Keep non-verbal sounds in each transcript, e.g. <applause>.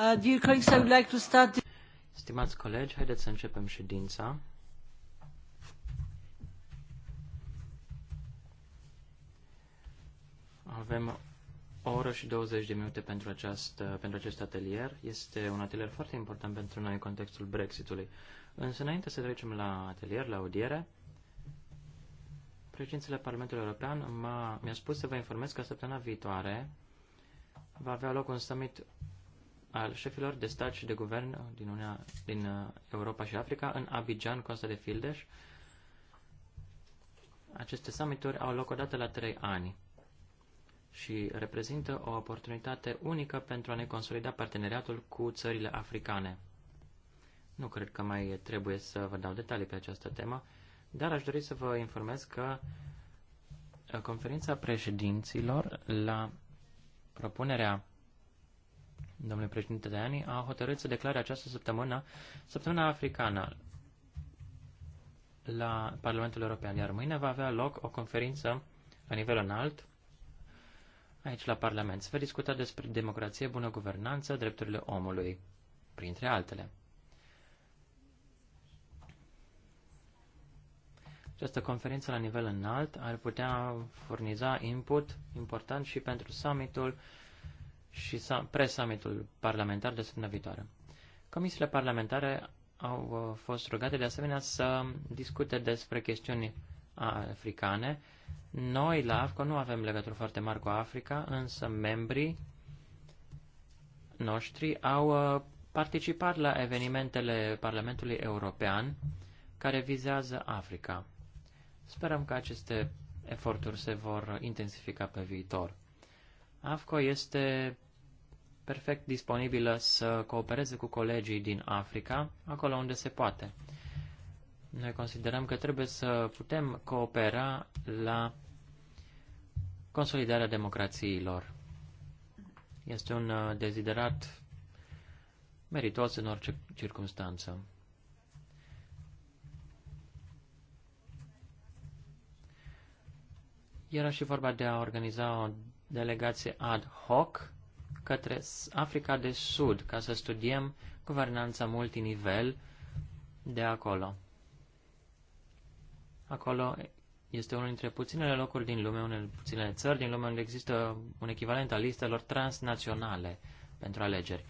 Uh, Stimați colegi, haideți să începem ședința. Avem o oră și 20 de minute pentru, această, pentru acest atelier. Este un atelier foarte important pentru noi în contextul Brexitului. Însă înainte să trecem la atelier, la audiere, președintele Parlamentului European mi-a spus să vă informez că săptămâna viitoare va avea loc un summit al șefilor de stat și de guvern din, Uniunea, din uh, Europa și Africa în Abidjan, Costa de Fildeș. Aceste summituri au loc odată la trei ani și reprezintă o oportunitate unică pentru a ne consolida parteneriatul cu țările africane. Nu cred că mai trebuie să vă dau detalii pe această temă, dar aș dori să vă informez că uh, conferința președinților la propunerea domnule președinte Tajani, a hotărât să declare această săptămână, săptămâna africană la Parlamentul European, iar mâine va avea loc o conferință la nivel înalt aici la Parlament. Se va discuta despre democrație, bună guvernanță, drepturile omului, printre altele. Această conferință la nivel înalt ar putea furniza input important și pentru summitul și pre-summitul parlamentar de săptămâna viitoare. Comisiile parlamentare au uh, fost rugate de asemenea să discute despre chestiuni africane. Noi la AFCO nu avem legătură foarte mare cu Africa, însă membrii noștri au uh, participat la evenimentele Parlamentului European care vizează Africa. Sperăm că aceste eforturi se vor intensifica pe viitor. AFCO este perfect disponibilă să coopereze cu colegii din Africa, acolo unde se poate. Noi considerăm că trebuie să putem coopera la consolidarea democrațiilor. Este un uh, deziderat meritos în orice circunstanță. Era și vorba de a organiza o delegație ad hoc către Africa de Sud ca să studiem guvernanța multinivel de acolo. Acolo este unul dintre puținele locuri din lume, unele puținele țări din lume unde există un echivalent al listelor transnaționale pentru alegeri.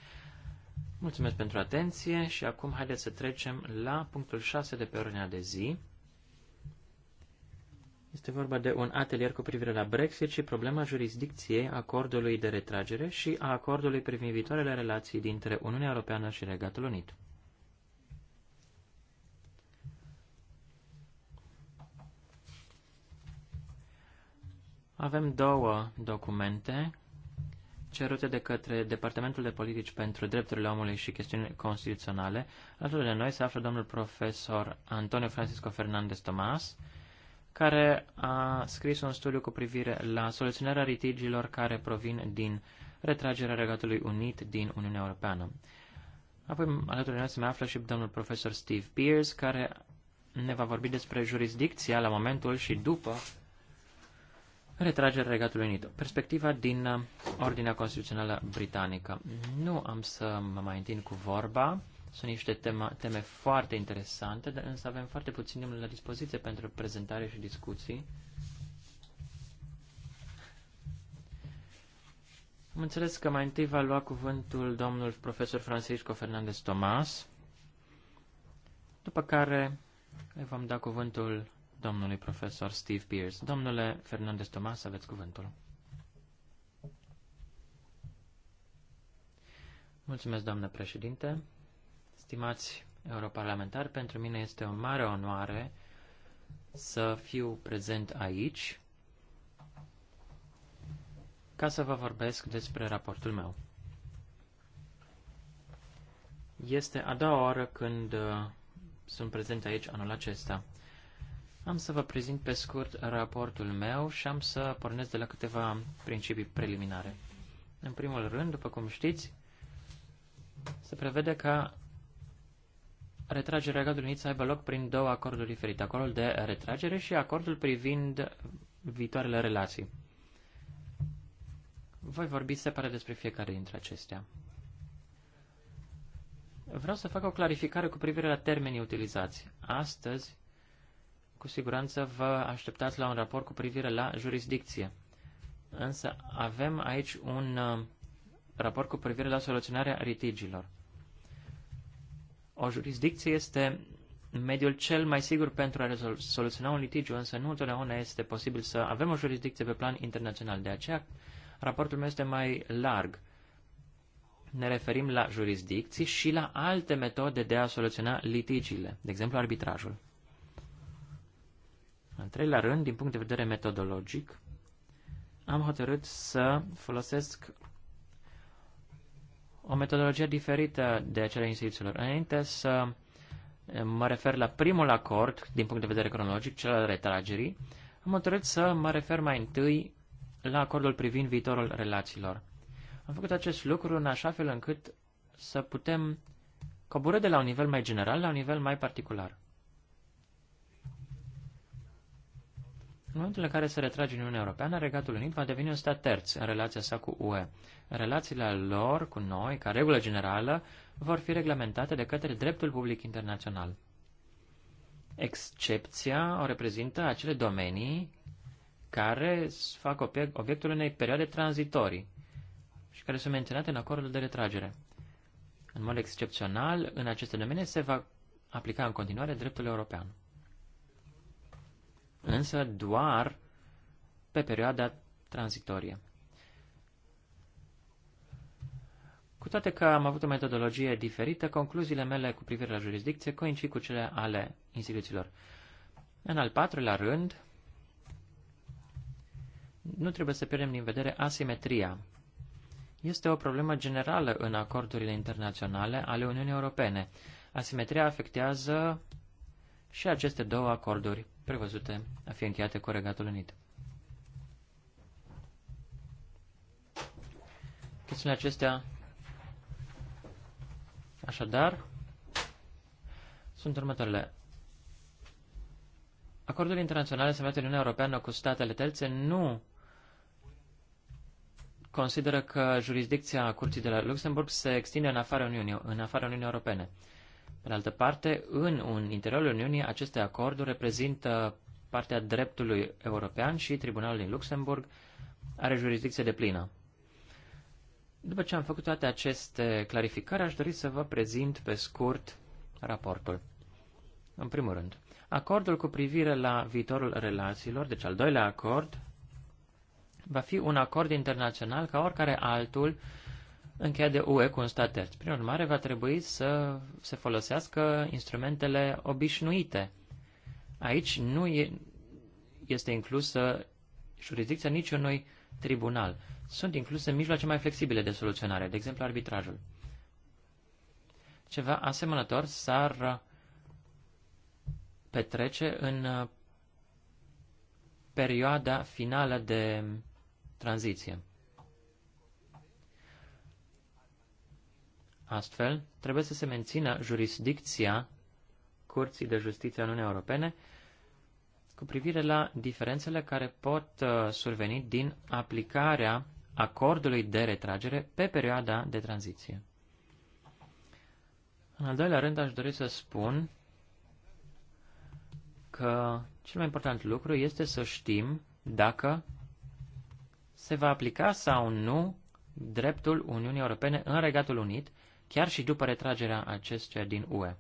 Mulțumesc pentru atenție și acum haideți să trecem la punctul 6 de pe ordinea de zi, este vorba de un atelier cu privire la Brexit și problema jurisdicției acordului de retragere și a acordului privind viitoarele relații dintre Uniunea Europeană și Regatul Unit. Avem două documente cerute de către Departamentul de Politici pentru Drepturile Omului și Chestiuni Constituționale. Alături de noi se află domnul profesor Antonio Francisco Fernandez Tomas, care a scris un studiu cu privire la soluționarea litigiilor care provin din retragerea Regatului Unit din Uniunea Europeană. Apoi, alături de noi se mai află și domnul profesor Steve Pierce, care ne va vorbi despre jurisdicția la momentul și după retragerea Regatului Unit. Perspectiva din uh, Ordinea Constituțională Britanică. Nu am să mă mai întind cu vorba. Sunt niște tema, teme foarte interesante, dar însă avem foarte puțin timp la dispoziție pentru prezentare și discuții. Am înțeles că mai întâi va lua cuvântul domnul profesor Francisco Fernandez Tomas, după care îi vom da cuvântul domnului profesor Steve Pierce. Domnule Fernandez Tomas, aveți cuvântul. Mulțumesc, doamnă președinte stimați europarlamentari, pentru mine este o mare onoare să fiu prezent aici ca să vă vorbesc despre raportul meu. Este a doua oară când uh, sunt prezent aici anul acesta. Am să vă prezint pe scurt raportul meu și am să pornesc de la câteva principii preliminare. În primul rând, după cum știți, se prevede ca retragerea Regatului să aibă loc prin două acorduri diferite, acordul de retragere și acordul privind viitoarele relații. Voi vorbi separat despre fiecare dintre acestea. Vreau să fac o clarificare cu privire la termenii utilizați. Astăzi, cu siguranță, vă așteptați la un raport cu privire la jurisdicție. Însă avem aici un uh, raport cu privire la soluționarea litigilor. O jurisdicție este mediul cel mai sigur pentru a soluționa un litigiu, însă nu întotdeauna este posibil să avem o jurisdicție pe plan internațional. De aceea, raportul meu este mai larg. Ne referim la jurisdicții și la alte metode de a soluționa litigiile, de exemplu arbitrajul. În treilea rând, din punct de vedere metodologic, am hotărât să folosesc o metodologie diferită de acele instituțiilor. Înainte să mă refer la primul acord, din punct de vedere cronologic, cel al retragerii, am hotărât să mă refer mai întâi la acordul privind viitorul relațiilor. Am făcut acest lucru în așa fel încât să putem coborâ de la un nivel mai general la un nivel mai particular. În momentul în care se retrage Uniunea Europeană, Regatul Unit va deveni un stat terț în relația sa cu UE. Relațiile lor cu noi, ca regulă generală, vor fi reglementate de către dreptul public internațional. Excepția o reprezintă acele domenii care fac obiectul unei perioade tranzitorii și care sunt menționate în acordul de retragere. În mod excepțional, în aceste domenii se va aplica în continuare dreptul european însă doar pe perioada tranzitorie. Cu toate că am avut o metodologie diferită, concluziile mele cu privire la jurisdicție coincid cu cele ale instituțiilor. În al patrulea rând, nu trebuie să pierdem din vedere asimetria. Este o problemă generală în acordurile internaționale ale Uniunii Europene. Asimetria afectează și aceste două acorduri prevăzute a fi încheiate cu Regatul Unit. Chestiunile acestea, așadar, sunt următoarele. Acordurile internaționale semnate în Uniunea Europeană cu statele terțe nu consideră că jurisdicția Curții de la Luxemburg se extinde în afara Uniunii, în afara Uniunii Europene. Pe de altă parte, în un interiorul Uniunii, aceste acorduri reprezintă partea dreptului european și Tribunalul din Luxemburg are jurisdicție de plină. După ce am făcut toate aceste clarificări, aș dori să vă prezint pe scurt raportul. În primul rând, acordul cu privire la viitorul relațiilor, deci al doilea acord, va fi un acord internațional ca oricare altul încheiat de UE cu un stat terț. Prin urmare, va trebui să se folosească instrumentele obișnuite. Aici nu e, este inclusă jurisdicția niciunui tribunal. Sunt incluse mijloace mai flexibile de soluționare, de exemplu arbitrajul. Ceva asemănător s-ar petrece în uh, perioada finală de tranziție. Astfel, trebuie să se mențină jurisdicția Curții de Justiție a Uniunii Europene cu privire la diferențele care pot uh, surveni din aplicarea acordului de retragere pe perioada de tranziție. În al doilea rând, aș dori să spun că cel mai important lucru este să știm dacă se va aplica sau nu dreptul Uniunii Europene în Regatul Unit chiar și după retragerea acestuia din UE.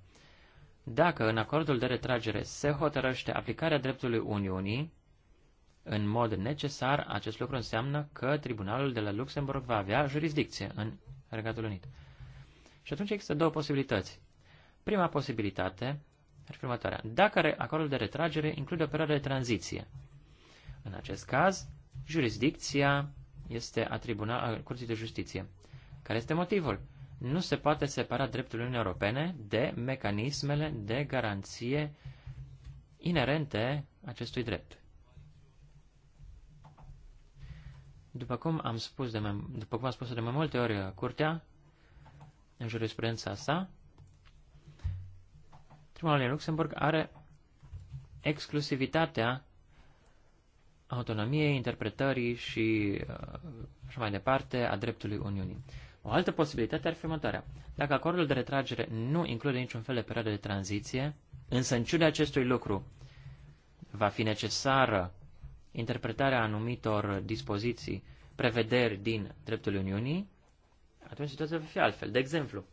Dacă în acordul de retragere se hotărăște aplicarea dreptului Uniunii, în mod necesar, acest lucru înseamnă că tribunalul de la Luxemburg va avea jurisdicție în Regatul Unit. Și atunci există două posibilități. Prima posibilitate ar fi următoarea. Dacă acordul de retragere include o perioadă de tranziție, în acest caz, jurisdicția este a, tribunal, a Curții de Justiție. Care este motivul? nu se poate separa dreptul Uniunii Europene de mecanismele de garanție inerente acestui drept. După cum am spus de mai, după cum am spus de mai multe ori uh, curtea, în jurisprudența sa, Tribunalul din Luxemburg are exclusivitatea autonomiei, interpretării și uh, așa mai departe a dreptului Uniunii. O altă posibilitate ar fi următoarea. Dacă acordul de retragere nu include niciun fel de perioadă de tranziție, însă în ciuda acestui lucru va fi necesară interpretarea anumitor dispoziții, prevederi din dreptul Uniunii, atunci situația va fi altfel. De exemplu,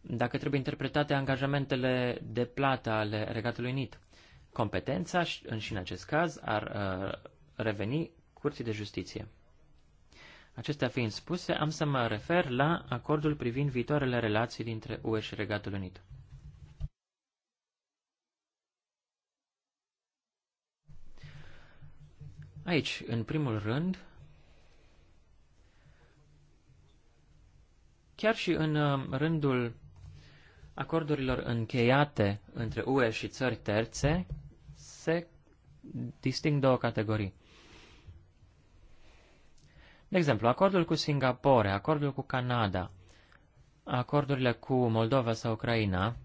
dacă trebuie interpretate angajamentele de plată ale Regatului Unit, competența și în acest caz ar uh, reveni Curții de Justiție. Acestea fiind spuse, am să mă refer la acordul privind viitoarele relații dintre UE și Regatul Unit. Aici, în primul rând, chiar și în uh, rândul acordurilor încheiate între UE și țări terțe, se disting două categorii. De exemplu, acordul cu Singapore, acordul cu Canada, acordurile cu Moldova sau Ucraina,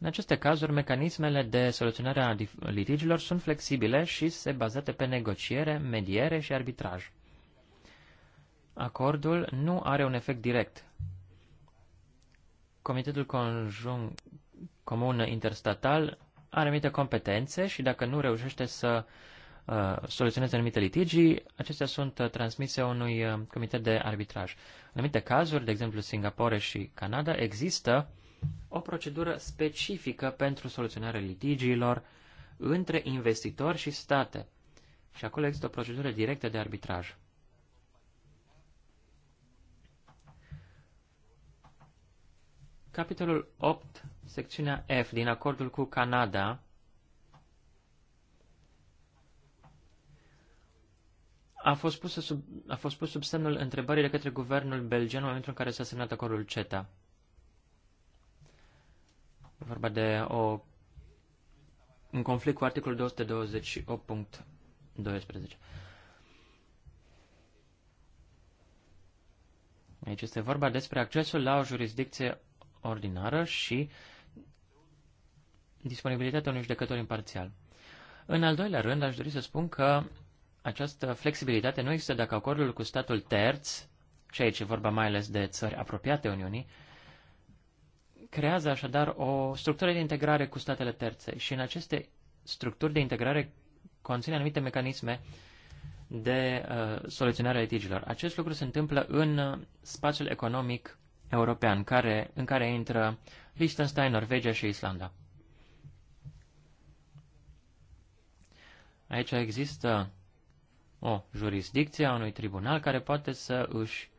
în aceste cazuri, mecanismele de soluționare a litigilor sunt flexibile și se bazate pe negociere, mediere și arbitraj. Acordul nu are un efect direct. Comitetul Conjun Comun Interstatal are anumite competențe și dacă nu reușește să uh, Uh, soluționeze anumite litigii, acestea sunt uh, transmise unui uh, comitet de arbitraj. În anumite cazuri, de exemplu Singapore și Canada, există o procedură specifică pentru soluționarea litigiilor între investitori și state. Și acolo există o procedură directă de arbitraj. Capitolul 8, secțiunea F din acordul cu Canada a fost, pusă sub, a fost pus sub semnul întrebării de către guvernul belgian în momentul în care s-a semnat acordul CETA. E vorba de o, un conflict cu articolul 228.12. Aici este vorba despre accesul la o jurisdicție ordinară și disponibilitatea unui judecător imparțial. În al doilea rând, aș dori să spun că această flexibilitate nu există dacă acordul cu statul terț, și aici e vorba mai ales de țări apropiate Uniunii, creează așadar o structură de integrare cu statele terțe și în aceste structuri de integrare conține anumite mecanisme de uh, soluționare a litigilor. Acest lucru se întâmplă în uh, spațiul economic european, care, în care intră Liechtenstein, Norvegia și Islanda. Aici există o jurisdicție a unui tribunal care poate să își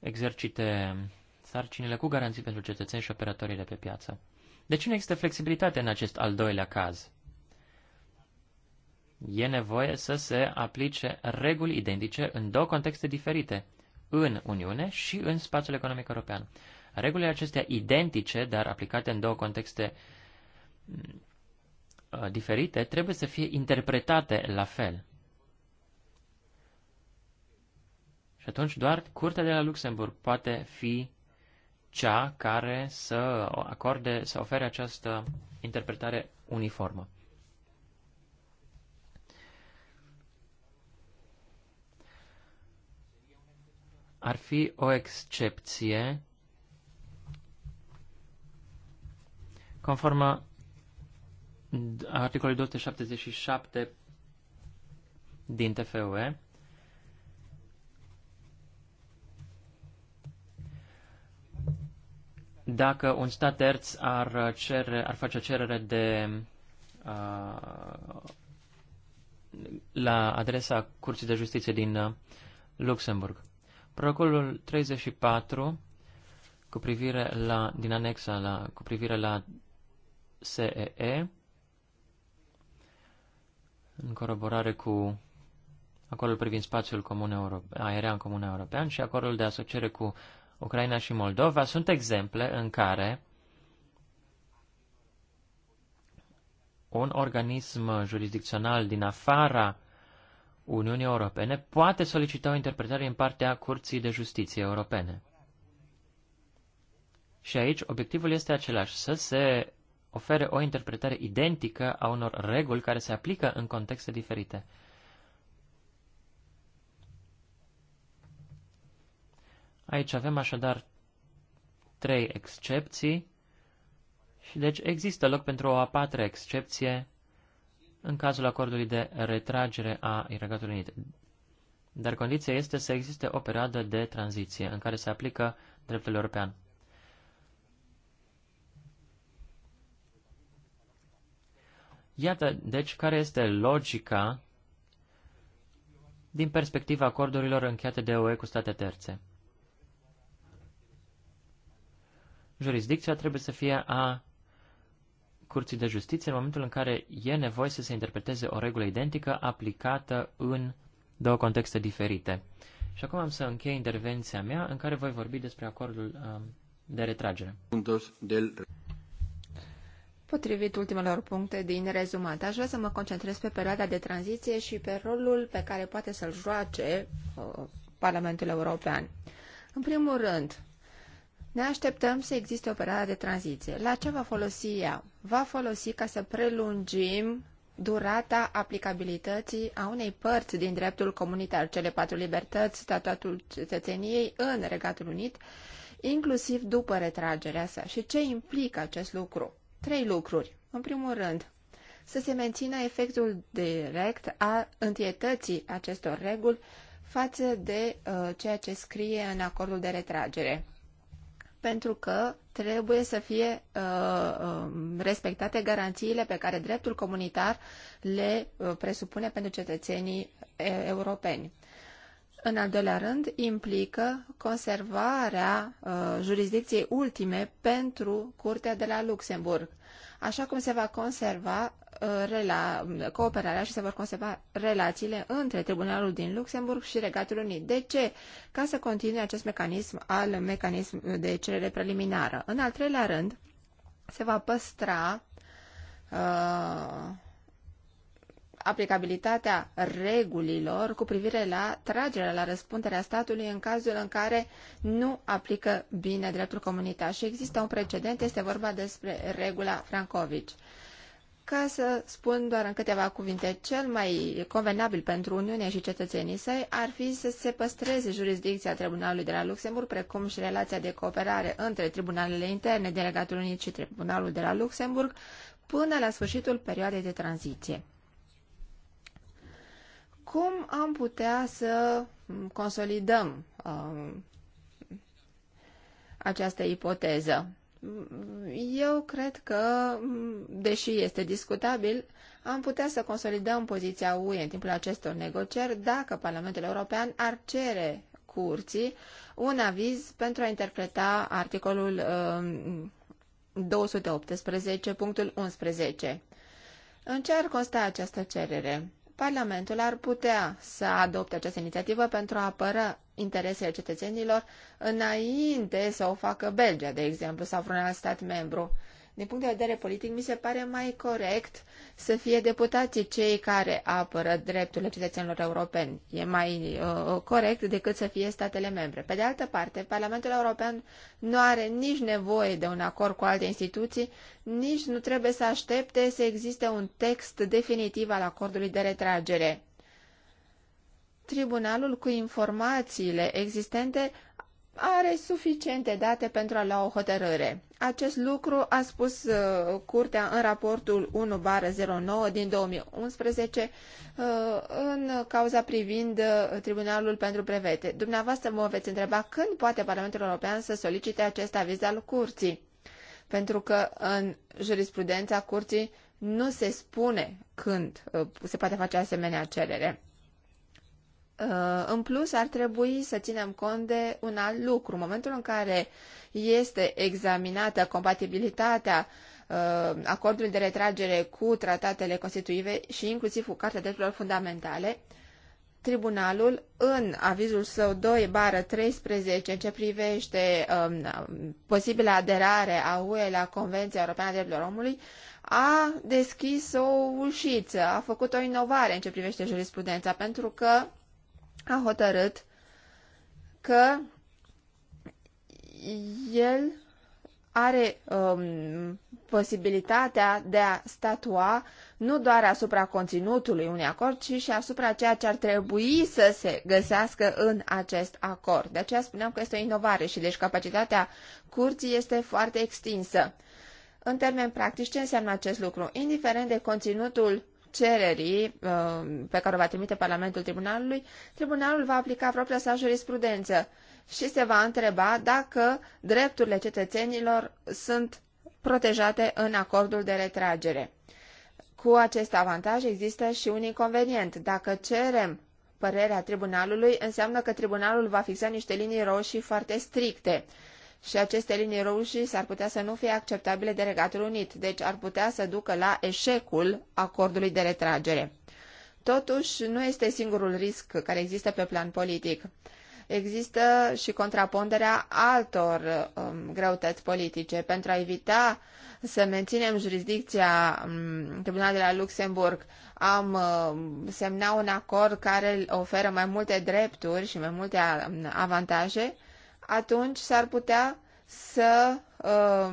exercite sarcinile cu garanții pentru cetățeni și operatorii de pe piață. De deci ce nu există flexibilitate în acest al doilea caz? E nevoie să se aplice reguli identice în două contexte diferite, în Uniune și în spațiul economic european. Regulile acestea identice, dar aplicate în două contexte mm, uh, diferite, trebuie să fie interpretate la fel. Și atunci doar Curtea de la Luxemburg poate fi cea care să acorde, să ofere această interpretare uniformă. Ar fi o excepție conform articolului 277 din TFUE, dacă un stat terț ar, cere, ar face cerere de uh, la adresa Curții de Justiție din uh, Luxemburg. Protocolul 34 cu privire la, din anexa la, cu privire la SEE, în coroborare cu acordul privind spațiul comun europe, aerian comun european și acordul de asociere cu Ucraina și Moldova sunt exemple în care un organism jurisdicțional din afara Uniunii Europene poate solicita o interpretare în partea Curții de Justiție Europene. Și aici obiectivul este același, să se ofere o interpretare identică a unor reguli care se aplică în contexte diferite. Aici avem așadar trei excepții și deci există loc pentru o a patra excepție în cazul acordului de retragere a Iragatului Unit. Dar condiția este să existe o perioadă de tranziție în care se aplică dreptul european. Iată, deci, care este logica din perspectiva acordurilor încheiate de UE cu state terțe. jurisdicția trebuie să fie a Curții de Justiție în momentul în care e nevoie să se interpreteze o regulă identică aplicată în două contexte diferite. Și acum am să închei intervenția mea în care voi vorbi despre acordul um, de retragere. Potrivit ultimelor puncte din rezumat, aș vrea să mă concentrez pe perioada de tranziție și pe rolul pe care poate să-l joace uh, Parlamentul European. În primul rând, ne așteptăm să existe o perioadă de tranziție. La ce va folosi ea? Va folosi ca să prelungim durata aplicabilității a unei părți din dreptul comunitar, cele patru libertăți, statutul cetățeniei în Regatul Unit, inclusiv după retragerea sa. Și ce implică acest lucru? Trei lucruri. În primul rând, să se mențină efectul direct a întietății acestor reguli față de uh, ceea ce scrie în acordul de retragere pentru că trebuie să fie uh, uh, respectate garanțiile pe care dreptul comunitar le uh, presupune pentru cetățenii europeni. În al doilea rând, implică conservarea uh, jurisdicției ultime pentru Curtea de la Luxemburg așa cum se va conserva uh, rela, cooperarea și se vor conserva relațiile între Tribunalul din Luxemburg și Regatul Unit. De ce? Ca să continue acest mecanism al mecanism de cerere preliminară. În al treilea rând, se va păstra uh, aplicabilitatea regulilor cu privire la tragerea la răspunderea statului în cazul în care nu aplică bine dreptul comunitar. Și există un precedent, este vorba despre regula Francovici. Ca să spun doar în câteva cuvinte, cel mai convenabil pentru Uniunea și cetățenii săi ar fi să se păstreze jurisdicția Tribunalului de la Luxemburg, precum și relația de cooperare între tribunalele interne, Delegatul Unit și Tribunalul de la Luxemburg, până la sfârșitul perioadei de tranziție. Cum am putea să consolidăm um, această ipoteză? Eu cred că, deși este discutabil, am putea să consolidăm poziția UE în timpul acestor negocieri dacă Parlamentul European ar cere curții un aviz pentru a interpreta articolul um, 218.11. În ce ar consta această cerere? Parlamentul ar putea să adopte această inițiativă pentru a apăra interesele cetățenilor înainte să o facă Belgia, de exemplu, sau vreun alt stat membru. Din punct de vedere politic, mi se pare mai corect să fie deputații cei care apără drepturile cetățenilor europeni. E mai uh, uh, corect decât să fie statele membre. Pe de altă parte, Parlamentul European nu are nici nevoie de un acord cu alte instituții, nici nu trebuie să aștepte să existe un text definitiv al acordului de retragere. Tribunalul cu informațiile existente are suficiente date pentru a lua o hotărâre. Acest lucru a spus uh, Curtea în raportul 1-09 din 2011 uh, în cauza privind uh, Tribunalul pentru Brevete. Dumneavoastră mă veți întreba când poate Parlamentul European să solicite acest aviz al Curții, pentru că în jurisprudența Curții nu se spune când uh, se poate face asemenea cerere. Uh, în plus, ar trebui să ținem cont de un alt lucru. În momentul în care este examinată compatibilitatea uh, acordului de retragere cu tratatele constitutive și inclusiv cu Cartea Drepturilor Fundamentale, Tribunalul, în avizul său 2 bară 13, în ce privește um, posibilă aderare a UE la Convenția Europeană a Drepturilor Omului, a deschis o ușiță, a făcut o inovare în ce privește jurisprudența, pentru că a hotărât că el are um, posibilitatea de a statua nu doar asupra conținutului unui acord, ci și asupra ceea ce ar trebui să se găsească în acest acord. De aceea spuneam că este o inovare și deci capacitatea curții este foarte extinsă. În termeni practici, ce înseamnă acest lucru? Indiferent de conținutul cererii uh, pe care o va trimite Parlamentul Tribunalului, Tribunalul va aplica propria sa jurisprudență și se va întreba dacă drepturile cetățenilor sunt protejate în acordul de retragere. Cu acest avantaj există și un inconvenient. Dacă cerem părerea tribunalului, înseamnă că tribunalul va fixa niște linii roșii foarte stricte și aceste linii roșii s-ar putea să nu fie acceptabile de Regatul Unit, deci ar putea să ducă la eșecul acordului de retragere. Totuși, nu este singurul risc care există pe plan politic. Există și contraponderea altor um, greutăți politice. Pentru a evita să menținem jurisdicția um, Tribunalului de la Luxemburg, am um, semnat un acord care oferă mai multe drepturi și mai multe um, avantaje atunci s-ar putea să uh,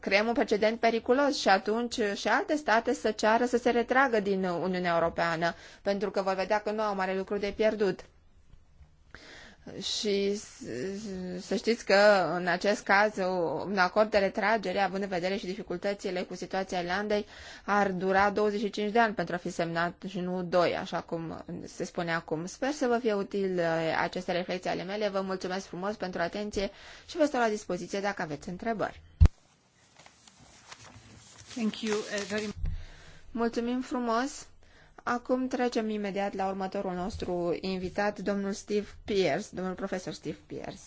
creăm un precedent periculos și atunci și alte state să ceară să se retragă din Uniunea Europeană, pentru că vor vedea că nu au mare lucru de pierdut și să știți că în acest caz un acord de retragere, având în vedere și dificultățile cu situația Irlandei, ar dura 25 de ani pentru a fi semnat și nu 2, așa cum se spune acum. Sper să vă fie util uh, aceste reflexii ale mele. Vă mulțumesc frumos pentru atenție și vă stau la dispoziție dacă aveți întrebări. Thank you uh, very much. Mulțumim frumos! Acum trecem imediat la următorul nostru invitat, domnul Steve Pierce, domnul profesor Steve Pierce.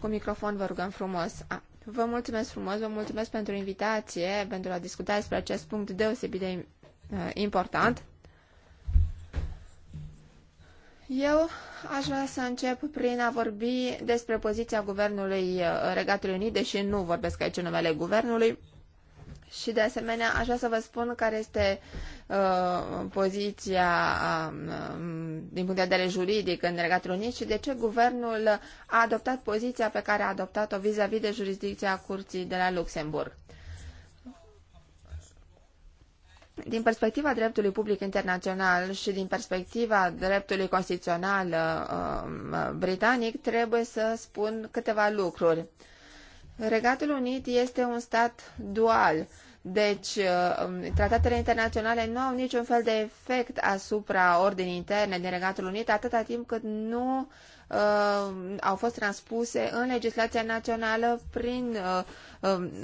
Cu microfon vă rugăm frumos. A, vă mulțumesc frumos, vă mulțumesc pentru invitație, pentru a discuta despre acest punct deosebit de uh, important. Eu aș vrea să încep prin a vorbi despre poziția Guvernului uh, Regatului Unit, deși nu vorbesc aici în numele Guvernului, și de asemenea, aș vrea să vă spun care este uh, poziția uh, din punct de vedere juridic în Regatul Unit și de ce guvernul a adoptat poziția pe care a adoptat-o vis-a-vis de jurisdicția Curții de la Luxemburg. Din perspectiva dreptului public internațional și din perspectiva dreptului constituțional uh, um, britanic, trebuie să spun câteva lucruri. Uh, Regatul Unit este un stat dual, deci uh, um, tratatele internaționale nu au niciun fel de efect asupra ordinii interne din Regatul Unit atâta timp cât nu uh, au fost transpuse în legislația națională prin, uh, um, uh,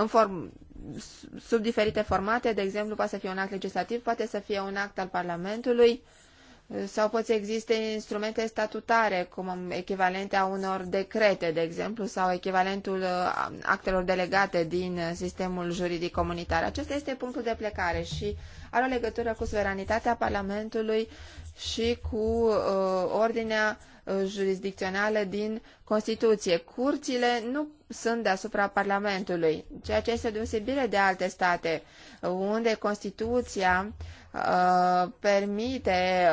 în form, sub diferite formate, de exemplu poate să fie un act legislativ, poate să fie un act al Parlamentului, uh, sau pot să existe instrumente statutare, cum echivalente a unor decrete, de exemplu, sau echivalentul uh, actelor delegate din sistemul juridic comunitar. Acesta este punctul de plecare și are o legătură cu suveranitatea Parlamentului și cu uh, ordinea uh, jurisdicțională din Constituție. Curțile nu sunt deasupra Parlamentului, ceea ce este deosebire de alte state, uh, unde Constituția Uh, permite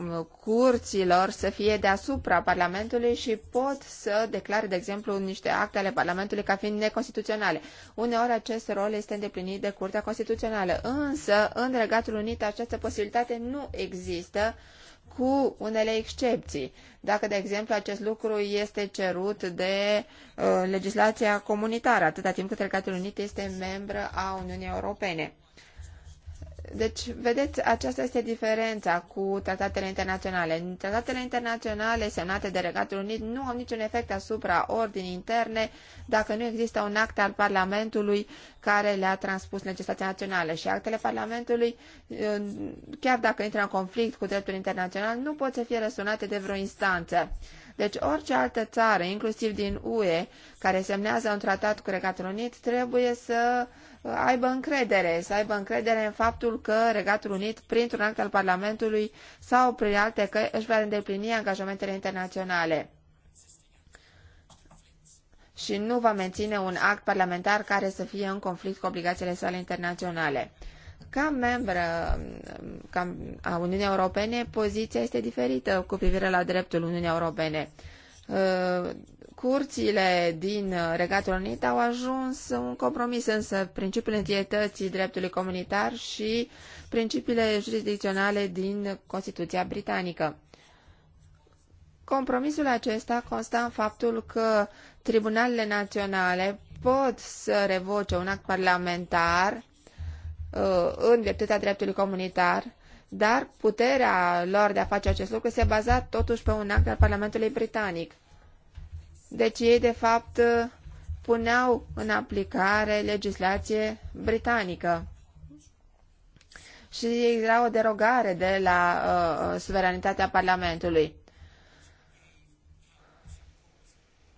uh, curților să fie deasupra Parlamentului și pot să declare, de exemplu, niște acte ale Parlamentului ca fiind neconstituționale. Uneori acest rol este îndeplinit de Curtea Constituțională, însă în Regatul Unit această posibilitate nu există cu unele excepții. Dacă, de exemplu, acest lucru este cerut de uh, legislația comunitară, atâta timp cât Regatul Unit este membră a Uniunii Europene. Deci, vedeți, aceasta este diferența cu tratatele internaționale. Tratatele internaționale semnate de Regatul Unit nu au niciun efect asupra ordinii interne dacă nu există un act al Parlamentului care le-a transpus legislația națională. Și actele Parlamentului, chiar dacă intră în conflict cu dreptul internațional, nu pot să fie răsunate de vreo instanță. Deci orice altă țară, inclusiv din UE, care semnează un tratat cu Regatul Unit, trebuie să uh, aibă încredere, să aibă încredere în faptul că Regatul Unit, printr-un act al Parlamentului sau prin alte căi, își va îndeplini angajamentele internaționale și nu va menține un act parlamentar care să fie în conflict cu obligațiile sale internaționale. Ca membră ca a Uniunii Europene, poziția este diferită cu privire la dreptul Uniunii Europene. Uh, curțile din uh, Regatul Unit au ajuns un compromis, însă principiul întietății dreptului comunitar și principiile jurisdicționale din Constituția Britanică. Compromisul acesta consta în faptul că tribunalele naționale pot să revoce un act parlamentar uh, în virtutea dreptului comunitar dar puterea lor de a face acest lucru se baza totuși pe un act al Parlamentului Britanic. Deci ei, de fapt, puneau în aplicare legislație britanică. Și era o derogare de la uh, uh suveranitatea Parlamentului.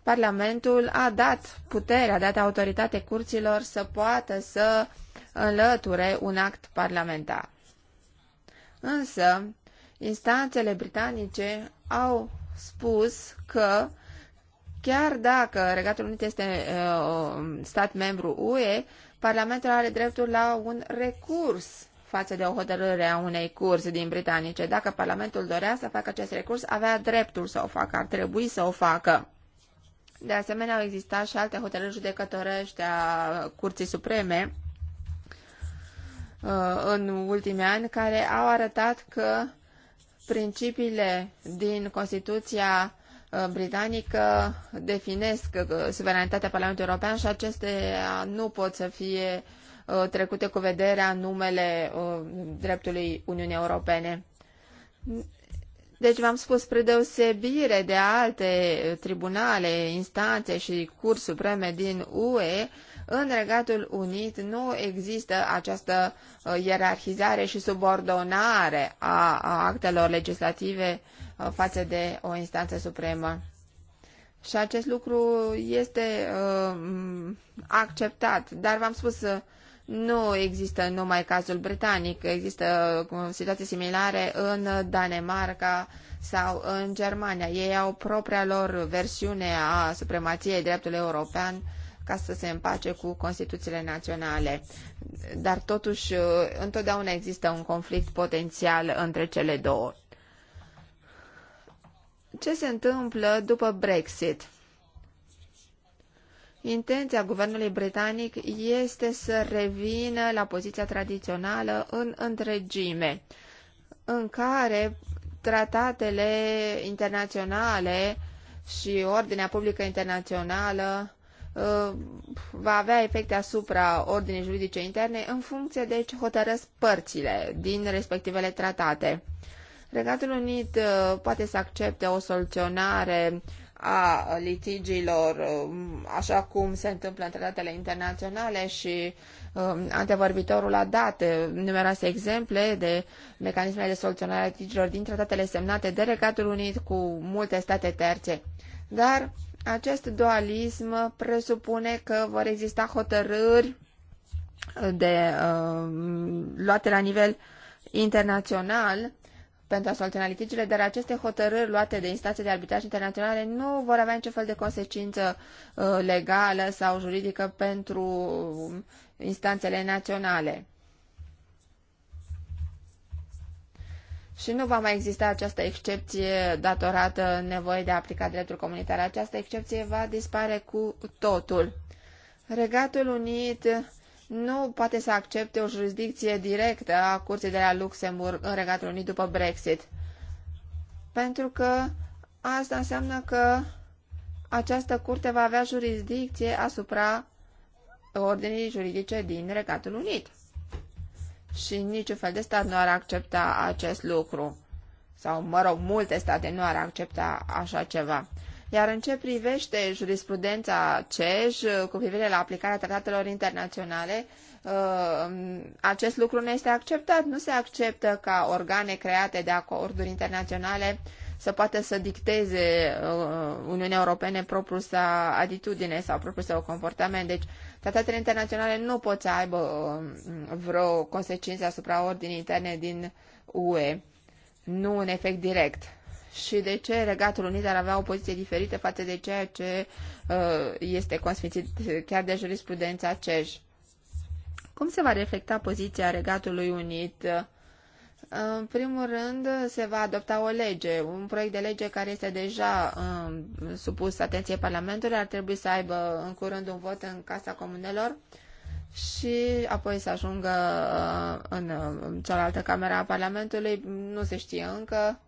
Parlamentul a dat putere, a dat autoritate curților să poată să înlăture un act parlamentar. Însă, instanțele britanice au spus că chiar dacă Regatul Unit este uh, stat membru UE, Parlamentul are dreptul la un recurs față de o hotărâre a unei curse din britanice. Dacă Parlamentul dorea să facă acest recurs, avea dreptul să o facă, ar trebui să o facă. De asemenea, au existat și alte hotărâri judecătorești a Curții Supreme Uh, în ultimii ani care au arătat că principiile din Constituția uh, britanică definesc uh, suveranitatea Parlamentului European și acestea nu pot să fie trecute cu vederea numele dreptului Uniunii Europene. Deci v-am spus, spre deosebire de alte tribunale, instanțe și curi supreme din UE, în Regatul Unit nu există această uh, ierarhizare și subordonare a, actelor legislative uh, față de o instanță supremă. Și acest lucru este uh, acceptat, dar v-am spus uh, nu există numai cazul britanic, există situații similare în Danemarca sau în Germania. Ei au propria lor versiune a supremației dreptului european ca să se împace cu Constituțiile naționale. Dar totuși, uh, întotdeauna există un conflict potențial între cele două. Ce se întâmplă după Brexit? Intenția guvernului britanic este să revină la poziția tradițională în întregime, în care tratatele internaționale și ordinea publică internațională va avea efecte asupra ordinii juridice interne în funcție de ce hotărăsc părțile din respectivele tratate. Regatul Unit uh, poate să accepte o soluționare a litigiilor, um, așa cum se întâmplă în tratatele internaționale și um, antevorbitorul a dat uh, numeroase exemple de mecanisme de soluționare a litigiilor din tratatele semnate de Regatul Unit cu multe state terțe. Dar acest dualism presupune că vor exista hotărâri de uh, luate la nivel internațional pentru a soluționa litigiile, dar aceste hotărâri luate de instanțe de arbitraj internaționale nu vor avea niciun fel de consecință uh, legală sau juridică pentru instanțele naționale. și nu va mai exista această excepție datorată nevoii de a aplica dreptul comunitar. Această excepție va dispare cu totul. Regatul Unit nu poate să accepte o jurisdicție directă a curții de la Luxemburg în Regatul Unit după Brexit. Pentru că asta înseamnă că această curte va avea jurisdicție asupra ordinii juridice din Regatul Unit și niciun fel de stat nu ar accepta acest lucru. Sau, mă rog, multe state nu ar accepta așa ceva. Iar în ce privește jurisprudența CEJ cu privire la aplicarea tratatelor internaționale, uh, acest lucru nu este acceptat. Nu se acceptă ca organe create de acorduri internaționale să poată să dicteze uh, Uniunea Europene propriul sa atitudine sau propriul său comportament. Deci, tratatele internaționale nu pot să aibă uh, vreo consecință asupra ordinii interne din UE, nu un efect direct. Și de ce Regatul Unit ar avea o poziție diferită față de ceea ce uh, este consfințit chiar de jurisprudența CEJ? Cum se va reflecta poziția Regatului Unit în primul rând, se va adopta o lege, un proiect de lege care este deja um, supus atenției Parlamentului, ar trebui să aibă în curând un vot în Casa Comunelor și apoi să ajungă uh, în, um, cealaltă cameră a Parlamentului. Nu se știe încă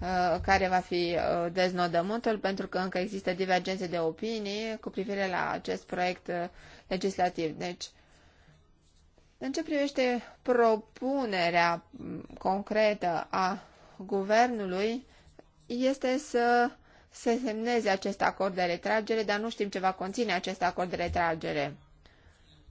uh, care va fi uh, deznodământul, pentru că încă există divergențe de opinii cu privire la acest proiect uh, legislativ. Deci, în ce privește propunerea concretă a guvernului, este să se semneze acest acord de retragere, dar nu știm ce va conține acest acord de retragere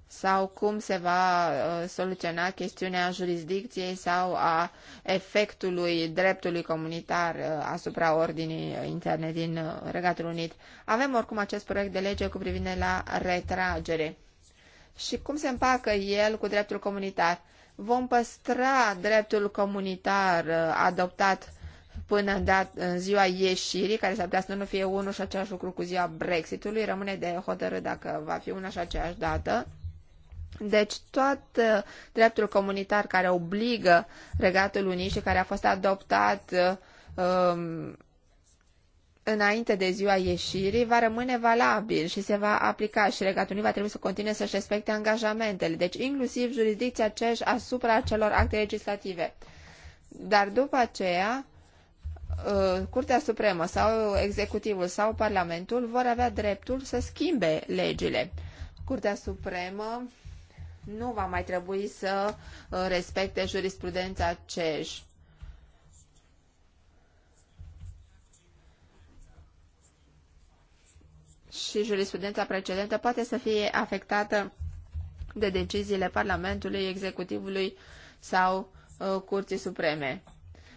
sau cum se va uh, soluționa chestiunea jurisdicției sau a efectului dreptului comunitar uh, asupra ordinii interne din uh, Regatul Unit. Avem oricum acest proiect de lege cu privire la retragere și cum se împacă el cu dreptul comunitar. Vom păstra dreptul comunitar uh, adoptat până în, dat, în ziua ieșirii, care s-ar putea să nu fie unul și același lucru cu ziua Brexitului, rămâne de hotărât dacă va fi una și aceeași dată. Deci tot uh, dreptul comunitar care obligă Regatul Unii și care a fost adoptat uh, um, înainte de ziua ieșirii va rămâne valabil și se va aplica și Regatul Unit va trebui să continue să-și respecte angajamentele, deci inclusiv jurisdicția CEJ asupra celor acte legislative. Dar după aceea, uh, Curtea Supremă sau Executivul sau Parlamentul vor avea dreptul să schimbe legile. Curtea Supremă nu va mai trebui să uh, respecte jurisprudența CEJ și jurisprudența precedentă poate să fie afectată de deciziile Parlamentului, Executivului sau uh, Curții Supreme.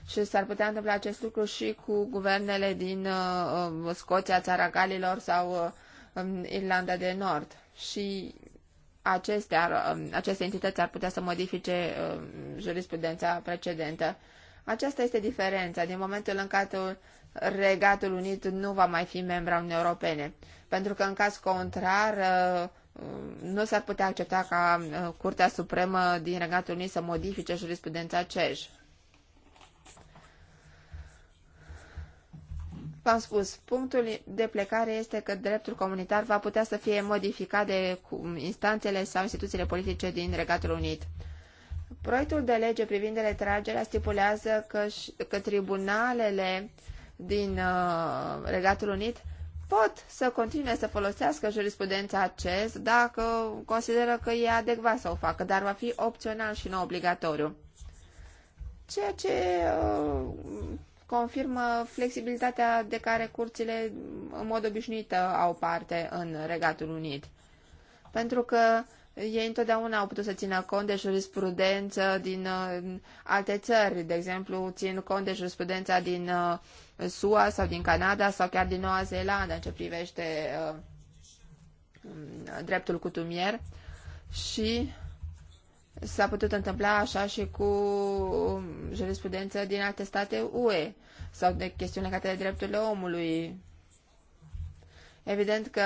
Și s-ar putea întâmpla acest lucru și cu guvernele din uh, uh Scoția, Țara Galilor sau uh, Irlanda de Nord. Și aceste, ar, uh, aceste entități ar putea să modifice uh, jurisprudența precedentă. Aceasta este diferența. Din momentul în care Regatul Unit nu va mai fi membra Uniunii Europene, pentru că în caz contrar uh, nu s-ar putea accepta ca uh, Curtea Supremă din Regatul Unit să modifice jurisprudența CEJ. V-am spus, punctul de plecare este că dreptul comunitar va putea să fie modificat de instanțele sau instituțiile politice din Regatul Unit. Proiectul de lege privind retragerea stipulează că, că tribunalele uh, din uh, Regatul Unit pot să continue să folosească jurisprudența acest dacă consideră că e adecvat să o facă, dar va fi opțional și nu obligatoriu. Ceea ce uh, confirmă flexibilitatea de care curțile în mod obișnuit uh, au parte în Regatul Unit. Pentru că ei întotdeauna au putut să țină cont de jurisprudență din uh, alte țări, de exemplu, țin cont de jurisprudența din uh, SUA sau din Canada sau chiar din Noua Zeelandă în ce privește uh, mm, dreptul cutumier și s-a putut întâmpla așa și cu um, jurisprudență din alte state UE sau de chestiuni legate de drepturile omului. Evident că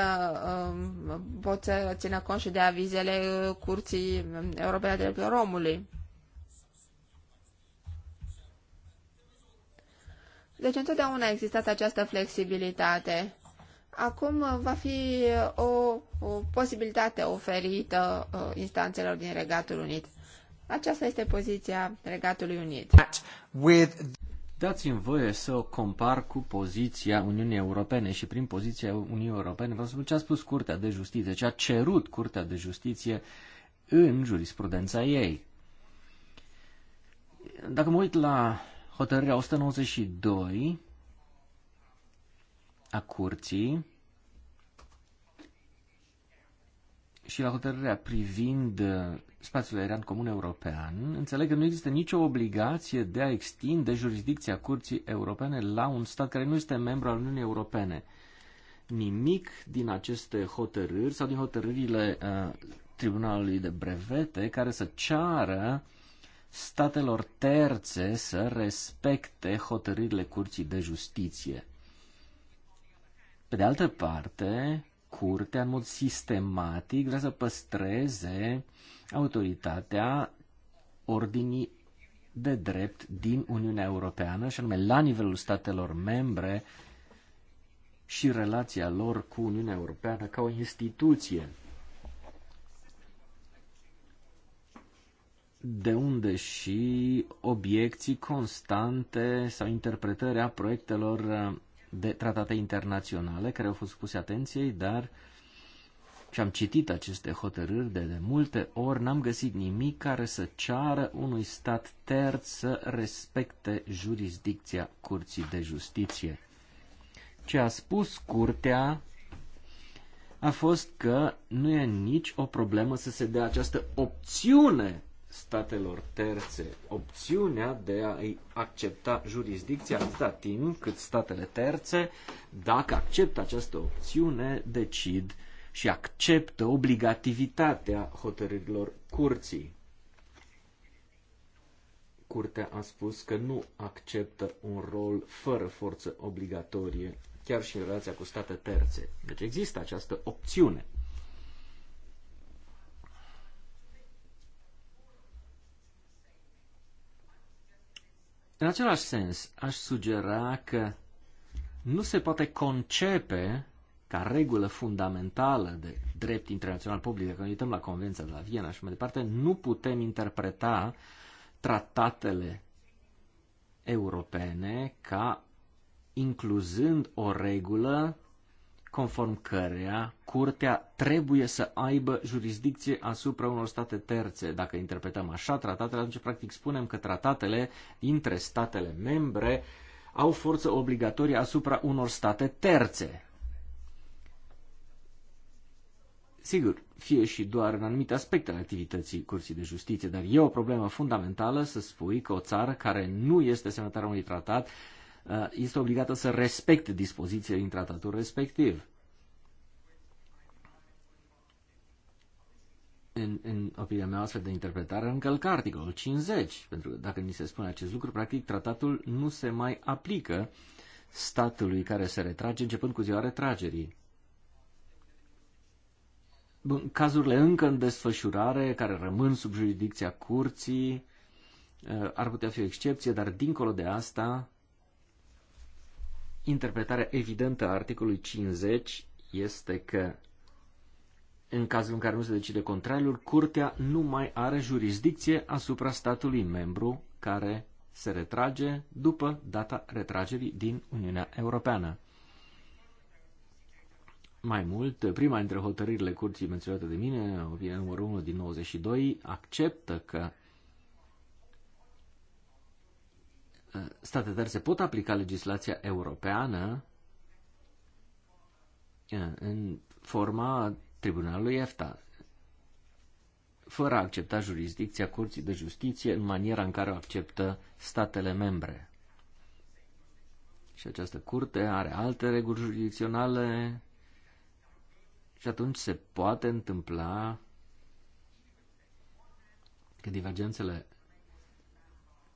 um, pot să țină cont și de avizele Curții Europene a Drepturilor Omului. Deci întotdeauna a existat această flexibilitate. Acum uh, va fi uh, o, o posibilitate oferită uh, instanțelor din Regatul Unit. Aceasta este poziția Regatului Unit. With... Dați-mi voie să o compar cu poziția Uniunii Europene și prin poziția Uniunii Europene vă spun ce a spus Curtea de Justiție, ce a cerut Curtea de Justiție în jurisprudența ei. Dacă mă uit la hotărârea 192 a curții și la hotărârea privind spațiul aerian comun european, înțeleg că nu există nicio obligație de a extinde jurisdicția Curții Europene la un stat care nu este membru al Uniunii Europene. Nimic din aceste hotărâri sau din hotărârile uh, Tribunalului de Brevete care să ceară statelor terțe să respecte hotărârile Curții de Justiție. Pe de altă parte, Curtea, în mod sistematic, vrea să păstreze autoritatea ordinii de drept din Uniunea Europeană, și anume la nivelul statelor membre și relația lor cu Uniunea Europeană ca o instituție. de unde și obiecții constante sau interpretarea proiectelor de tratate internaționale care au fost puse atenției, dar și am citit aceste hotărâri de, de multe ori, n-am găsit nimic care să ceară unui stat terț să respecte jurisdicția Curții de Justiție. Ce a spus Curtea a fost că nu e nici o problemă să se dea această opțiune statelor terțe opțiunea de a accepta jurisdicția atâta timp cât statele terțe, dacă acceptă această opțiune, decid și acceptă obligativitatea hotărârilor curții. Curtea a spus că nu acceptă un rol fără forță obligatorie, chiar și în relația cu state terțe. Deci există această opțiune În același sens, aș sugera că nu se poate concepe ca regulă fundamentală de drept internațional public, dacă ne uităm la Convenția de la Viena și mai departe, nu putem interpreta tratatele europene ca incluzând o regulă conform căreia curtea trebuie să aibă jurisdicție asupra unor state terțe. Dacă interpretăm așa tratatele, atunci practic spunem că tratatele dintre statele membre au forță obligatorie asupra unor state terțe. Sigur, fie și doar în anumite aspecte ale activității Curții de Justiție, dar e o problemă fundamentală să spui că o țară care nu este semnatară unui tratat Uh, este obligată să respecte dispozițiile din tratatul respectiv. În, în opinia mea, astfel de interpretare încălcă articolul 50, pentru că dacă ni se spune acest lucru, practic tratatul nu se mai aplică statului care se retrage începând cu ziua retragerii. Bun, cazurile încă în desfășurare, care rămân sub jurisdicția curții, uh, ar putea fi o excepție, dar dincolo de asta, interpretarea evidentă a articolului 50 este că în cazul în care nu se decide contrariul, curtea nu mai are jurisdicție asupra statului membru care se retrage după data retragerii din Uniunea Europeană. Mai mult, prima dintre hotărârile curții menționate de mine, numărul 1 din 92, acceptă că state se pot aplica legislația europeană în forma tribunalului EFTA, fără a accepta jurisdicția Curții de Justiție în maniera în care o acceptă statele membre. Și această curte are alte reguli jurisdicționale și atunci se poate întâmpla că divergențele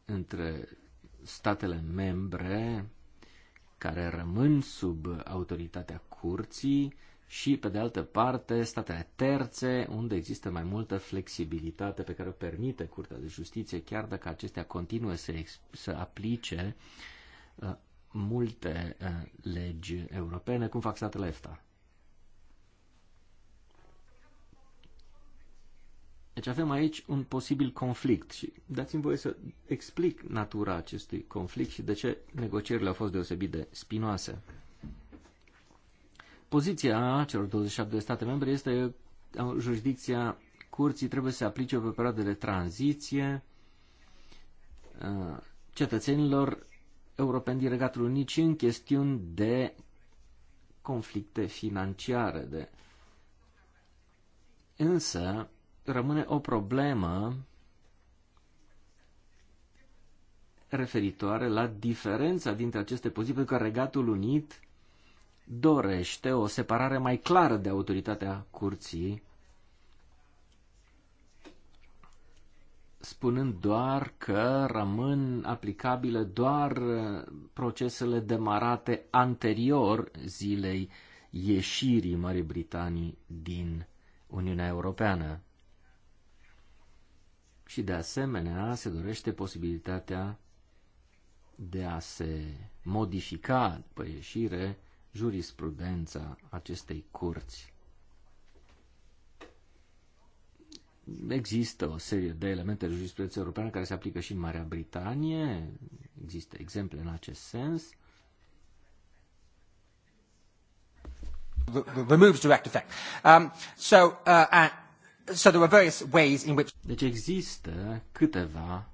între statele membre care rămân sub autoritatea curții și, pe de altă parte, statele terțe, unde există mai multă flexibilitate pe care o permite Curtea de Justiție, chiar dacă acestea continuă să, să aplice uh, multe uh, legi europene, cum fac statele EFTA. Deci avem aici un posibil conflict și dați-mi voie să explic natura acestui conflict și de ce negocierile au fost deosebit de spinoase. Poziția celor 27 de state membre este jurisdicția curții trebuie să se aplice pe perioadă de tranziție uh, cetățenilor europeni din Regatul unic în chestiuni de conflicte financiare. De... Însă, rămâne o problemă referitoare la diferența dintre aceste poziții, pentru că Regatul Unit dorește o separare mai clară de autoritatea curții, spunând doar că rămân aplicabile doar procesele demarate anterior zilei ieșirii Marii Britanii din Uniunea Europeană și de asemenea se dorește posibilitatea de a se modifica după ieșire jurisprudența acestei curți. Există o serie de elemente de jurisprudență europeană care se aplică și în Marea Britanie, există exemple în acest sens. The, the move to direct effect. Um, so, uh, So there were various ways in which... Deci există câteva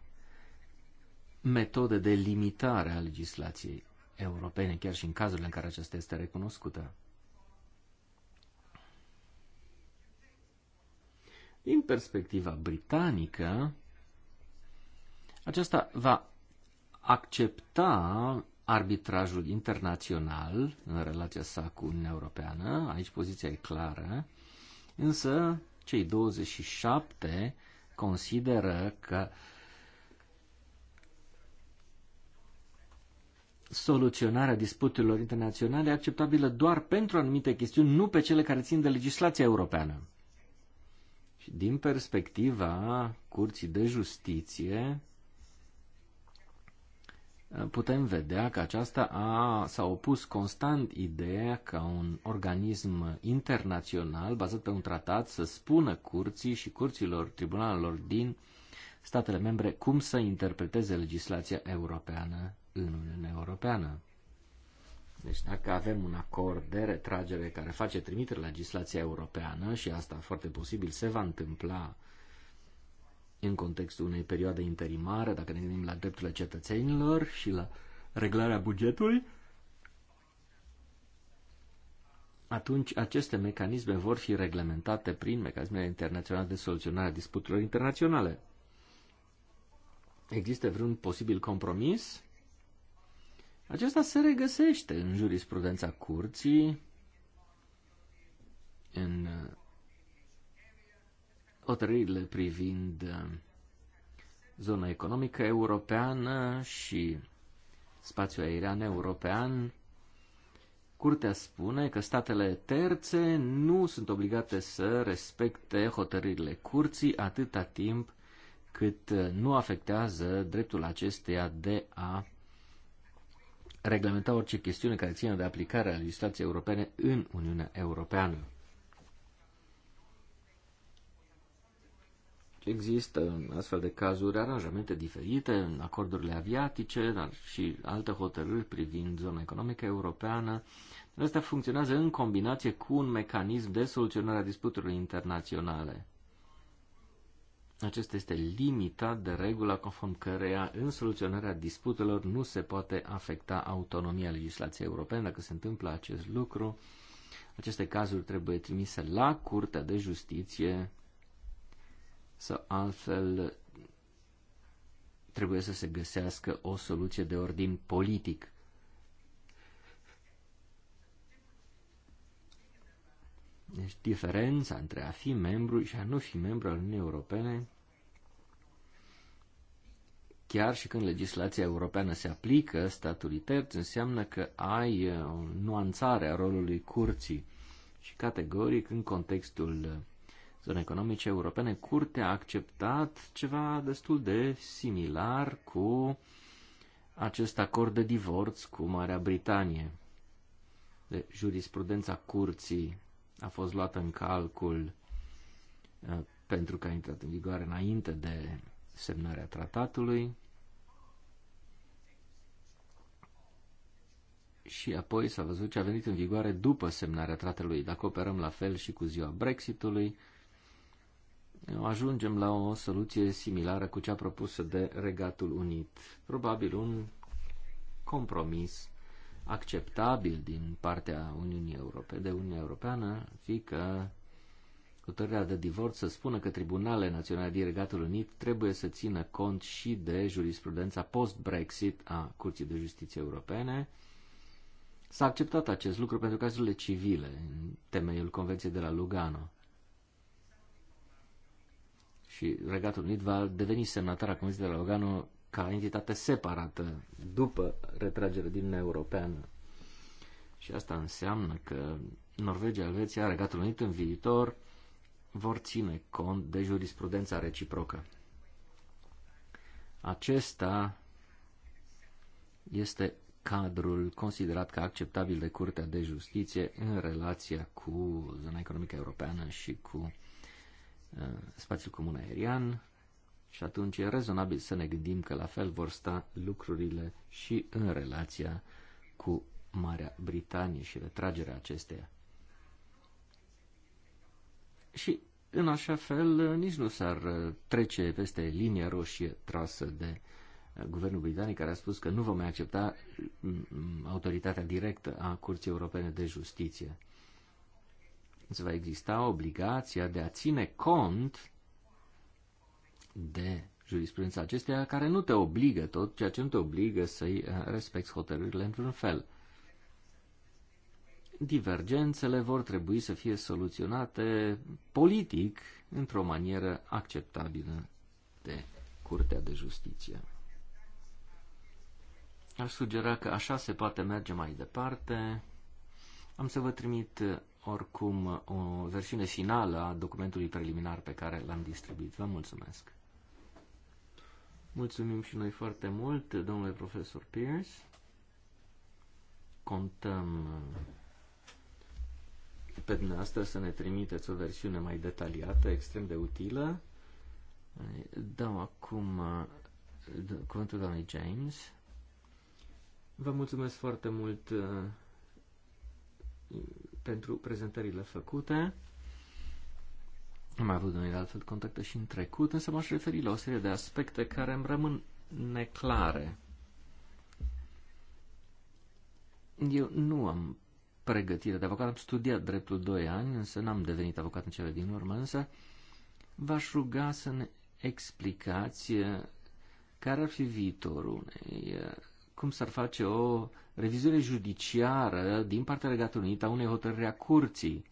metode de limitare a legislației europene, chiar și în cazurile în care aceasta este recunoscută. Din perspectiva britanică, aceasta va accepta arbitrajul internațional în relația sa cu Uniunea Europeană, aici poziția e clară, însă cei 27 consideră că soluționarea disputelor internaționale e acceptabilă doar pentru anumite chestiuni, nu pe cele care țin de legislația europeană. Și din perspectiva Curții de Justiție, putem vedea că aceasta a, s-a opus constant ideea ca un organism internațional bazat pe un tratat să spună curții și curților tribunalelor din statele membre cum să interpreteze legislația europeană în Uniunea Europeană. Deci dacă avem un acord de retragere care face trimitere la legislația europeană și asta foarte posibil se va întâmpla în contextul unei perioade interimare, dacă ne gândim la drepturile cetățenilor și la reglarea bugetului, atunci aceste mecanisme vor fi reglementate prin mecanismele internaționale de soluționare a disputelor internaționale. Există vreun posibil compromis? Acesta se regăsește în jurisprudența curții, în hotărârile privind uh, zona economică europeană și spațiul aerian european, Curtea spune că statele terțe nu sunt obligate să respecte hotărârile curții atâta timp cât uh, nu afectează dreptul acesteia de a reglementa orice chestiune care ține de aplicarea legislației europene în Uniunea Europeană. Există în astfel de cazuri aranjamente diferite în acordurile aviatice, dar și alte hotărâri privind zona economică europeană. Asta funcționează în combinație cu un mecanism de soluționare a disputelor internaționale. Acesta este limitat de regula conform căreia în soluționarea disputelor nu se poate afecta autonomia legislației europene. Dacă se întâmplă acest lucru, aceste cazuri trebuie trimise la Curtea de Justiție sau altfel trebuie să se găsească o soluție de ordin politic. Deci diferența între a fi membru și a nu fi membru al Uniunii Europene, chiar și când legislația europeană se aplică statului terț, înseamnă că ai uh, o nuanțare a rolului curții și categoric în contextul uh, zone economice europene, Curtea a acceptat ceva destul de similar cu acest acord de divorț cu Marea Britanie. De jurisprudența curții a fost luată în calcul uh, pentru că a intrat în vigoare înainte de semnarea tratatului și apoi s-a văzut ce a venit în vigoare după semnarea tratatului. Dacă operăm la fel și cu ziua Brexitului, ajungem la o soluție similară cu cea propusă de Regatul Unit. Probabil un compromis acceptabil din partea Uniunii Europene, de Uniunea Europeană, fi că hotărârea de divorț să spună că tribunalele naționale din Regatul Unit trebuie să țină cont și de jurisprudența post-Brexit a Curții de Justiție Europene. S-a acceptat acest lucru pentru cazurile civile în temeiul Convenției de la Lugano și Regatul Unit va deveni semnatar a Comisiei de la Lugano ca entitate separată după retragerea din Uniunea Europeană. Și asta înseamnă că Norvegia, Elveția, Regatul Unit în viitor vor ține cont de jurisprudența reciprocă. Acesta este cadrul considerat ca acceptabil de Curtea de Justiție în relația cu zona economică europeană și cu Uh, spațiul comun aerian și atunci e rezonabil să ne gândim că la fel vor sta lucrurile și în relația cu Marea Britanie și retragerea acesteia. Și în așa fel nici nu s-ar uh, trece peste linia roșie trasă de uh, guvernul britanic care a spus că nu vom mai accepta autoritatea directă a Curții Europene de Justiție îți va exista obligația de a ține cont de jurisprudența acesteia care nu te obligă tot, ceea ce nu te obligă să-i eh, respecti hotărârile într-un fel. Divergențele vor trebui să fie soluționate politic într-o manieră acceptabilă de Curtea de Justiție. Aș sugera că așa se poate merge mai departe. Am să vă trimit oricum o versiune finală a documentului preliminar pe care l-am distribuit. Vă mulțumesc! Mulțumim și noi foarte mult, domnule profesor Pierce. Contăm pe dumneavoastră să ne trimiteți o versiune mai detaliată, extrem de utilă. Dau acum uh, cuvântul doamnei James. Vă mulțumesc foarte mult uh, pentru prezentările făcute. Am avut de altfel contacte și în trecut, însă m-aș referi la o serie de aspecte care îmi rămân neclare. Eu nu am pregătire de avocat, am studiat dreptul 2 ani, însă n-am devenit avocat în cele din urmă, însă v-aș ruga să ne explicați care ar fi viitorul unei cum s-ar face o revizuire judiciară din partea Regatului Unit a unei hotărâri a curții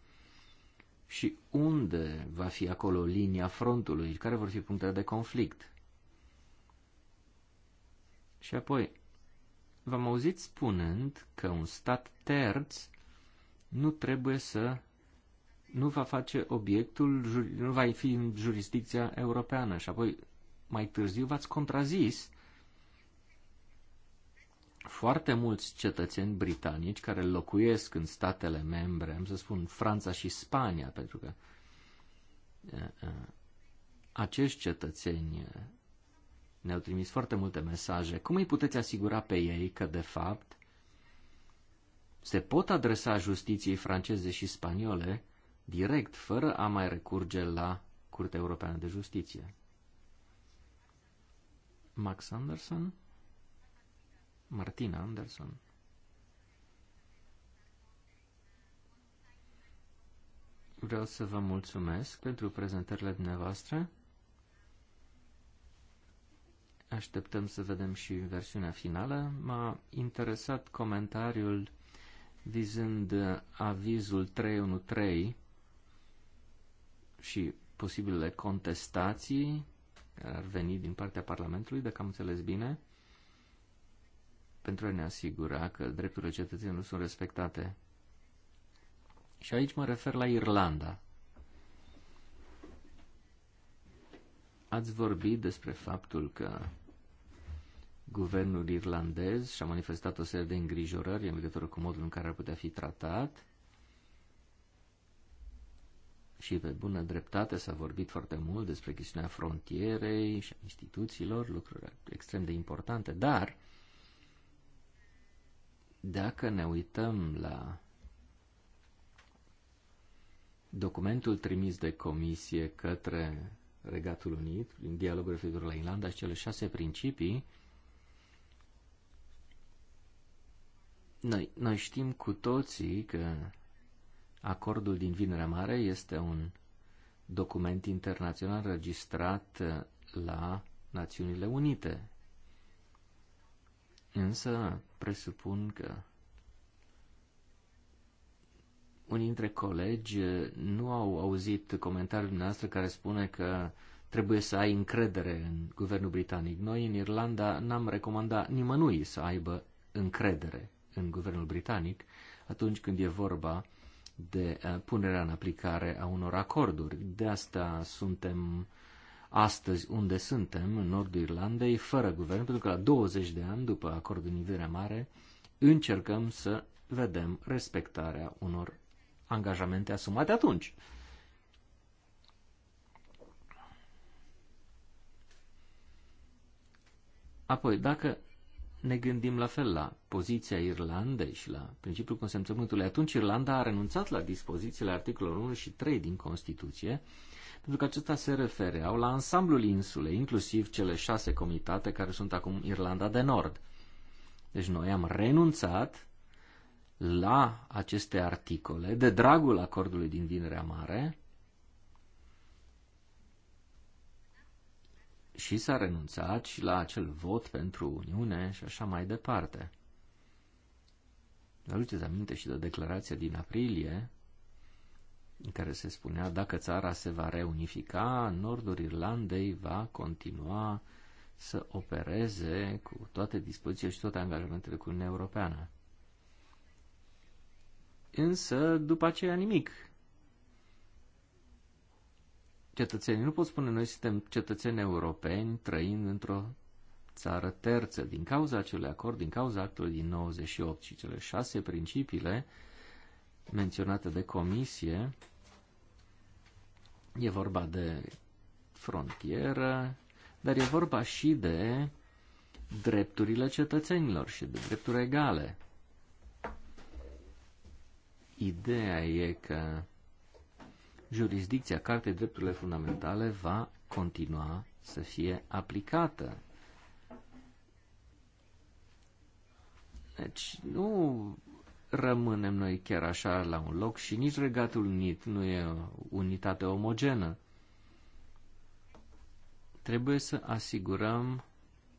și unde va fi acolo linia frontului, care vor fi punctele de conflict. Și apoi, v-am auzit spunând că un stat terț nu trebuie să nu va face obiectul, nu va fi în jurisdicția europeană. Și apoi, mai târziu, v-ați contrazis foarte mulți cetățeni britanici care locuiesc în statele membre, am să spun Franța și Spania, pentru că acești cetățeni ne-au trimis foarte multe mesaje. Cum îi puteți asigura pe ei că, de fapt, se pot adresa justiției franceze și spaniole direct, fără a mai recurge la Curtea Europeană de Justiție? Max Anderson? Martina Anderson. Vreau să vă mulțumesc pentru prezentările dumneavoastră. Așteptăm să vedem și versiunea finală. M-a interesat comentariul vizând avizul 313 și posibile contestații care ar veni din partea Parlamentului, dacă am înțeles bine pentru a ne asigura că drepturile cetățenilor sunt respectate. Și aici mă refer la Irlanda. Ați vorbit despre faptul că guvernul irlandez și-a manifestat o serie de îngrijorări în legătură cu modul în care ar putea fi tratat și pe bună dreptate s-a vorbit foarte mult despre chestiunea frontierei și a instituțiilor, lucruri extrem de importante, dar dacă ne uităm la documentul trimis de comisie către Regatul Unit, prin dialogul referitor la Irlanda și cele șase principii, noi, noi știm cu toții că acordul din Vinerea Mare este un document internațional registrat la Națiunile Unite. Însă presupun că unii dintre colegi eh, nu au auzit comentariul dumneavoastră care spune că trebuie să ai încredere în guvernul britanic. Noi, în Irlanda, n-am recomandat nimănui să aibă încredere în guvernul britanic atunci când e vorba de eh, punerea în aplicare a unor acorduri. De asta suntem astăzi unde suntem, în nordul Irlandei, fără guvern, pentru că la 20 de ani după acordul Nivirea Mare încercăm să vedem respectarea unor angajamente asumate atunci. Apoi, dacă ne gândim la fel la poziția Irlandei și la principiul consemțământului, atunci Irlanda a renunțat la dispozițiile articolelor 1 și 3 din Constituție pentru că acestea se refereau la ansamblul insulei, inclusiv cele șase comitate care sunt acum Irlanda de Nord. Deci noi am renunțat la aceste articole de dragul acordului din Vinerea Mare și s-a renunțat și la acel vot pentru Uniune și așa mai departe. Aduceți aminte și de declarația din aprilie în care se spunea dacă țara se va reunifica, nordul Irlandei va continua să opereze cu toate dispozițiile și toate angajamentele cu Uniunea Europeană. Însă, după aceea, nimic. Cetățenii nu pot spune noi suntem cetățeni europeni trăind într-o țară terță. Din cauza acelui acord, din cauza actului din 98 și cele șase principiile, uh, menționate de comisie. E vorba de frontieră, dar e vorba și de drepturile cetățenilor și de drepturi egale. Ideea e că jurisdicția Cartei Drepturile Fundamentale va continua să fie aplicată. Deci nu rămânem noi chiar așa la un loc și nici Regatul Unit nu e o unitate omogenă. Trebuie să asigurăm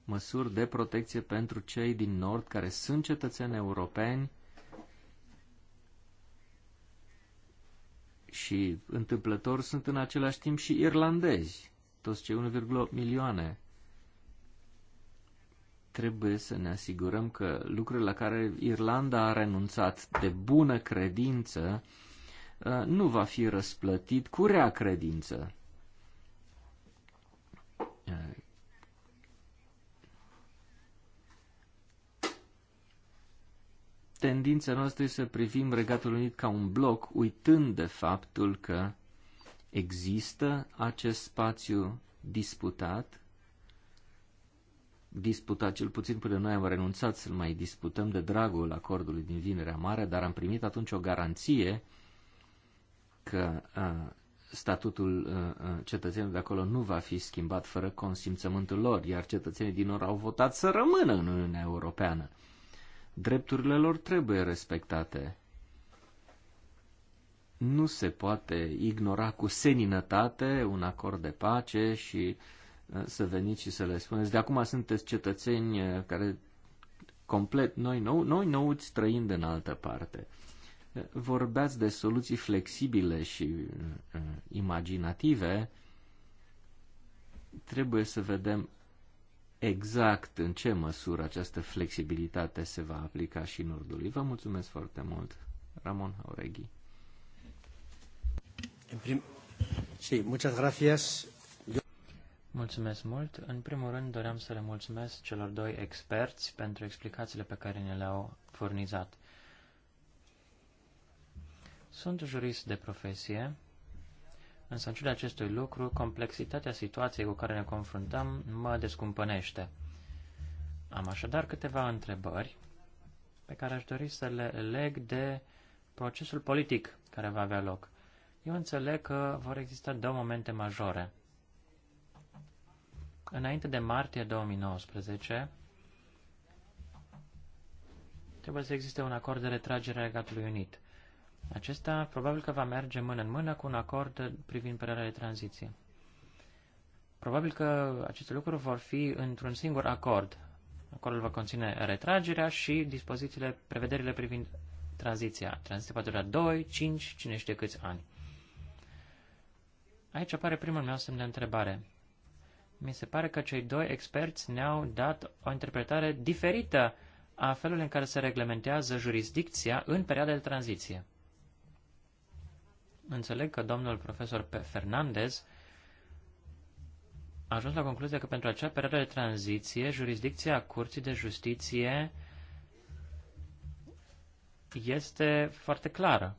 măsuri de protecție pentru cei din Nord care sunt cetățeni europeni și întâmplător sunt în același timp și irlandezi, toți cei 1,8 milioane trebuie să ne asigurăm că lucrurile la care Irlanda a renunțat de bună credință uh, nu va fi răsplătit cu rea credință. Uh, tendința noastră este să privim Regatul Unit ca un bloc, uitând de faptul că există acest spațiu disputat disputat, cel puțin până noi am renunțat să-l mai disputăm de dragul acordului din Vinerea Mare, dar am primit atunci o garanție că a, statutul cetățenilor de acolo nu va fi schimbat fără consimțământul lor, iar cetățenii din nord au votat să rămână în Uniunea Europeană. Drepturile lor trebuie respectate. Nu se poate ignora cu seninătate un acord de pace și uh, să veniți și să le spuneți. De acum sunteți cetățeni eh, care complet noi, nou, noi nouți trăind în altă parte. Eh, vorbeați de soluții flexibile și uh, imaginative. Trebuie să vedem exact în ce măsură această flexibilitate se va aplica și Nordului. Vă mulțumesc foarte mult, Ramon Aureghi. În prim... Sí, muchas gracias. Mulțumesc mult. În primul rând, doream să le mulțumesc celor doi experți pentru explicațiile pe care ne le-au furnizat. Sunt jurist de profesie, însă în ciuda acestui lucru, complexitatea situației cu care ne confruntăm mă descumpănește. Am așadar câteva întrebări pe care aș dori să le leg de procesul politic care va avea loc. Eu înțeleg că vor exista două momente majore – Înainte de martie 2019, trebuie să existe un acord de retragere a Regatului Unit. Acesta probabil că va merge mână în mână cu un acord privind perioada de tranziție. Probabil că aceste lucruri vor fi într-un singur acord. Acordul va conține retragerea și dispozițiile, prevederile privind tranziția. Tranziția va dura 2, 5, cine știe câți ani. Aici apare primul meu semn de întrebare. Mi se pare că cei doi experți ne-au dat o interpretare diferită a felului în care se reglementează jurisdicția în perioada de tranziție. Înțeleg că domnul profesor Fernandez a ajuns la concluzia că pentru acea perioadă de tranziție, jurisdicția Curții de Justiție este foarte clară.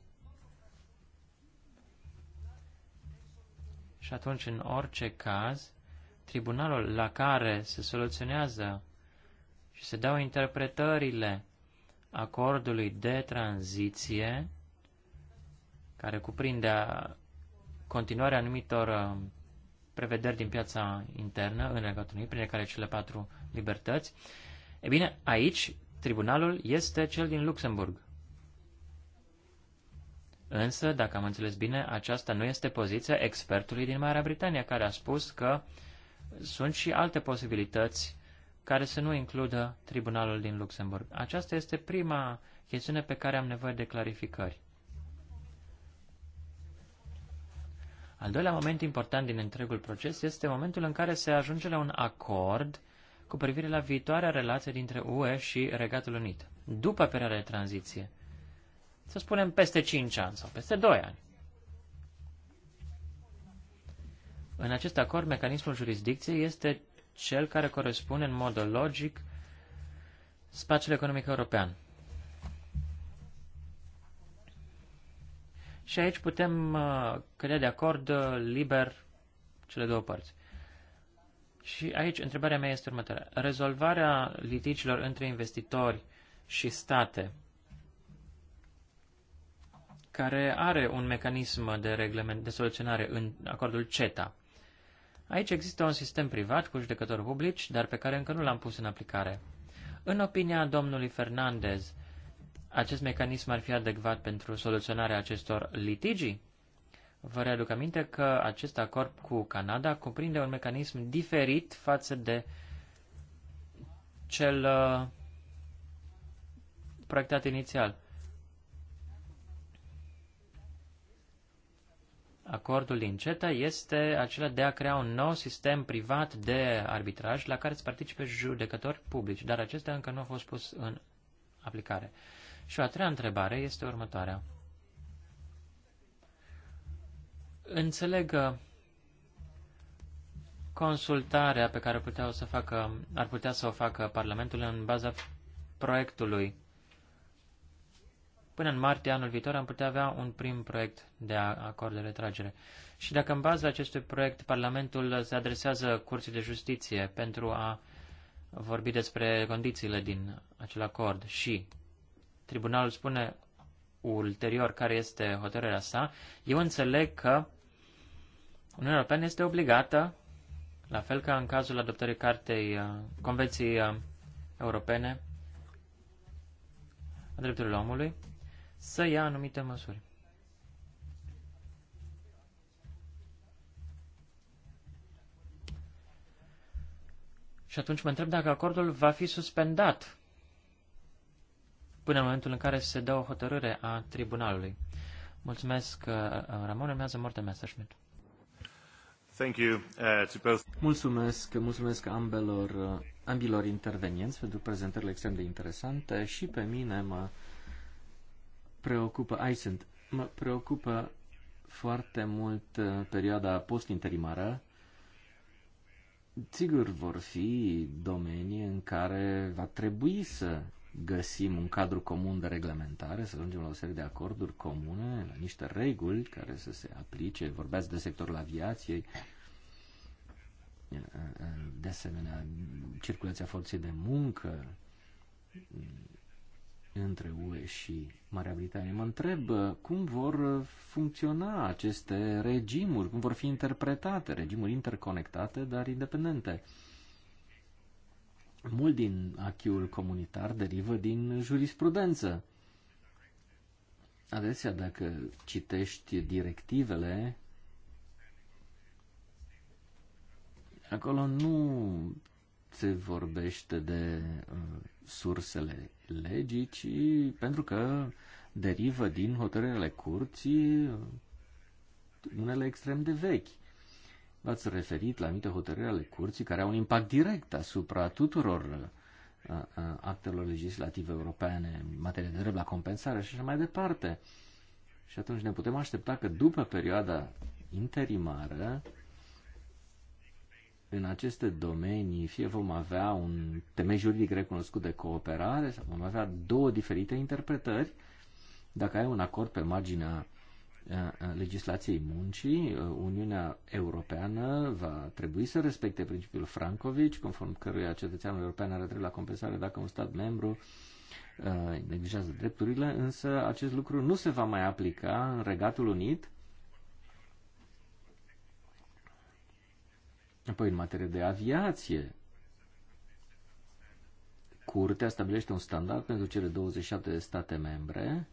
Și atunci, în orice caz, tribunalul la care se soluționează și se dau interpretările acordului de tranziție, care cuprinde continuarea anumitor uh, prevederi din piața internă în Regatul Unit, printre care cele patru libertăți, e bine, aici tribunalul este cel din Luxemburg. Însă, dacă am înțeles bine, aceasta nu este poziția expertului din Marea Britanie, care a spus că uh, sunt și alte posibilități care să nu includă tribunalul din Luxemburg. Aceasta este prima chestiune pe care am nevoie de clarificări. Al doilea moment important din întregul proces este momentul în care se ajunge la un acord cu privire la viitoarea relație dintre UE și Regatul Unit, după perioada de tranziție. Să spunem peste 5 ani sau peste 2 ani. În acest acord, mecanismul jurisdicției este cel care corespunde în mod logic spațiul economic european. Și aici putem uh, cădea de acord uh, liber cele două părți. Și aici întrebarea mea este următoarea. Rezolvarea litigilor între investitori și state, care are un mecanism de, reglement, de soluționare în acordul CETA, Aici există un sistem privat cu judecători publici, dar pe care încă nu l-am pus în aplicare. În opinia domnului Fernandez, acest mecanism ar fi adecvat pentru soluționarea acestor litigii? Vă readuc aminte că acest acord cu Canada cuprinde un mecanism diferit față de cel uh, proiectat inițial. acordul din CETA este acela de a crea un nou sistem privat de arbitraj la care să participe judecători publici, dar acesta încă nu a fost pus în aplicare. Și o a treia întrebare este următoarea. Înțeleg consultarea pe care puteau să facă, ar putea să o facă Parlamentul în baza proiectului Până în martie anul viitor am putea avea un prim proiect de acord de retragere. Și dacă în baza acestui proiect Parlamentul se adresează Curții de Justiție pentru a vorbi despre condițiile din acel acord și tribunalul spune ulterior care este hotărârea sa, eu înțeleg că Uniunea Europeană este obligată, la fel ca în cazul adoptării cartei uh, Convenției uh, Europene a Drepturilor Omului, să ia anumite măsuri. Și atunci mă întreb dacă acordul va fi suspendat până în momentul în care se dă o hotărâre a tribunalului. Mulțumesc, uh, uh, Ramon. Urmează Morten Messerschmidt. Thank you, uh, to both. Mulțumesc, mulțumesc ambelor, uh, ambilor intervenienți pentru prezentările extrem de interesante și pe mine mă preocupă, aici sunt, mă preocupă foarte mult uh, perioada post-interimară. Sigur, vor fi domenii în care va trebui să găsim un cadru comun de reglementare, să ajungem la o serie de acorduri comune, la niște reguli care să se aplice. Vorbeați de sectorul aviației, uh, uh, de asemenea, circulația forței de muncă, între UE și Marea Britanie. Mă întreb uh, cum vor uh, funcționa aceste regimuri, cum vor fi interpretate, regimuri interconectate, dar independente. Mult din achiul comunitar derivă din jurisprudență. Adesea, dacă citești directivele, acolo nu se vorbește de uh, sursele legii, ci pentru că derivă din hotărârile curții uh, unele extrem de vechi. V-ați referit la anumite hotărâri ale curții care au un impact direct asupra tuturor uh, uh, actelor legislative europene în materie de drept la compensare și așa mai departe. Și atunci ne putem aștepta că după perioada interimară, în aceste domenii fie vom avea un temei juridic recunoscut de cooperare sau vom avea două diferite interpretări. Dacă ai un acord pe marginea uh, uh, legislației muncii, uh, Uniunea Europeană va trebui să respecte principiul Francovici, conform căruia cetățeanul european are drept la compensare dacă un stat membru neglijează drepturile, însă acest lucru nu se va mai aplica în Regatul Unit, Apoi, în materie de aviație, Curtea stabilește un standard pentru cele 27 de state membre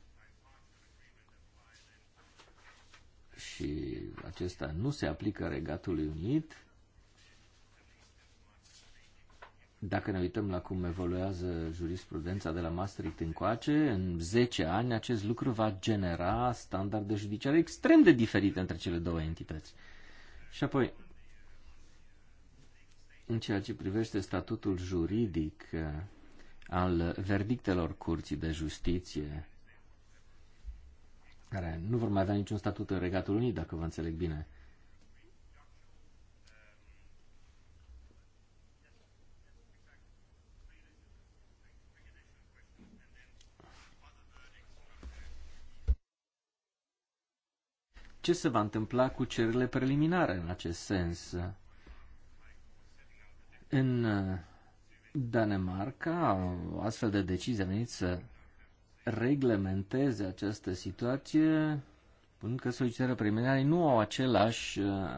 și acesta nu se aplică Regatului Unit. Dacă ne uităm la cum evoluează jurisprudența de la Maastricht încoace, în 10 ani acest lucru va genera standarde judiciare extrem de diferite între cele două entități. Și apoi, în ceea ce privește statutul juridic eh, al verdictelor Curții de Justiție, care nu vor mai avea niciun statut în Regatul Unit, dacă vă înțeleg bine. Ce se va întâmpla cu cererile preliminare în acest sens? În uh, Danemarca, o astfel de decizie a venit să reglementeze această situație, până că solicitarea preliminare nu au același, uh,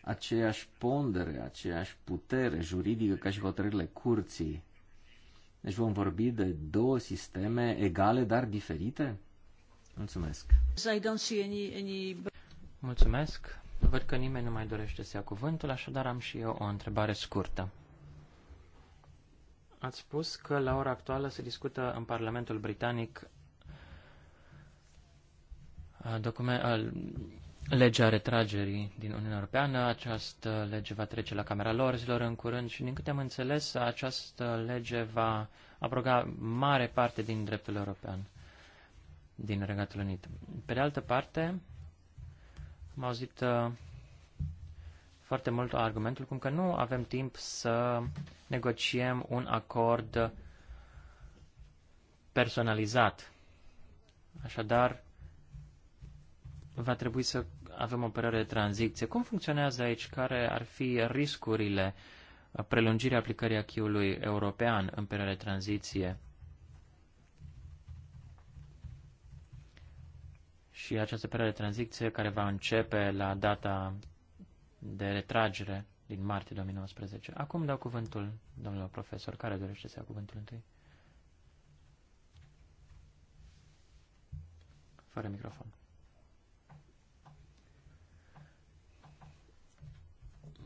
aceeași pondere, aceeași putere juridică ca și hotărârile curții. Deci vom vorbi de două sisteme egale, dar diferite? Mulțumesc. Mulțumesc. Văd că nimeni nu mai dorește să ia cuvântul, așadar am și eu o întrebare scurtă. Ați spus că la ora actuală se discută în Parlamentul Britanic uh, document, uh, legea retragerii din Uniunea Europeană. Această lege va trece la Camera Lorzilor în curând și, din câte am înțeles, această lege va abroga mare parte din dreptul european din Regatul Unit. Pe de altă parte, am auzit uh, foarte mult argumentul cum că nu avem timp să negociem un acord personalizat. Așadar, va trebui să avem o perioadă de tranziție. Cum funcționează aici? Care ar fi riscurile prelungirii aplicării acquis european în perioada de tranziție? și această perioadă de tranziție care va începe la data de retragere din martie 2019. Acum dau cuvântul domnilor profesor. Care dorește să ia cuvântul întâi? Fără microfon.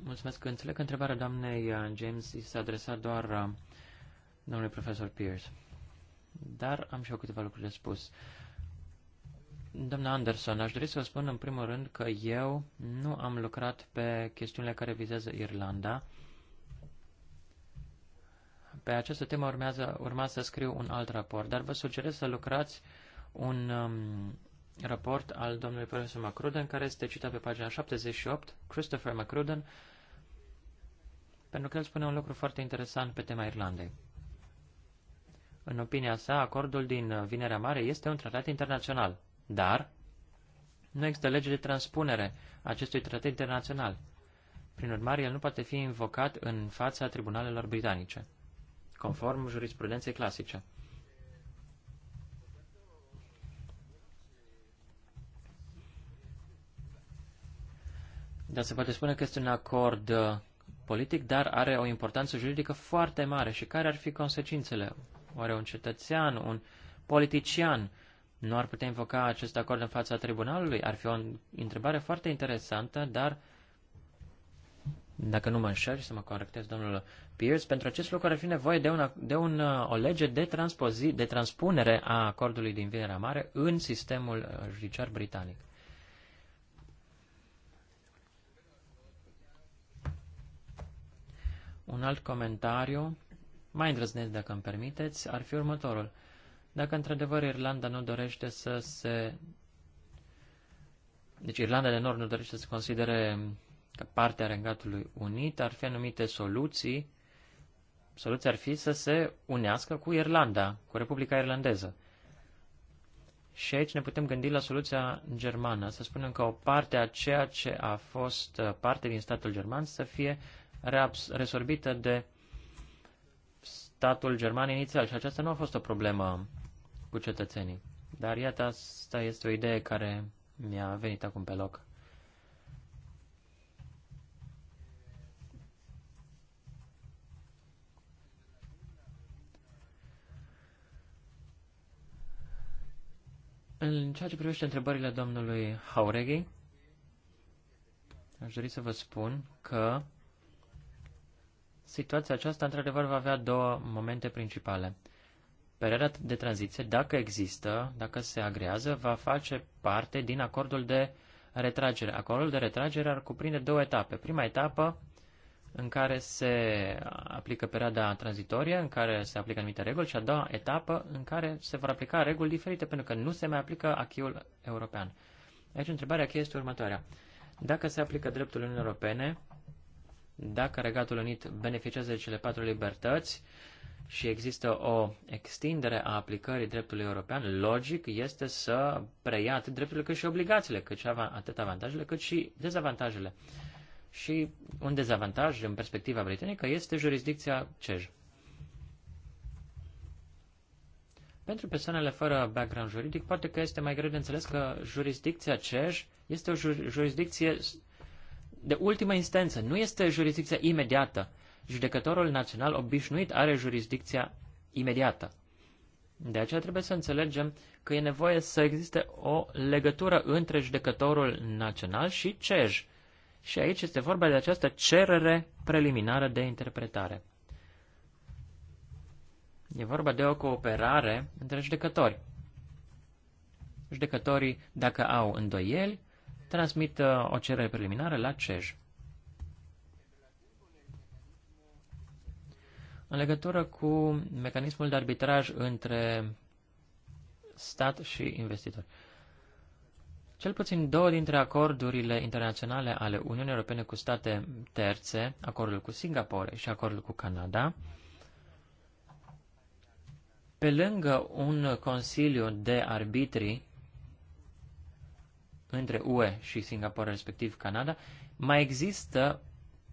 Mulțumesc. Înțeleg că întrebarea doamnei uh, James s-a adresat doar uh, domnului profesor Pierce. Dar am și eu câteva lucruri de spus. Uh, Doamna Anderson, aș dori să vă spun în primul rând că eu nu am lucrat pe chestiunile care vizează Irlanda. Pe această temă urmează, urma să scriu un alt raport, dar vă sugerez să lucrați un um, raport al domnului profesor Macruden, care este citat pe pagina 78, Christopher Macruden, pentru că el spune un lucru foarte interesant pe tema Irlandei. În opinia sa, acordul din Vinerea Mare este un tratat internațional. Dar nu există lege de transpunere a acestui tratat internațional. Prin urmare, el nu poate fi invocat în fața tribunalelor britanice, conform jurisprudenței clasice. Dar se poate spune că este un acord uh, politic, dar are o importanță juridică foarte mare. Și care ar fi consecințele? Oare un cetățean, un politician, uh, nu ar putea invoca acest acord în fața tribunalului? Ar fi o întrebare foarte interesantă, dar dacă nu mă înșel și să mă corectez, domnul Pierce, pentru acest lucru ar fi nevoie de, una, de un, uh, o lege de, transpozi, de transpunere a acordului din Vinerea Mare în sistemul uh, judiciar britanic. Un alt comentariu, mai îndrăznesc dacă îmi permiteți, ar fi următorul. Dacă într-adevăr Irlanda nu dorește să se... Deci Irlanda de Nord nu dorește să se considere ca parte a Regatului Unit, ar fi anumite soluții. Soluția ar fi să se unească cu Irlanda, cu Republica Irlandeză. Și aici ne putem gândi la soluția germană, să spunem că o parte a ceea ce a fost uh, parte din statul german să fie resorbită de statul german inițial și aceasta nu a fost o problemă cu cetățenii. Dar iată, asta este o idee care mi-a venit acum pe loc. În ceea ce privește întrebările domnului Haureghi, aș dori să vă spun că situația aceasta, într-adevăr, va avea două momente principale. Perioada de tranziție, dacă există, dacă se agrează, va face parte din acordul de retragere. Acordul de retragere ar cuprinde două etape. Prima etapă, în care se aplică perioada tranzitorie, în care se aplică anumite reguli, și a doua etapă în care se vor aplica reguli diferite, pentru că nu se mai aplică achiul european. Aici întrebarea cheie este următoarea. Dacă se aplică dreptul Uniunii Europene, dacă Regatul Unit beneficiază de cele patru libertăți, și există o extindere a aplicării dreptului european, logic este să preia atât drepturile cât și obligațiile, cât și av- atât avantajele cât și dezavantajele. Și un dezavantaj în perspectiva britanică este jurisdicția CEJ. Pentru persoanele fără background juridic, poate că este mai greu de înțeles că jurisdicția CEJ este o jurisdicție de ultimă instanță, nu este jurisdicția imediată judecătorul național obișnuit are jurisdicția imediată. De aceea trebuie să înțelegem că e nevoie să existe o legătură între judecătorul național și CEJ. Și aici este vorba de această cerere preliminară de interpretare. E vorba de o cooperare între judecători. Judecătorii, dacă au îndoieli, transmit uh, o cerere preliminară la CEJ. În legătură cu mecanismul de arbitraj între stat și investitori. Cel puțin două dintre acordurile internaționale ale Uniunii Europene cu state terțe, acordul cu Singapore și acordul cu Canada, pe lângă un consiliu de arbitri între UE și Singapore, respectiv Canada, mai există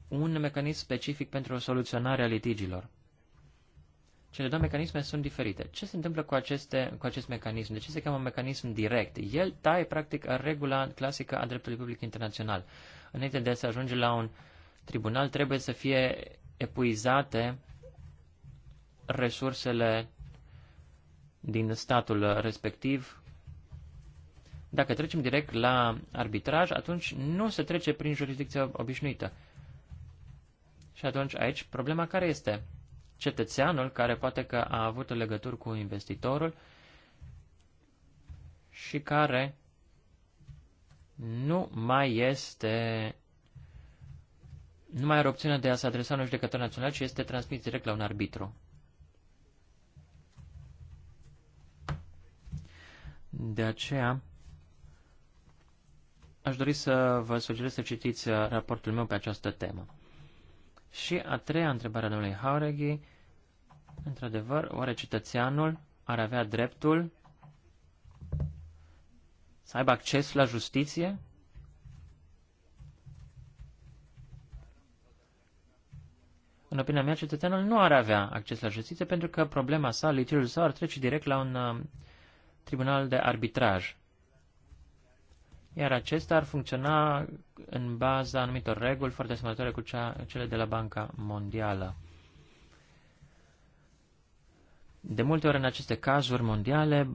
un mecanism specific pentru soluționarea litigilor. Cele două mecanisme sunt diferite. Ce se întâmplă cu, aceste, cu acest mecanism? De ce se cheamă mecanism direct? El taie, practic, regula clasică a dreptului public internațional. Înainte de a se ajunge la un tribunal, trebuie să fie epuizate resursele din statul respectiv. Dacă trecem direct la arbitraj, atunci nu se trece prin jurisdicția obișnuită. Și atunci aici problema care este? cetățeanul care poate că a avut legături cu investitorul și care nu mai este nu mai are opțiunea de a se adresa unui judecător național, ci este transmis direct la un arbitru. De aceea, aș dori să vă sugerez să citiți uh, raportul meu pe această temă. Și a treia întrebare a domnului Haureghi, într-adevăr, oare cetățeanul ar avea dreptul să aibă acces la justiție? În opinia mea, cetățeanul nu ar avea acces la justiție pentru că problema sa, litigiul său, ar trece direct la un uh, tribunal de arbitraj iar acesta ar funcționa în baza anumitor reguli foarte asemănătoare cu cea, cele de la Banca Mondială. De multe ori în aceste cazuri mondiale,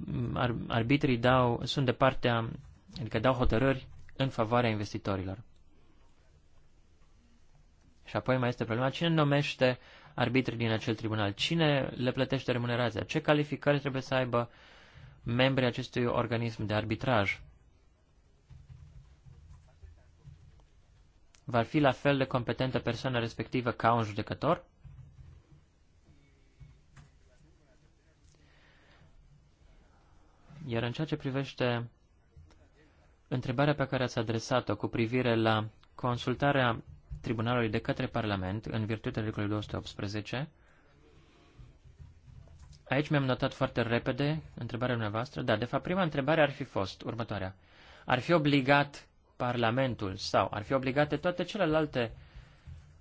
arbitrii dau, sunt de partea, adică dau hotărâri în favoarea investitorilor. Și apoi mai este problema cine numește arbitrii din acel tribunal, cine le plătește remunerația, ce calificări trebuie să aibă membrii acestui organism de arbitraj. va fi la fel de competentă persoana respectivă ca un judecător? Iar în ceea ce privește întrebarea pe care ați adresat-o cu privire la consultarea Tribunalului de către Parlament în virtutea articolului 218, aici mi-am notat foarte repede întrebarea dumneavoastră. Da, de fapt, prima întrebare ar fi fost următoarea. Ar fi obligat Parlamentul sau ar fi obligate toate celelalte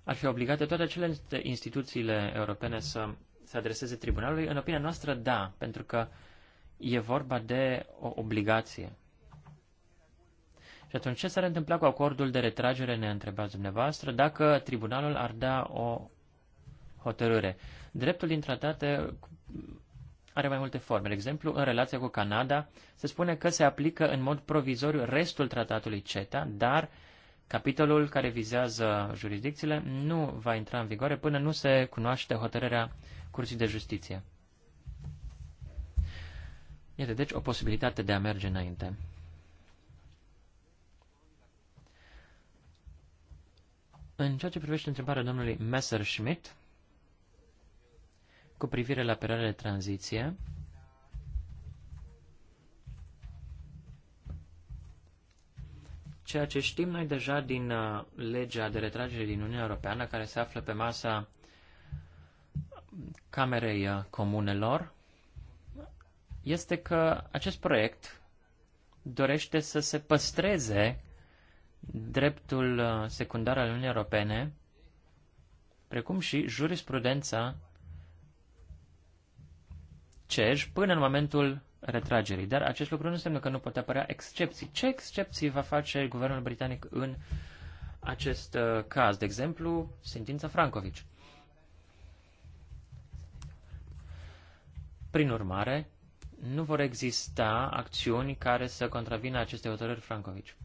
ar fi obligate toate celelalte instituțiile europene să se adreseze tribunalului? În opinia noastră, da, pentru că e vorba de o obligație. Și atunci ce s-ar întâmpla cu acordul de retragere, ne întrebați dumneavoastră, dacă tribunalul ar da o hotărâre? Dreptul din tratate are mai multe forme. De exemplu, în relația cu Canada se spune că se aplică în mod provizoriu restul tratatului CETA, dar capitolul care vizează jurisdicțiile nu va intra în vigoare până nu se cunoaște hotărârea Curții de Justiție. Iată, deci, o posibilitate de a merge înainte. În ceea ce privește întrebarea domnului Messerschmidt, cu privire la perioada de tranziție, ceea ce știm noi deja din uh, legea de retragere din Uniunea Europeană, care se află pe masa Camerei uh, Comunelor, este că acest proiect dorește să se păstreze dreptul uh, secundar al Uniunii Europene, precum și jurisprudența CEJ până în momentul retragerii. Dar acest lucru nu înseamnă că nu pot apărea excepții. Ce excepții va face guvernul britanic în acest uh, caz? De exemplu, sentința Francovici. Prin urmare, nu vor exista acțiuni care să contravină aceste hotărâri Francovici.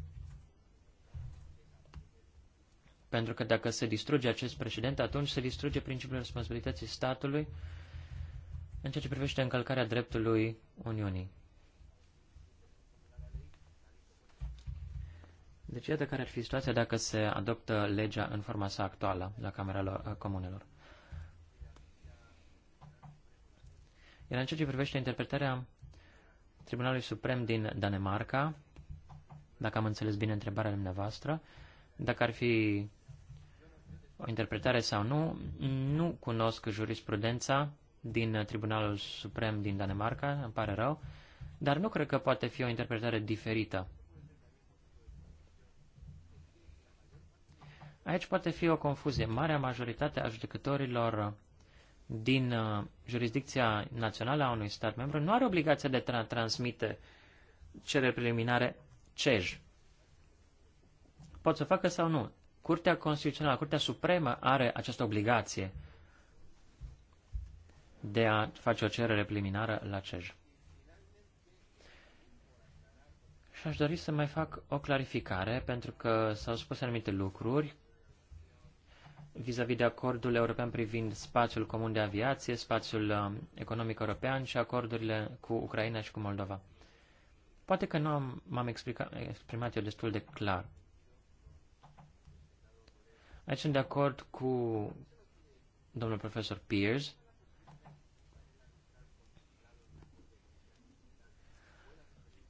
Pentru că dacă se distruge acest precedent, atunci se distruge principiul responsabilității statului uh, în ceea ce privește încălcarea dreptului Uniunii. Deci iată care ar fi situația dacă se adoptă legea în forma sa actuală la Camera uh, Comunelor. Iar în ceea ce privește interpretarea Tribunalului Suprem din Danemarca, dacă am înțeles bine întrebarea dumneavoastră, dacă ar fi o interpretare sau nu, nu cunosc jurisprudența din Tribunalul Suprem din Danemarca, îmi pare rău, dar nu cred că poate fi o interpretare diferită. Aici poate fi o confuzie. Marea majoritate a judecătorilor din uh, jurisdicția națională a unui stat membru nu are obligația de a transmite cereri preliminare CEJ. Pot să facă sau nu. Curtea Constituțională, Curtea Supremă are această obligație de a face o cerere preliminară la CEJ. Și aș dori să mai fac o clarificare, pentru că s-au spus anumite lucruri vis-a-vis -vis de acordul european privind spațiul comun de aviație, spațiul um, economic european și acordurile cu Ucraina și cu Moldova. Poate că nu am, m-am exprimat eu destul de clar. Aici sunt de acord cu domnul profesor Pierce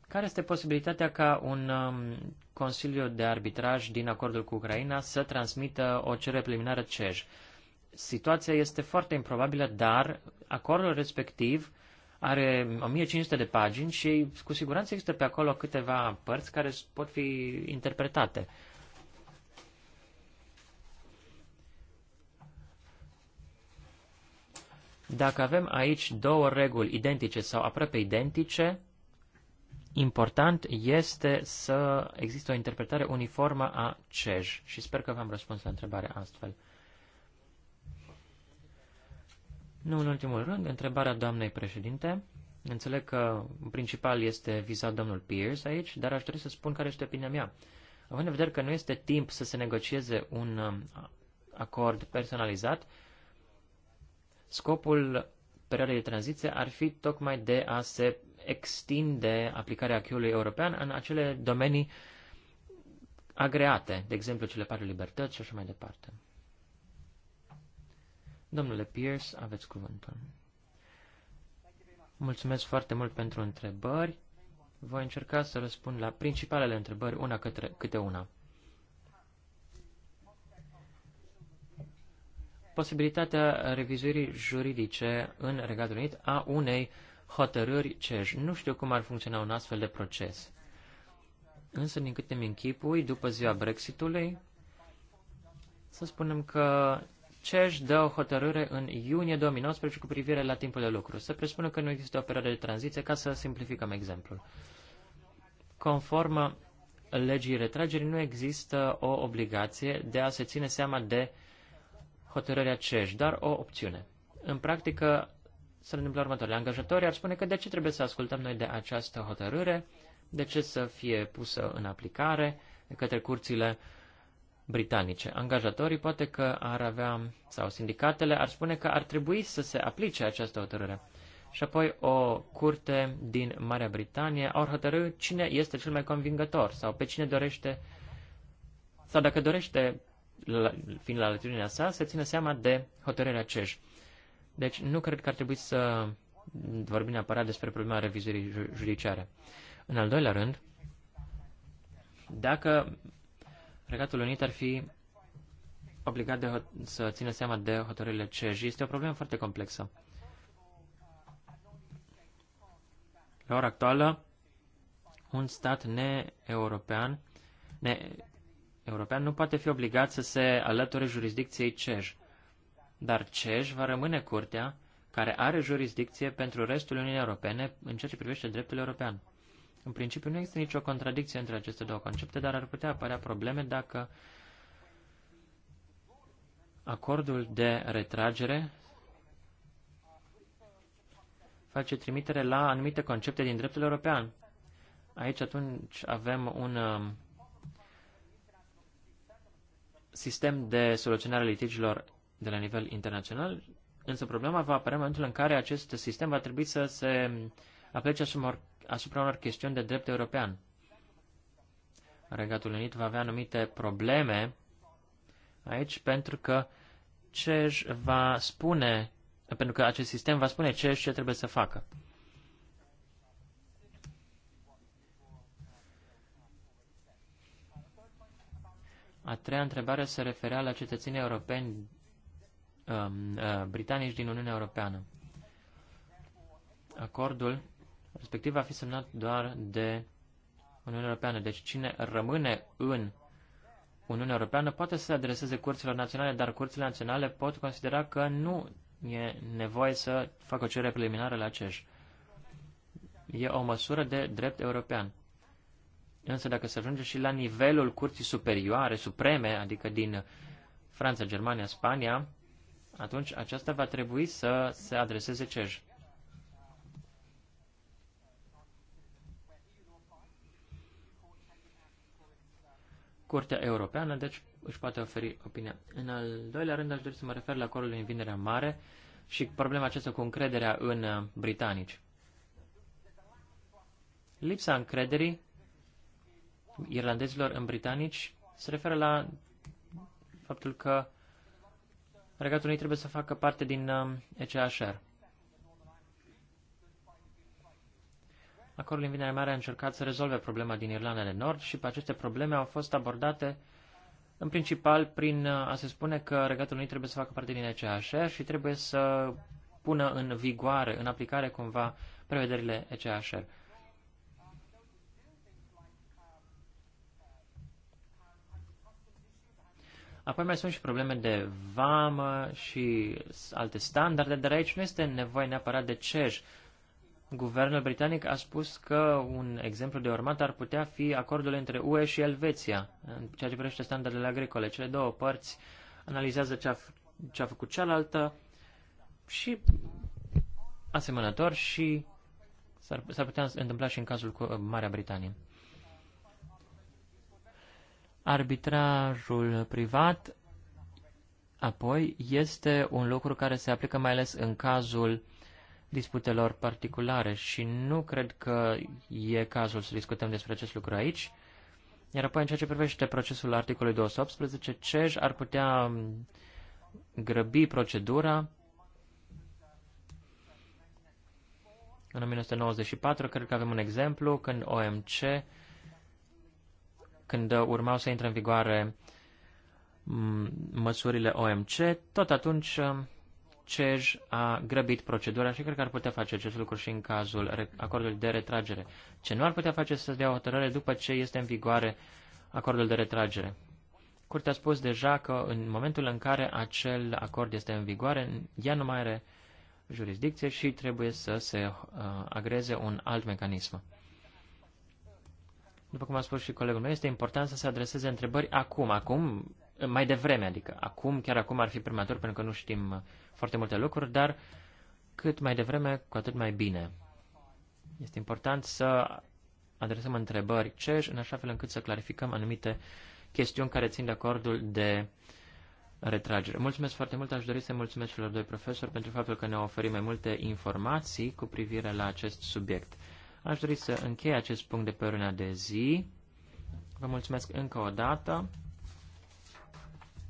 Care este posibilitatea ca un um, Consiliu de Arbitraj din acordul cu Ucraina să transmită o cerere preliminară CEJ? Situația este foarte improbabilă, dar acordul respectiv are 1500 de pagini și cu siguranță există pe acolo câteva părți care pot fi interpretate. Dacă avem aici două reguli identice sau aproape identice, important este să există o interpretare uniformă a CEJ și sper că v-am răspuns la întrebare astfel. Nu în ultimul rând, întrebarea doamnei președinte. Înțeleg că în principal este vizat domnul Pierce aici, dar aș dori să spun care este opinia mea. Având în vedere că nu este timp să se negocieze un um, acord personalizat, scopul perioadei de tranziție ar fi tocmai de a se extinde aplicarea acquis european în acele domenii agreate, de exemplu cele patru libertăți și așa mai departe. Domnule Pierce, aveți cuvântul. Mulțumesc foarte mult pentru întrebări. Voi încerca să răspund la principalele întrebări, una către, câte una. Posibilitatea revizuirii juridice în Regatul Unit a unei hotărâri CEJ. Nu știu cum ar funcționa un astfel de proces. Însă, din câte mi închipui, după ziua Brexitului, să spunem că CEJ dă o hotărâre în iunie 2019 cu privire la timpul de lucru. Să presupunem că nu există o perioadă de tranziție, ca să simplificăm exemplul. Conform legii retragerii, nu există o obligație de a se ține seama de hotărârea CEJ, dar o opțiune. În practică, să se întâmple următoarele. Angajatorii ar spune că de ce trebuie să ascultăm noi de această hotărâre, de ce să fie pusă în aplicare de către curțile britanice. Angajatorii poate că ar avea, sau sindicatele ar spune că ar trebui să se aplice această hotărâre. Și apoi o curte din Marea Britanie ar hotărâ cine este cel mai convingător sau pe cine dorește, sau dacă dorește, fiind la latitudinea sa, să țină seama de hotărârea CEJ. Deci nu cred că ar trebui să vorbim neapărat despre problema revizuirii judiciare. În al doilea rând, dacă Regatul Unit ar fi obligat de să țină seama de hotărârile CEJ, este o problemă foarte complexă. La ora actuală, un stat ne-european ne -european nu poate fi obligat să se alăture jurisdicției CEJ dar CEJ va rămâne curtea care are jurisdicție pentru restul Uniunii Europene în ceea ce privește dreptul european. În principiu nu există nicio contradicție între aceste două concepte, dar ar putea apărea probleme dacă acordul de retragere face trimitere la anumite concepte din dreptul european. Aici atunci avem un um, sistem de soluționare litigilor de la nivel internațional, însă problema va apărea în momentul în care acest sistem va trebui să se aplece asupra, unor chestiuni de drept european. Regatul Unit va avea anumite probleme aici pentru că ce va spune, pentru că acest sistem va spune CEJ ce trebuie să facă. A treia întrebare se referea la cetățenii europeni Um, uh, britanici din Uniunea Europeană. Acordul respectiv va fi semnat doar de Uniunea Europeană. Deci cine rămâne în Uniunea Europeană poate să se adreseze curților naționale, dar curțile naționale pot considera că nu e nevoie să facă o cerere preliminară la CEJ. E o măsură de drept european. Însă dacă se ajunge și la nivelul curții superioare, supreme, adică din Franța, Germania, Spania, atunci aceasta va trebui să se adreseze CEJ. Curtea Europeană, deci, își poate oferi opinia. În al doilea rând, aș dori să mă refer la corul în vinerea mare și problema aceasta cu încrederea în uh, britanici. Lipsa încrederii irlandezilor în britanici se referă la faptul că Regatul Unit trebuie să facă parte din um, ECHR. Acordul în Vinerea Mare a încercat să rezolve problema din Irlanda de Nord și pe aceste probleme au fost abordate în principal prin uh, a se spune că Regatul Unit trebuie să facă parte din ECHR și trebuie să pună în vigoare, în aplicare cumva, prevederile ECHR. Apoi mai sunt și probleme de vamă și alte standarde, dar aici nu este nevoie neapărat de CEJ. Guvernul britanic a spus că un exemplu de urmat ar putea fi acordul între UE și Elveția, în ceea ce privește standardele agricole. Cele două părți analizează ce a, ce a făcut cealaltă și asemănător și s-ar, putea întâmpla și în cazul cu uh, Marea Britanie. Arbitrajul privat, apoi, este un lucru care se aplică mai ales în cazul disputelor particulare și nu cred că e cazul să discutăm despre acest lucru aici. Iar apoi, în ceea ce privește procesul articolului 218, CEJ ar putea grăbi procedura. În 1994, cred că avem un exemplu, când OMC când urmau să intre în vigoare mm, măsurile OMC, tot atunci mm, CEJ a grăbit procedura și cred că ar putea face acest lucru și în cazul acordului de retragere. Ce nu ar putea face să dea o hotărâre după ce este în vigoare acordul de retragere. Curtea a spus deja că în momentul în care acel acord este în vigoare, ea nu mai are jurisdicție și trebuie să se uh, agreze un alt mecanism. După cum a spus și colegul meu, este important să se adreseze întrebări acum, acum, mai devreme, adică acum, chiar acum ar fi prematur pentru că nu știm foarte multe lucruri, dar cât mai devreme, cu atât mai bine. Este important să adresăm întrebări cești, în așa fel încât să clarificăm anumite chestiuni care țin de acordul de retragere. Mulțumesc foarte mult, aș dori să mulțumesc celor doi profesori pentru faptul că ne-au oferit mai multe informații cu privire la acest subiect. Aș dori să închei acest punct de pe urmă de zi. Vă mulțumesc încă o dată.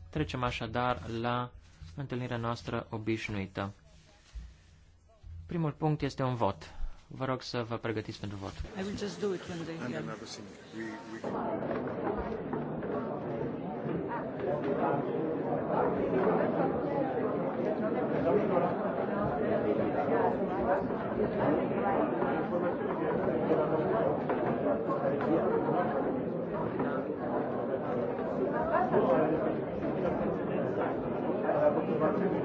Trecem așadar la întâlnirea noastră obișnuită. Primul punct este un vot. Vă rog să vă pregătiți pentru vot. I will just do it when they... Thank you.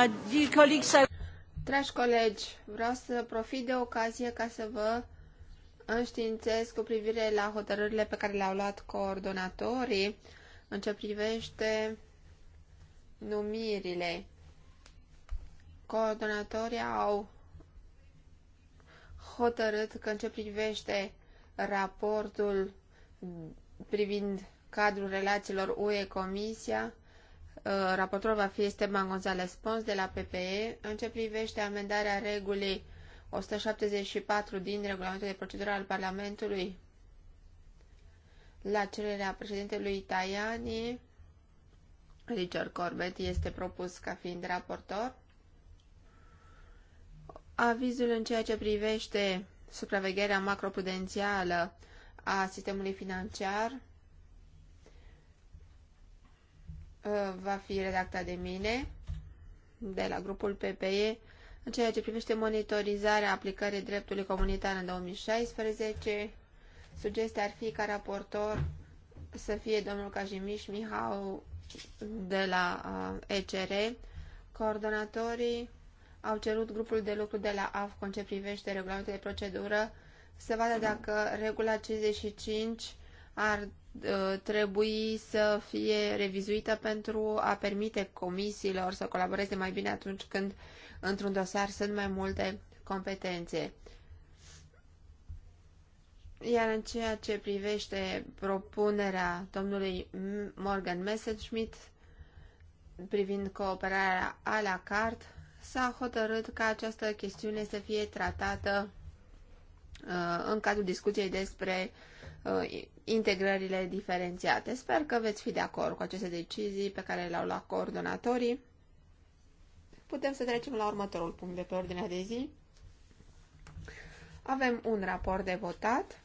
Uh, Dragi colegi, vreau să profit de ocazie ca să vă înștiințez cu privire la hotărârile pe care le-au luat coordonatorii în ce privește numirile. Coordonatorii au hotărât că în ce privește raportul privind cadrul relațiilor UE-Comisia, Uh, raportorul va fi Esteban González Pons de la PPE în ce privește amendarea regulii 174 din regulamentul de procedură al Parlamentului la cererea președintelui Tajani. Richard Corbett este propus ca fiind raportor. Avizul în ceea ce privește supravegherea macroprudențială a sistemului financiar Uh, va fi redactat de mine, de la grupul PPE, în ceea ce privește monitorizarea aplicării dreptului comunitar în 2016. Sugestia ar fi ca raportor să fie domnul Cajimiș Mihau de la uh, ECR. Coordonatorii au cerut grupul de lucru de la AFCO în ce privește regulamentul de procedură să vadă dacă regula 55 ar Uh, trebui să fie revizuită pentru a permite comisiilor să colaboreze mai bine atunci când într-un dosar sunt mai multe competențe. Iar în ceea ce privește propunerea domnului Morgan Messerschmidt privind cooperarea a la carte, s-a hotărât ca această chestiune să fie tratată uh, în cadrul discuției despre uh, Uh, integrările diferențiate. Sper că veți fi de acord cu aceste decizii pe care le-au luat coordonatorii. Putem să trecem la următorul punct de pe ordinea de zi. Avem un raport de votat.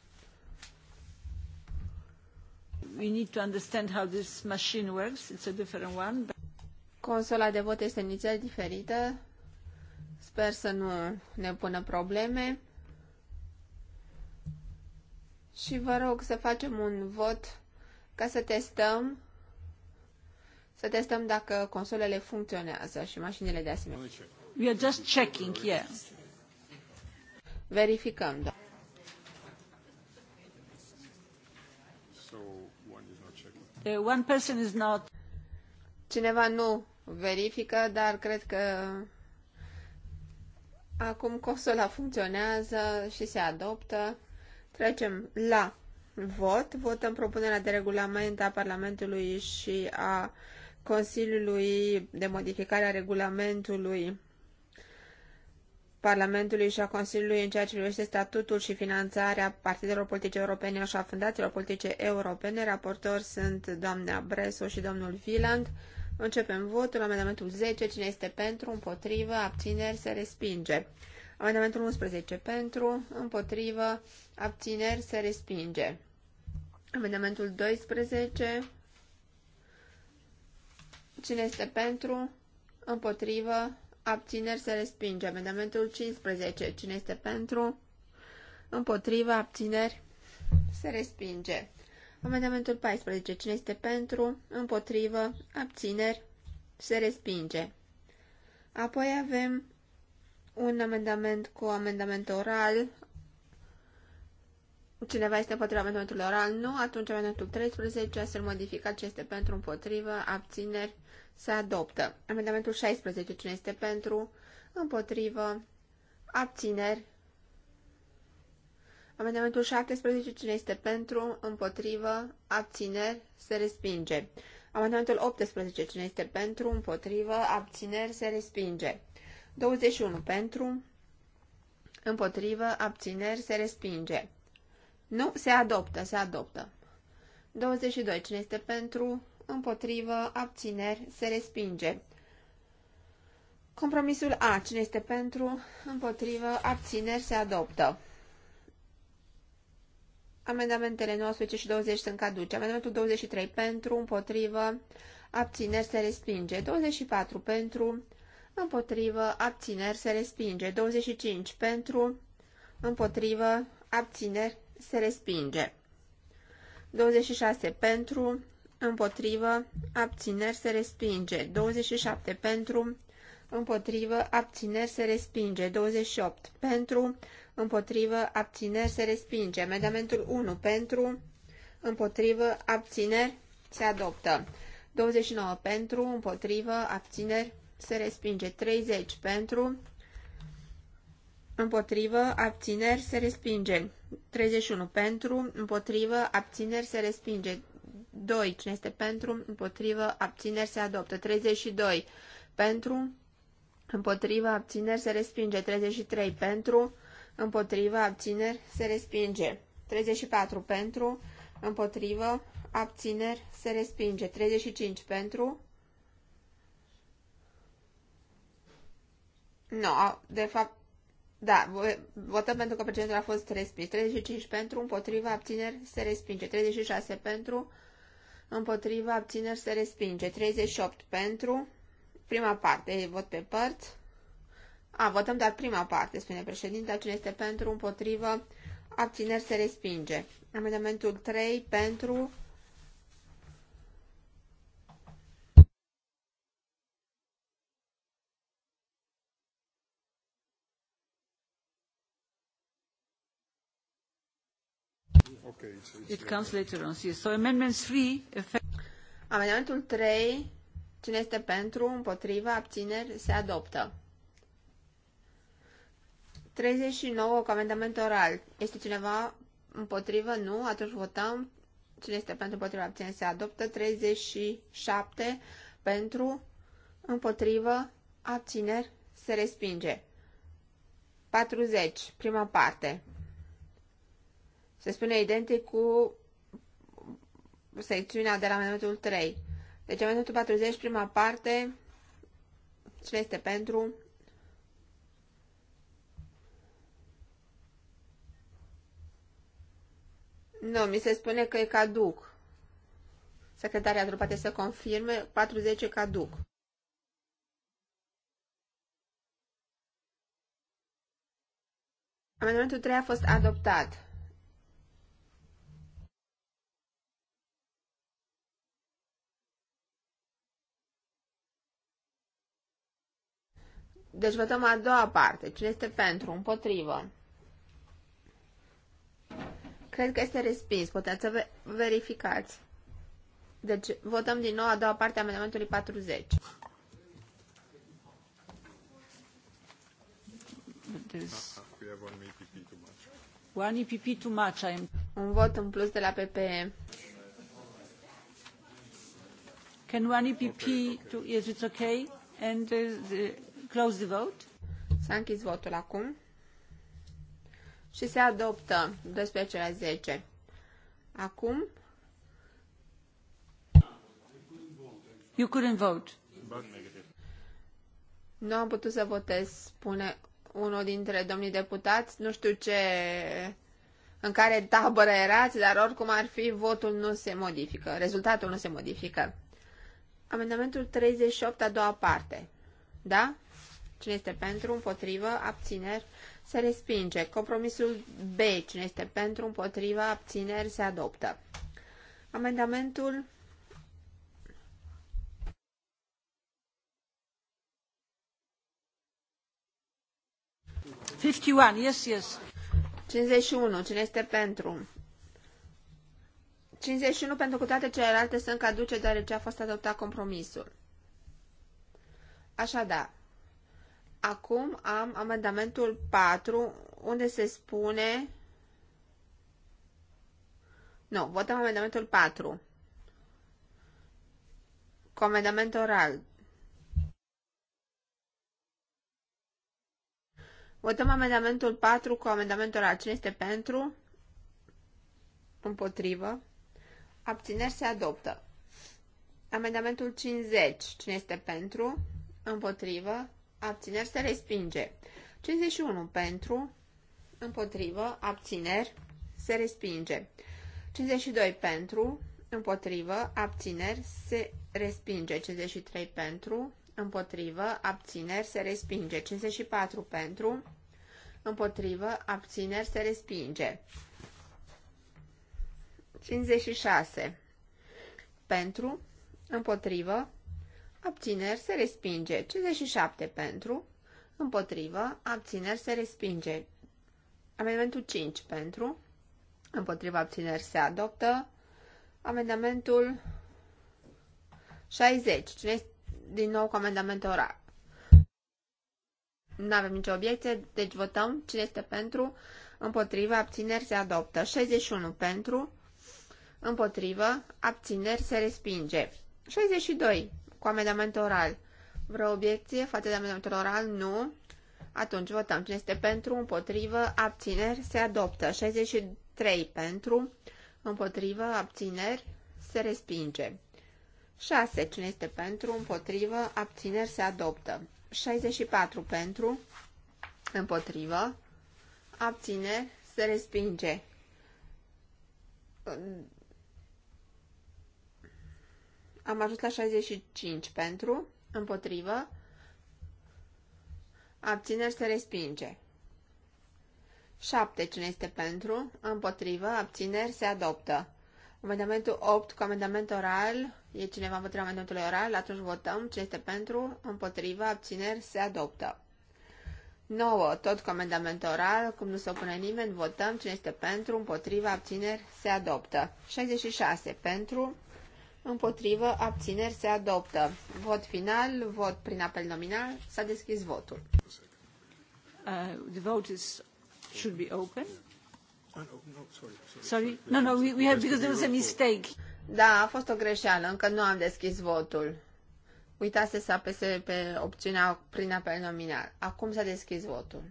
We need to understand how this machine works. It's a different one. But... Consola de vot este nițel diferită. Sper să nu ne pună probleme. Și vă rog să facem un vot ca să testăm să testăm dacă consolele funcționează și mașinile de asemenea. We are just checking, yeah. Verificăm, da. So, one is not checking. Uh, one person is not... Cineva nu verifică, dar cred că acum consola funcționează și se adoptă. Trecem la vot. Votăm propunerea de regulament a Parlamentului și a Consiliului de modificare a regulamentului Parlamentului și a Consiliului în ceea ce privește statutul și finanțarea partidelor politice europene și a fundațiilor politice europene. Raportori sunt doamna Breso și domnul Viland. Începem votul. Amendamentul 10. Cine este pentru? Împotrivă? Abțineri? Se respinge. Amendamentul 11. Pentru? Împotrivă? abțineri se respinge. Amendamentul 12, cine este pentru, împotrivă, abțineri se respinge. Amendamentul 15, cine este pentru, împotrivă, abțineri se respinge. Amendamentul 14, cine este pentru, împotrivă, abțineri se respinge. Apoi avem un amendament cu amendament oral Cineva este împotriva amendamentului oral? Nu. Atunci amendamentul 13, astfel modificat, ce este pentru, împotrivă, abțineri, se adoptă. Amendamentul 16, cine este pentru, împotrivă, abțineri. Amendamentul 17, cine este pentru, împotrivă, abțineri, se respinge. Amendamentul 18, cine este pentru, împotrivă, abțineri, se respinge. 21, pentru, împotrivă, abțineri, se respinge. Nu, se adoptă, se adoptă. 22. Cine este pentru, împotrivă, abțineri, se respinge. Compromisul A. Cine este pentru, împotrivă, abțineri, se adoptă. Amendamentele 19 și 20 sunt caduce. Amendamentul 23 pentru, împotrivă, abțineri, se respinge. 24 pentru, împotrivă, abțineri, se respinge. 25 pentru, împotrivă, abțineri, se respinge. 26 pentru, împotrivă, abțineri se respinge. 27 pentru, împotrivă, abțineri se respinge. 28 pentru, împotrivă, abțineri se respinge. Amendamentul 1 pentru, împotrivă, abțineri se adoptă. 29 pentru, împotrivă, abțineri se respinge. 30 pentru, împotrivă, abțineri se respinge. 31 pentru, împotrivă, abțineri se respinge. 2. Cine este pentru, împotrivă, abțineri se adoptă. 32 pentru, împotrivă, abțineri se respinge. 33 pentru, împotrivă, abțineri se respinge. 34 pentru, împotrivă, abțineri se respinge. 35 pentru, nu, no, de fapt, da, votăm pentru că președintele a fost respins. 35 pentru, împotriva, abțineri, se respinge. 36 pentru, împotriva, abțineri, se respinge. 38 pentru, prima parte, vot pe părți. A, votăm doar prima parte, spune președintele. Cine este pentru, împotrivă, abțineri, se respinge. Amendamentul 3 pentru, Okay, 3 Amendamentul 3, cine este pentru, împotriva, abțineri, se adoptă. 39 cu amendament oral. Este cineva împotrivă? Nu. Atunci votăm. Cine este pentru, împotriva, abțineri, se adoptă. 37 pentru, împotrivă, abțineri, se respinge. 40, prima parte se spune identic cu secțiunea de la amendamentul 3. Deci amendamentul 40, prima parte, cine este pentru? Nu, mi se spune că e caduc. Secretaria Secretarea poate să confirme, 40 e caduc. Amendamentul 3 a fost adoptat. Deci votăm a doua parte. Cine este pentru? Împotrivă. Cred că este respins. Puteți să verificați. Deci votăm din nou a doua parte a amendamentului 40. One EPP too much. Un vot în plus de la PPE. Can one EPP okay, okay. to... Yes, it's okay. And uh, the... Close the vote. S-a închis votul acum. Și se adoptă 12 la 10. Acum. You couldn't vote. Nu am putut să votez, spune unul dintre domnii deputați. Nu știu ce în care tabără erați, dar oricum ar fi, votul nu se modifică, rezultatul nu se modifică. Amendamentul 38, a doua parte. Da? Cine este pentru, împotrivă, abțineri, se respinge. Compromisul B. Cine este pentru, împotrivă, abțineri, se adoptă. Amendamentul Fifty one, yes, yes. 51. Cine este pentru? 51 pentru că toate celelalte sunt caduce deoarece a fost adoptat compromisul. Așadar, Acum am amendamentul 4, unde se spune... Nu, votăm amendamentul 4. Comandament oral. Votăm amendamentul 4 cu amendamentul oral. Cine este pentru? Împotrivă. Abțineri se adoptă. Amendamentul 50. Cine este pentru? Împotrivă abțineri se respinge. 51 pentru, împotrivă, abțineri se respinge. 52 pentru, împotrivă, abțineri se respinge. 53 pentru, împotrivă, abțineri se respinge. 54 pentru, împotrivă, abțineri se respinge. 56 pentru, împotrivă, abțineri se respinge. 57 pentru, împotrivă, abțineri se respinge. Amendamentul 5 pentru, împotrivă, abțineri se adoptă. Amendamentul 60. Cine este din nou cu amendamentul oral? Nu avem nicio obiecție, deci votăm cine este pentru, împotrivă, abțineri se adoptă. 61 pentru, împotrivă, abțineri se respinge. 62 cu amendament oral. Vreo obiecție față de amendamentul oral? Nu. Atunci votăm cine este pentru, împotrivă, abțineri, se adoptă. 63 pentru, împotrivă, abțineri, se respinge. 6. Cine este pentru, împotrivă, abțineri, se adoptă. 64 pentru, împotrivă, abțineri, se respinge. Am ajuns la 65 pentru, împotrivă, abțineri se respinge. 7. Cine este pentru, împotrivă, abțineri se adoptă. Amendamentul 8 cu amendament oral, e cineva împotriva amendamentului oral, atunci votăm. Cine este pentru, împotrivă, abțineri se adoptă. 9. Tot cu amendament oral, cum nu se opune nimeni, votăm. Cine este pentru, împotriva, abțineri se adoptă. 66. Pentru, împotrivă, abțineri se adoptă. Vot final, vot prin apel nominal, s-a deschis votul. Uh, the vote is, should be open. Ah, sorry, No, no, we, we have, because there was a mistake. Da, a fost o greșeală, încă nu am deschis votul. Uitați să apese pe opțiunea prin apel nominal. Acum s-a deschis votul.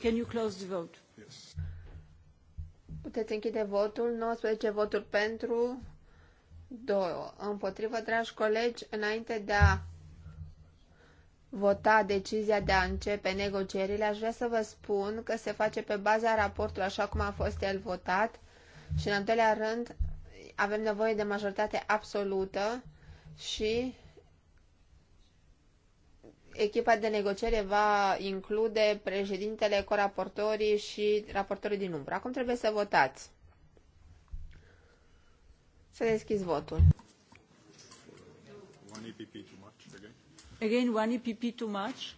Can you close the vote? Yes. Puteți închide votul. 19 voturi pentru, 2 împotrivă, dragi colegi. Înainte de a vota decizia de a începe negocierile, aș vrea să vă spun că se face pe baza raportului așa cum a fost el votat și, în al doilea rând, avem nevoie de majoritate absolută și echipa de negociere va include președintele, coraportorii și raportorii din umbră. Acum trebuie să votați. Să deschizi votul. One EPP too much again. Again, one EPP too much.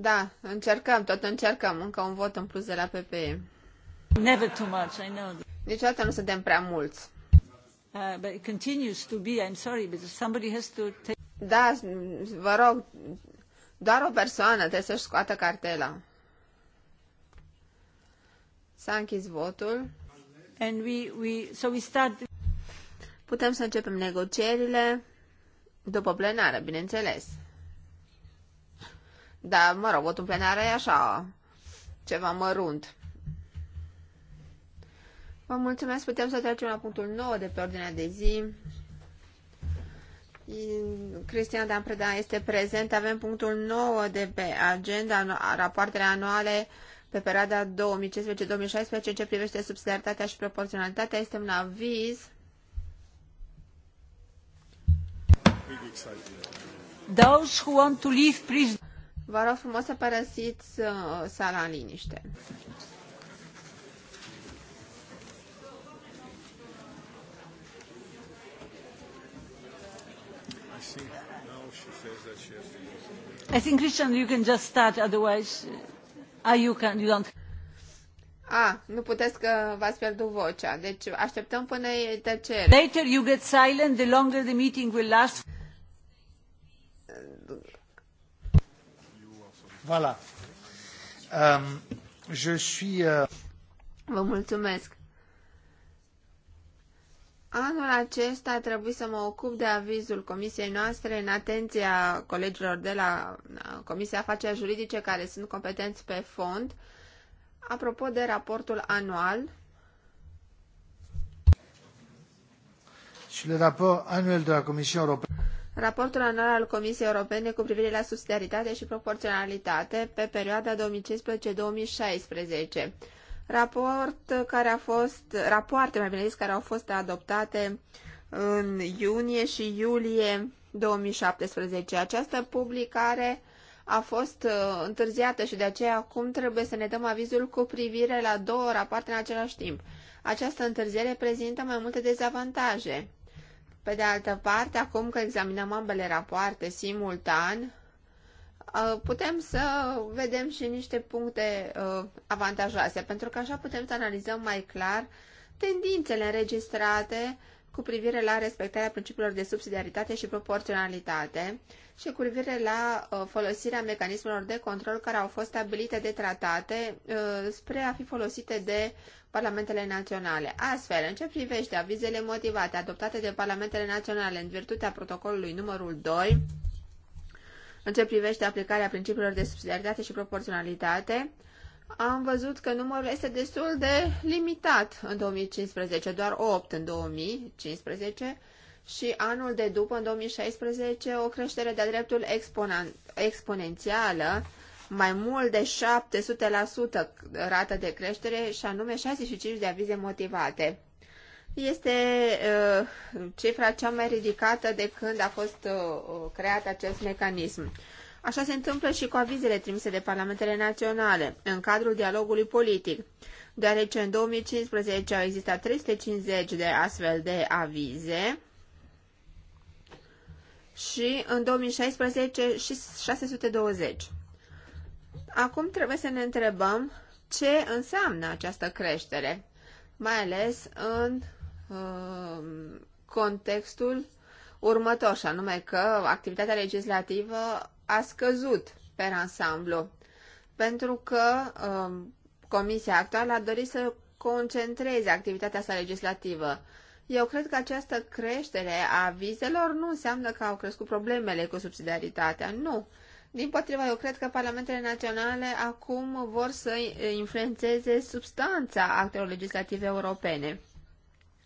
Da, încercăm, tot încercăm. Încă un vot în plus de la PPE. Never too much, I know. Niciodată nu suntem prea mulți. Uh, but it continues to be, I'm sorry, somebody has to take... Da, vă rog, doar o persoană trebuie să-și scoată cartela. S-a închis votul. And we, we, so we start... Putem să începem negocierile după plenară, bineînțeles. Da, mă rog, votul plenară e așa, ceva mărunt. Vă mulțumesc, putem să trecem la punctul 9 de pe ordinea de zi. Cristian Dan Preda este prezent. Avem punctul 9 de pe agenda, rapoartele anuale pe perioada 2015-2016 în ce privește subsidiaritatea și proporționalitatea. Este un aviz. Those who want to leave, please. Vă rog frumos să părăsiți uh, sala în liniște. I think, Christian, you can just start, otherwise... Ah, you can, you don't... A, nu puteți că v-ați pierdut vocea. Deci așteptăm până e tăcere. Later you get silent, the longer the meeting will last. Voilà. Um, je suis... Uh... Vă mulțumesc. Anul acesta trebuie să mă ocup de avizul comisiei noastre în atenția colegilor de la Comisia Afaceri Juridice care sunt competenți pe fond. Apropo de raportul anual, și le raport anual de la Comisia Europeană. Raportul anual al Comisiei Europene cu privire la subsidiaritate și proporționalitate pe perioada 2015-2016 raport care a fost, rapoarte mai bine zis, care au fost adoptate în iunie și iulie 2017. Această publicare a fost uh, întârziată și de aceea acum trebuie să ne dăm avizul cu privire la două rapoarte în același timp. Această întârziere prezintă mai multe dezavantaje. Pe de altă parte, acum că examinăm ambele rapoarte simultan, Uh, putem să vedem și niște puncte uh, avantajoase, pentru că așa putem să analizăm mai clar tendințele înregistrate cu privire la respectarea principiilor de subsidiaritate și proporționalitate și cu privire la uh, folosirea mecanismelor de control care au fost stabilite de tratate spre a fi folosite de parlamentele naționale. Astfel, în ce privește avizele motivate adoptate de parlamentele naționale în virtutea protocolului numărul 2, în ce privește aplicarea principiilor de subsidiaritate și proporționalitate, am văzut că numărul este destul de limitat în 2015, doar 8 în 2015 și anul de după, în 2016, o creștere de-a dreptul exponențială, mai mult de 700% rată de creștere și anume 65 de avize motivate. Este uh, cifra cea mai ridicată de când a fost uh, uh, creat acest mecanism. Așa se întâmplă și cu avizele trimise de parlamentele naționale în cadrul dialogului politic, deoarece în 2015 au existat 350 de astfel de avize și în 2016 și 620. Acum trebuie să ne întrebăm ce înseamnă această creștere, mai ales în Uh, contextul următor, și anume că activitatea legislativă a scăzut pe ansamblu, pentru că uh, Comisia actuală a dorit să concentreze activitatea sa legislativă. Eu cred că această creștere a vizelor nu înseamnă că au crescut problemele cu subsidiaritatea, nu. Din potriva, eu cred că parlamentele naționale acum vor să influențeze substanța actelor legislative europene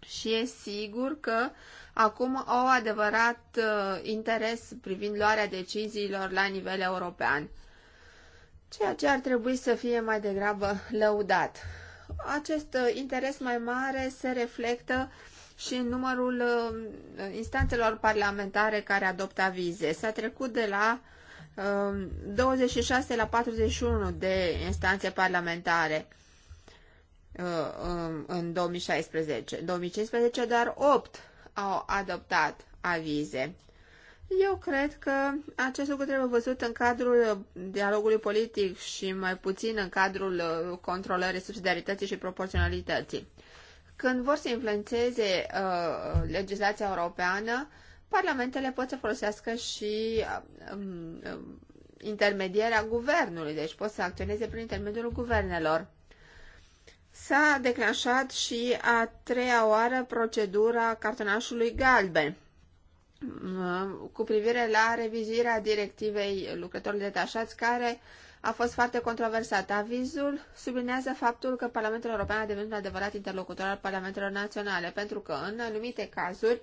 și e sigur că acum au adevărat uh, interes privind luarea deciziilor la nivel european, ceea ce ar trebui să fie mai degrabă lăudat. Acest uh, interes mai mare se reflectă și în numărul uh, instanțelor parlamentare care adoptă avize. S-a trecut de la 26 la 41 de instanțe parlamentare. Uh, um, în 2016. 2015 doar 8 au adoptat avize. Eu cred că acest lucru trebuie văzut în cadrul dialogului politic și mai puțin în cadrul uh, controlării subsidiarității și proporționalității. Când vor să influențeze uh, legislația europeană, parlamentele pot să folosească și uh, um, intermedierea guvernului, deci pot să acționeze prin intermediul guvernelor. S-a declanșat și a treia oară procedura cartonașului galben cu privire la revizuirea directivei lucrătorilor detașați, care a fost foarte controversat. Avizul sublinează faptul că Parlamentul European a devenit un adevărat interlocutor al Parlamentelor Naționale, pentru că, în anumite cazuri,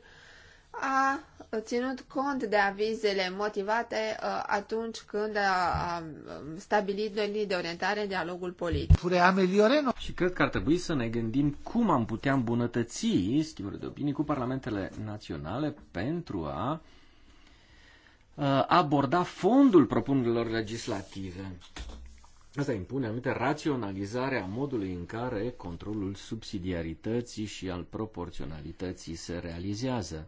a ținut cont de avizele motivate uh, atunci când a stabilit linii de orientare în dialogul politic. Și cred că ar trebui să ne gândim cum am putea îmbunătăți schimburile de opinii cu parlamentele naționale pentru a uh, aborda fondul propunerilor legislative. Asta impune anumite raționalizare a modului în care controlul subsidiarității și al proporționalității se realizează.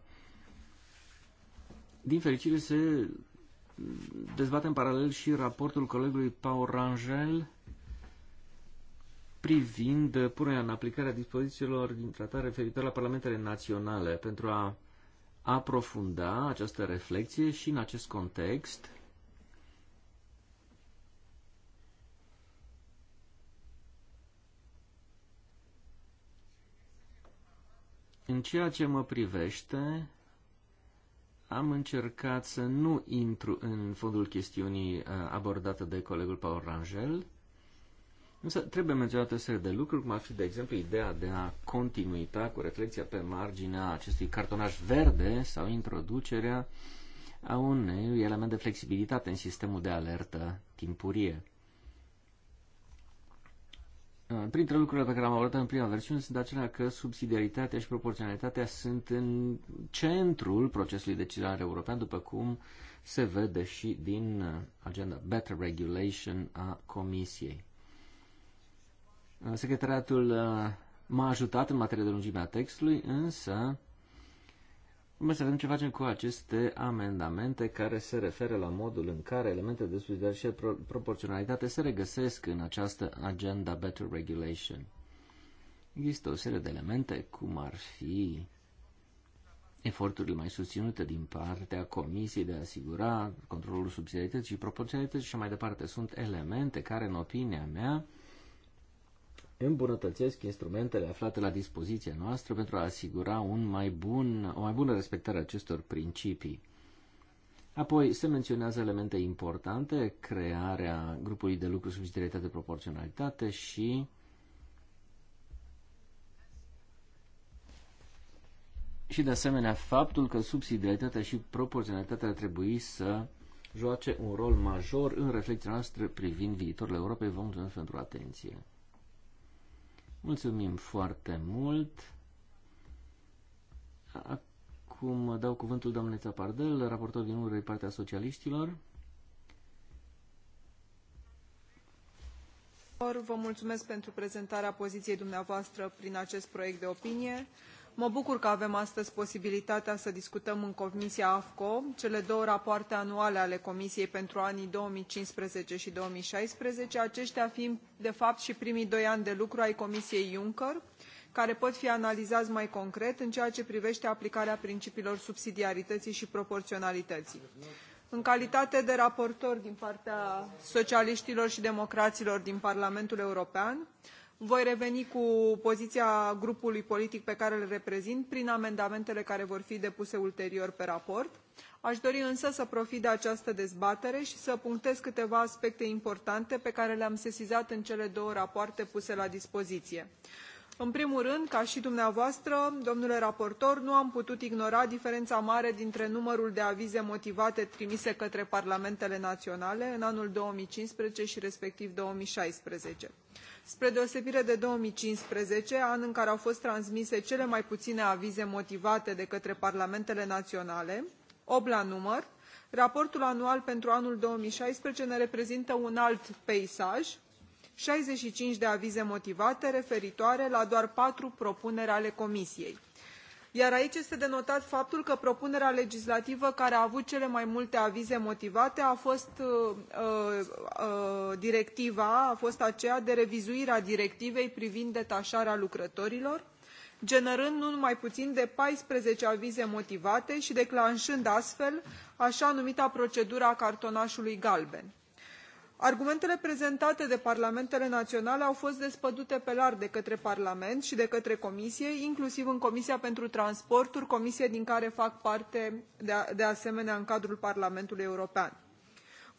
Din fericire se dezbate în paralel și raportul colegului Paul Rangel privind punerea în aplicare a dispozițiilor din tratare referitor la parlamentele naționale pentru a aprofunda această reflexie și în acest context În ceea ce mă privește, am încercat să nu intru în fondul chestiunii uh, abordată de colegul Paul Rangel, însă trebuie menționată o serie de lucruri, cum ar fi, de exemplu, ideea de a continuita cu reflexia pe marginea acestui cartonaj verde sau introducerea a unui element de flexibilitate în sistemul de alertă timpurie. Uh, printre lucrurile pe care am arătat în prima versiune sunt acelea că subsidiaritatea și proporționalitatea sunt în centrul procesului decizional european, după cum se vede și din uh, agenda Better Regulation a Comisiei. Uh, secretariatul m-a ajutat în materie de lungimea textului, însă Urmă să vedem ce facem cu aceste amendamente care se referă la modul în care elementele de subsidiar și proporționalitate se regăsesc în această agenda Better Regulation. Există o serie de elemente, cum ar fi eforturile mai susținute din partea Comisiei de a asigura controlul subsidiarității și proporționalității și mai departe. Sunt elemente care, în opinia mea, îmbunătățesc instrumentele aflate la dispoziția noastră pentru a asigura un mai bun, o mai bună respectare a acestor principii. Apoi se menționează elemente importante, crearea grupului de lucru subsidiaritate proporționalitate și și de asemenea faptul că subsidiaritatea și proporționalitatea ar trebui să joace un rol major în reflecția noastră privind viitorul Europei. Vă mulțumesc pentru atenție. Mulțumim foarte mult. Acum dau cuvântul doamnei Țapardel, raportor din urmă partea socialiștilor. Vă mulțumesc pentru prezentarea poziției dumneavoastră prin acest proiect de opinie mă bucur că avem astăzi posibilitatea să discutăm în comisia afco cele două rapoarte anuale ale comisiei pentru anii două mii cincisprezece și două mii șaisprezece aceștia fiind de fapt și primii doi ani de lucru ai comisiei juncker care pot fi analizați mai concret în ceea ce privește aplicarea principiilor subsidiarității și proporționalității. în calitate de raportor din partea socialiștilor și democraților din parlamentul european voi reveni cu poziția grupului politic pe care îl reprezint prin amendamentele care vor fi depuse ulterior pe raport. Aș dori însă să profit de această dezbatere și să punctez câteva aspecte importante pe care le-am sesizat în cele două rapoarte puse la dispoziție în primul rând ca și dumneavoastră domnule raportor nu am putut ignora diferența mare dintre numărul de avize motivate trimise către parlamentele naționale în anul două mii cincisprezece și respectiv două mii șaisprezece spre deosebire de două mii cincisprezece an în care au fost transmise cele mai puține avize motivate de către parlamentele naționale opt la număr raportul anual pentru anul două mii șaisprezece ne reprezintă un alt peisaj șaizeci și cinci de avize motivate referitoare la doar patru propuneri ale comisiei iar aici este de notat faptul că propunerea legislativă care a avut cele mai multe avize motivate a fost uh, uh, uh directiva a fost aceea de revizuire a directivei privind detașarea lucrătorilor generând nu mai puțin de paisprezece avize motivate și declanșând astfel așa numita procedură a cartonașului galben argumentele prezentate de parlamentele naționale au fost dezbătute pe larg de către parlament și de către comisie inclusiv în comisia pentru transporturi comisie din care fac parte de asemenea în cadrul parlamentului european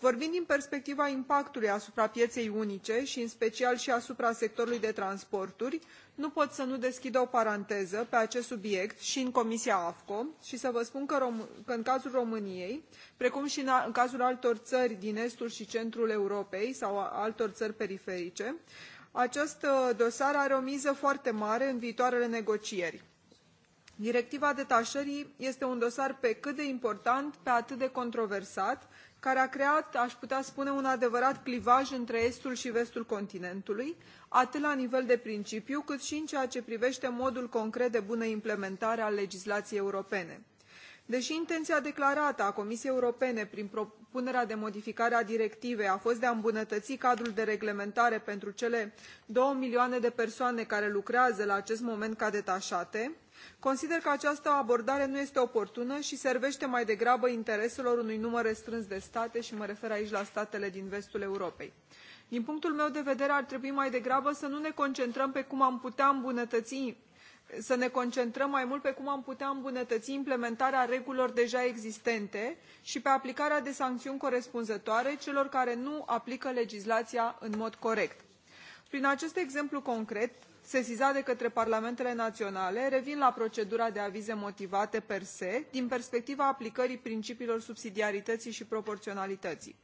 vorbind din perspectiva impactului asupra pieței unice și în special și asupra sectorului de transporturi nu pot să nu deschid o paranteză pe acest subiect și în comisia afco și să vă spun că, că în cazul româniei precum și în, în cazul altor țări din estul și centrul europei sau altor țări periferice acest ă, dosar are o miză foarte mare în viitoarele negocieri. directiva detașării este un dosar pe cât de important pe atât de controversat care a creat, aș putea spune, un adevărat clivaj între estul și vestul continentului, atât la nivel de principiu, cât și în ceea ce privește modul concret de bună implementare a legislației europene. Deși intenția declarată a Comisiei Europene prin propunerea de modificare a directivei a fost de a îmbunătăți cadrul de reglementare pentru cele două milioane de persoane care lucrează la acest moment ca detașate, Consider că această abordare nu este oportună și servește mai degrabă intereselor unui număr restrâns de state și mă refer aici la statele din vestul Europei. Din punctul meu de vedere, ar trebui mai degrabă să nu ne concentrăm pe cum am putea îmbunătăți să ne concentrăm mai mult pe cum am putea îmbunătăți implementarea regulilor deja existente și pe aplicarea de sancțiuni corespunzătoare celor care nu aplică legislația în mod corect. Prin acest exemplu concret, sesizat de către parlamentele naționale revin la procedura de avize motivate per se din perspectiva aplicării principiilor subsidiarității și proporționalității.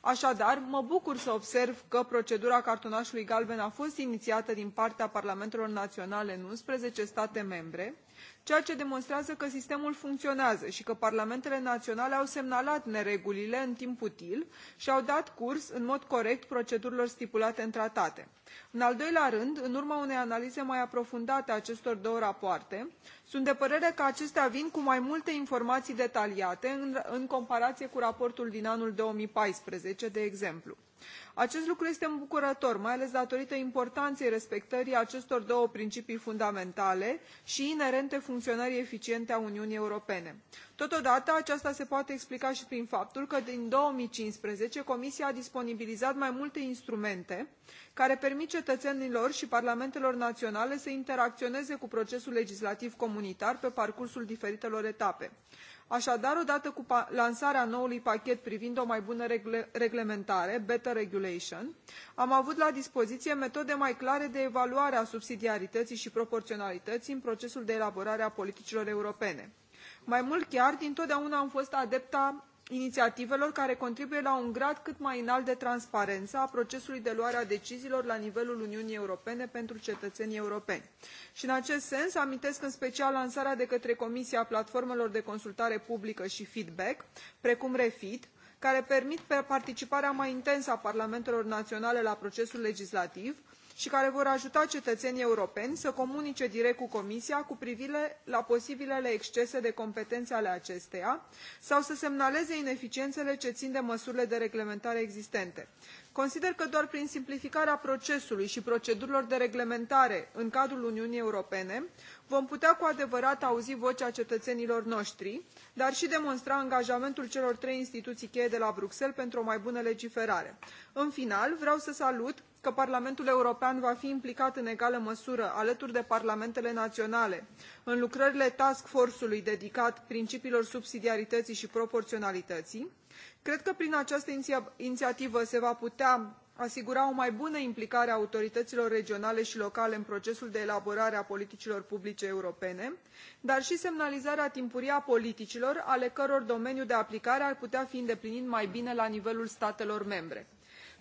așadar mă bucur să observ că procedura cartonașului galben a fost inițiată din partea parlamentelor naționale în unsprezece state membre ceea ce demonstrează că sistemul funcționează și că parlamentele naționale au semnalat neregulile în timp util și au dat curs în mod corect procedurilor stipulate în tratate. în al doilea rând în urma unei analize mai aprofundate a acestor două rapoarte sunt de părere că acestea vin cu mai multe informații detaliate în comparație cu raportul din anul două mii paisprezece de exemplu acest lucru este îmbucurător mai ales datorită importanței respectării acestor două principii fundamentale și inerente funcționării eficiente a uniunii europene. totodată aceasta se poate explica și prin faptul că din două mii cincisprezece comisia a disponibilizat mai multe instrumente care permit cetățenilor și parlamentelor naționale să interacționeze cu procesul legislativ comunitar pe parcursul diferitelor etape așadar odată cu lansarea noului pachet privind o mai bună reglementare better regulation am avut la dispoziție metode mai clare de evaluare a subsidiarității și proporționalității în procesul de elaborare a politicilor europene. mai mult chiar dintotdeauna am fost adepta inițiativelor care contribuie la un grad cât mai înalt de transparență a procesului de luare a deciziilor la nivelul uniunii europene pentru cetățenii europeni și în acest sens amintesc în special lansarea de către comisie a platformelor de consultare publică și feedback precum refit care permit participarea mai intensă a parlamentelor naționale la procesul legislativ și și care vor ajuta cetățenii europeni să comunice direct cu comisia cu privire la posibilele excese de competențe ale acesteia sau să semnaleze ineficiențele ce țin de măsurile de reglementare existente. consider că doar prin simplificarea procesului și procedurilor de reglementare în cadrul uniunii europene vom putea cu adevărat auzi vocea cetățenilor noștri dar și demonstra angajamentul celor trei instituții cheie de la bruxelles pentru o mai bună legiferare. în final vreau să salut că parlamentul european va fi implicat în egală măsură alături de parlamentele naționale în lucrările task force ului dedicat principiilor subsidiarității și proporționalității. cred că prin această inițiativă se va putea asigura o mai bună implicare a autorităților regionale și locale în procesul de elaborare a politicilor publice europene dar și semnalizarea timpurie a politicilor ale căror domeniu de aplicare ar putea fi îndeplinit mai bine la nivelul statelor membre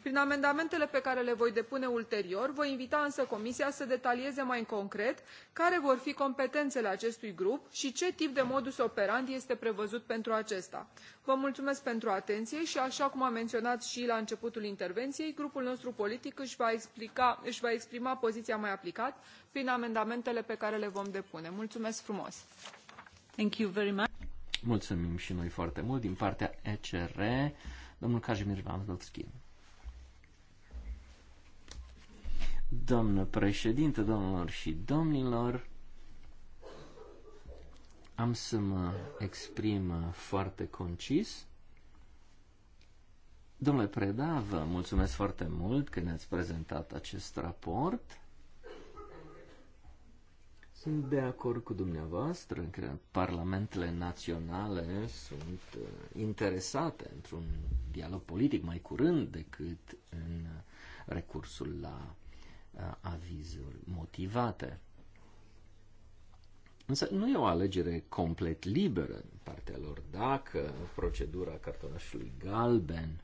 prin amendamentele pe care le voi depune ulterior voi invita însă comisia să detalieze mai concret care vor fi competențele acestui grup și ce tip de modus operandi este prevăzut pentru acesta. vă mulțumesc pentru atenție și așa cum am menționat și la începutul intervenției grupul nostru politic își va, explica, își va exprima poziția mai aplicat prin amendamentele pe care le vom depune. mulțumesc frumos! Mulțumim și noi foarte mult din partea ECR, domnul Kazimierz Wandlowski. Doamnă președinte, domnilor și domnilor, am să mă exprim foarte concis. Domnule Preda, vă mulțumesc foarte mult că ne-ați prezentat acest raport. Sunt de acord cu dumneavoastră că parlamentele naționale sunt uh, interesate într-un dialog politic mai curând decât în recursul la avizul motivate. Însă nu e o alegere complet liberă din partea lor. Dacă procedura cartonașului galben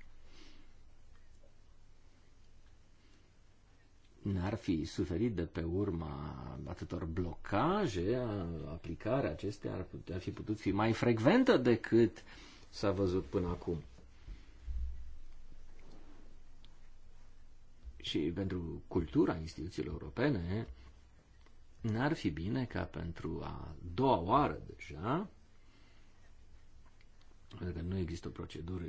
n-ar fi suferit de pe urma atâtor blocaje, aplicarea acestea ar, putea, ar fi putut fi mai frecventă decât s-a văzut până acum. și pentru cultura instituțiilor europene, n-ar fi bine ca pentru a doua oară deja, pentru că nu există o procedură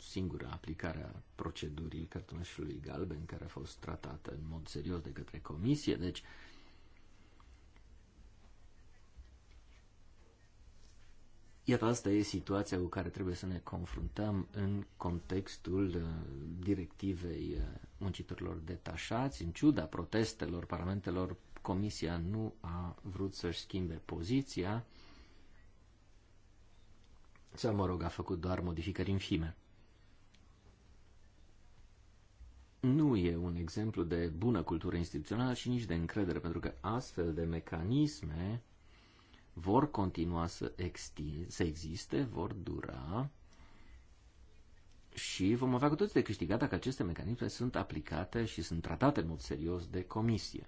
singură, aplicarea procedurii cartonașului galben care a fost tratată în mod serios de către comisie, deci uh, Iată, asta e situația cu care trebuie să ne confruntăm în contextul uh, directivei uh, muncitorilor detașați. În ciuda protestelor parlamentelor, Comisia nu a vrut să-și schimbe poziția sau, mă rog, a făcut doar modificări infime. Nu e un exemplu de bună cultură instituțională și nici de încredere, pentru că astfel de mecanisme vor continua să, să existe, vor dura și vom avea cu toții de câștigat dacă aceste mecanisme sunt aplicate și sunt tratate în mod serios de comisie.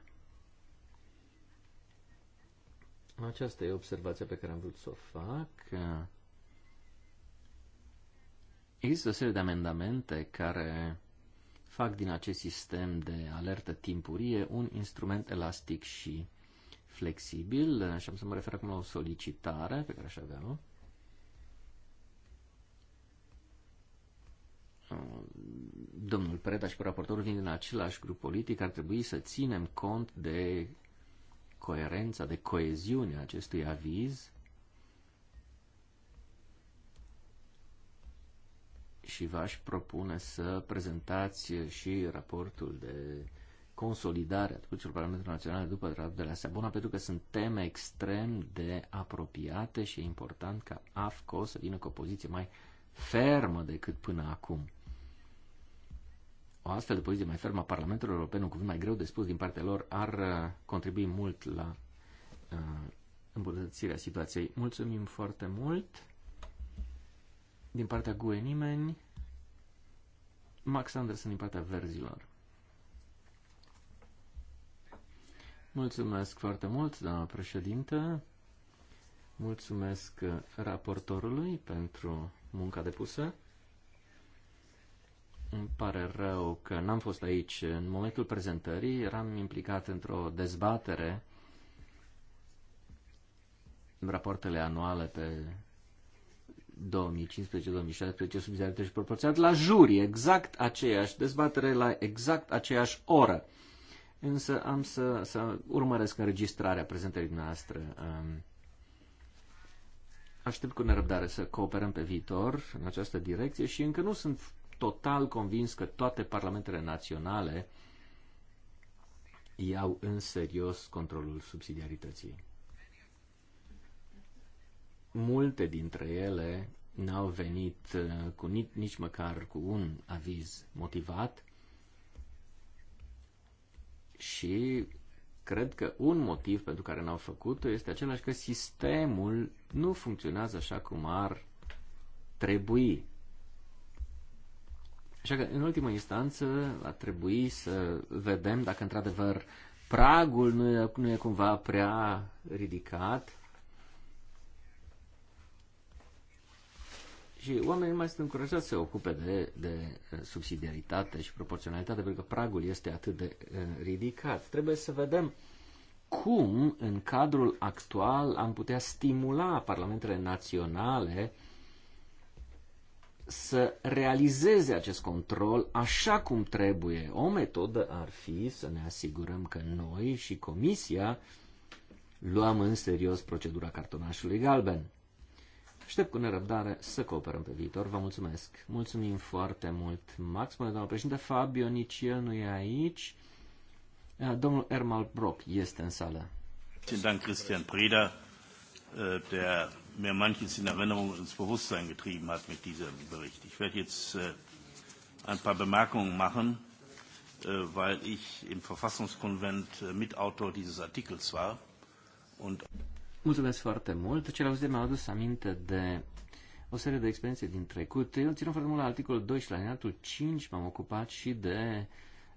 Aceasta e observația pe care am vrut să o fac. Există o serie de amendamente care fac din acest sistem de alertă timpurie un instrument elastic și flexibil și am să mă refer acum la o solicitare pe care aș avea-o. Domnul Preda și cu raportorul vin din același grup politic, ar trebui să ținem cont de coerența, de coeziunea acestui aviz și v-aș propune să prezentați și raportul de consolidare a tuturor parametrilor naționale după tratatul de la Sabona, pentru că sunt teme extrem de apropiate și e important ca AFCO să vină cu o poziție mai fermă decât până acum. O astfel de poziție mai fermă a Parlamentului European, un cuvânt mai greu de spus din partea lor, ar uh, contribui mult la uh, îmbunătățirea situației. Mulțumim foarte mult! Din partea GUE nimeni, Max Anderson din partea verzilor. Mulțumesc foarte mult, doamna președintă. Mulțumesc raportorului pentru munca depusă. Îmi pare rău că n-am fost aici în momentul prezentării. Eram implicat într-o dezbatere în rapoartele anuale pe 2015-2016, subsidiaritate și proporționat, la juri, exact aceeași dezbatere, la exact aceeași oră însă am să, să urmăresc înregistrarea prezentării noastre. Um, aștept cu nerăbdare să cooperăm pe viitor în această direcție și încă nu sunt total convins că toate parlamentele naționale iau în serios controlul subsidiarității. Multe dintre ele n-au venit uh, cu nici, nici măcar cu un aviz motivat și cred că un motiv pentru care n-au făcut-o este același că sistemul nu funcționează așa cum ar trebui. Așa că, în ultimă instanță, va trebui să vedem dacă, într-adevăr, pragul nu e, nu e cumva prea ridicat Și oamenii nu mai sunt încurajați să se ocupe de, de eh, subsidiaritate și proporționalitate, pentru că pragul este atât de eh, ridicat. Trebuie să vedem cum, în cadrul actual, am putea stimula parlamentele naționale să realizeze acest control așa cum trebuie. O metodă ar fi să ne asigurăm că noi și Comisia luăm în serios procedura cartonașului galben Aștept cu nerăbdare să cooperăm pe viitor. Vă mulțumesc. Mulțumim foarte mult, Max. Mă doamnă președinte. Fabio nici el nu e aici. Uh, domnul Ermal Brock este în sală. Dank Christian Preda, uh, der mir manches in Erinnerung ins Bewusstsein getrieben hat mit diesem Bericht. Ich werde jetzt äh, ein paar Bemerkungen machen, äh, weil ich im Verfassungskonvent äh, Mitautor dieses Artikels war. Und Mulțumesc foarte mult. l-au mi-au adus aminte de o serie de experiențe din trecut. Eu țin foarte mult la articolul 2 și la liniatul 5 m-am ocupat și de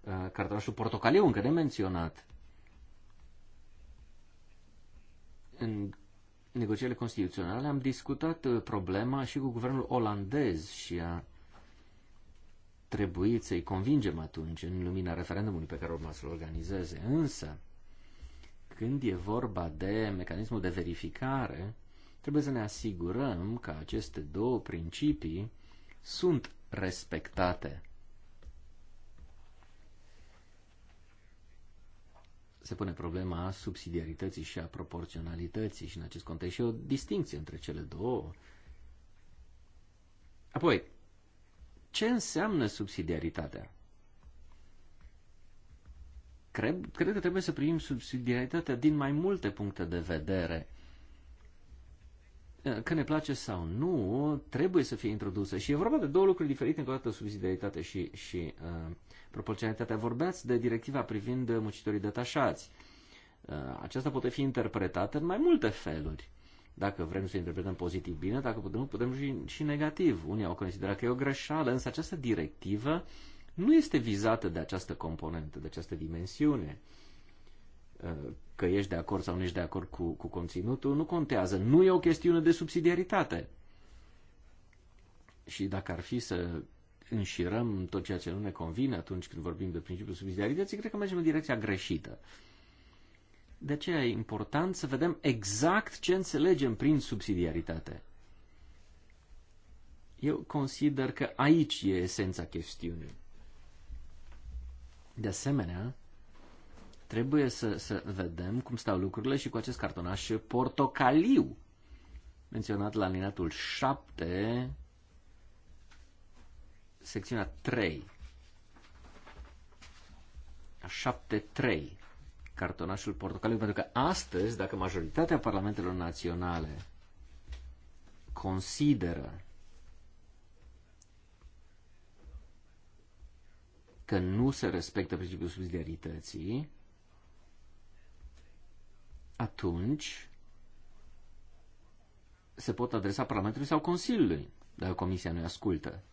uh, cartonașul portocaliu, încă de menționat. În negocierile constituționale am discutat uh, problema și cu guvernul olandez și a trebuit să-i convingem atunci în lumina referendumului pe care urma să-l organizeze. Însă, când e vorba de mecanismul de verificare, trebuie să ne asigurăm că aceste două principii sunt respectate. Se pune problema subsidiarității și a proporționalității și în acest context și o distinție între cele două. Apoi, ce înseamnă subsidiaritatea? Cred, cred că trebuie să primim subsidiaritatea din mai multe puncte de vedere. Eh, că ne place sau nu, trebuie să fie introdusă. Și e vorba de două lucruri diferite, încă o dată subsidiaritate și, și uh, eh, proporționalitatea. Vorbeați de directiva privind muncitorii detașați. Uh, aceasta poate fi interpretată în mai multe feluri dacă vrem să interpretăm pozitiv bine, dacă putem, putem și, și negativ. Unii au considerat că e o greșeală, însă această directivă nu este vizată de această componentă, de această dimensiune. Uh, că ești de acord sau nu ești de acord cu, cu conținutul, nu contează. Nu e o chestiune de subsidiaritate. Și dacă ar fi să înșirăm tot ceea ce nu ne convine atunci când vorbim de principiul subsidiarității, cred că mergem în direcția greșită. De aceea e important să vedem exact ce înțelegem prin subsidiaritate. Eu consider că aici e esența chestiunii. De asemenea, trebuie să, să vedem cum stau lucrurile și cu acest cartonaș portocaliu menționat la alineatul 7, secțiunea 3. 7.3, cartonașul portocaliu, pentru că astăzi, dacă majoritatea parlamentelor naționale consideră că nu se respectă principiul subsidiarității, atunci se pot adresa Parlamentului sau Consiliului, dacă Comisia nu ascultă.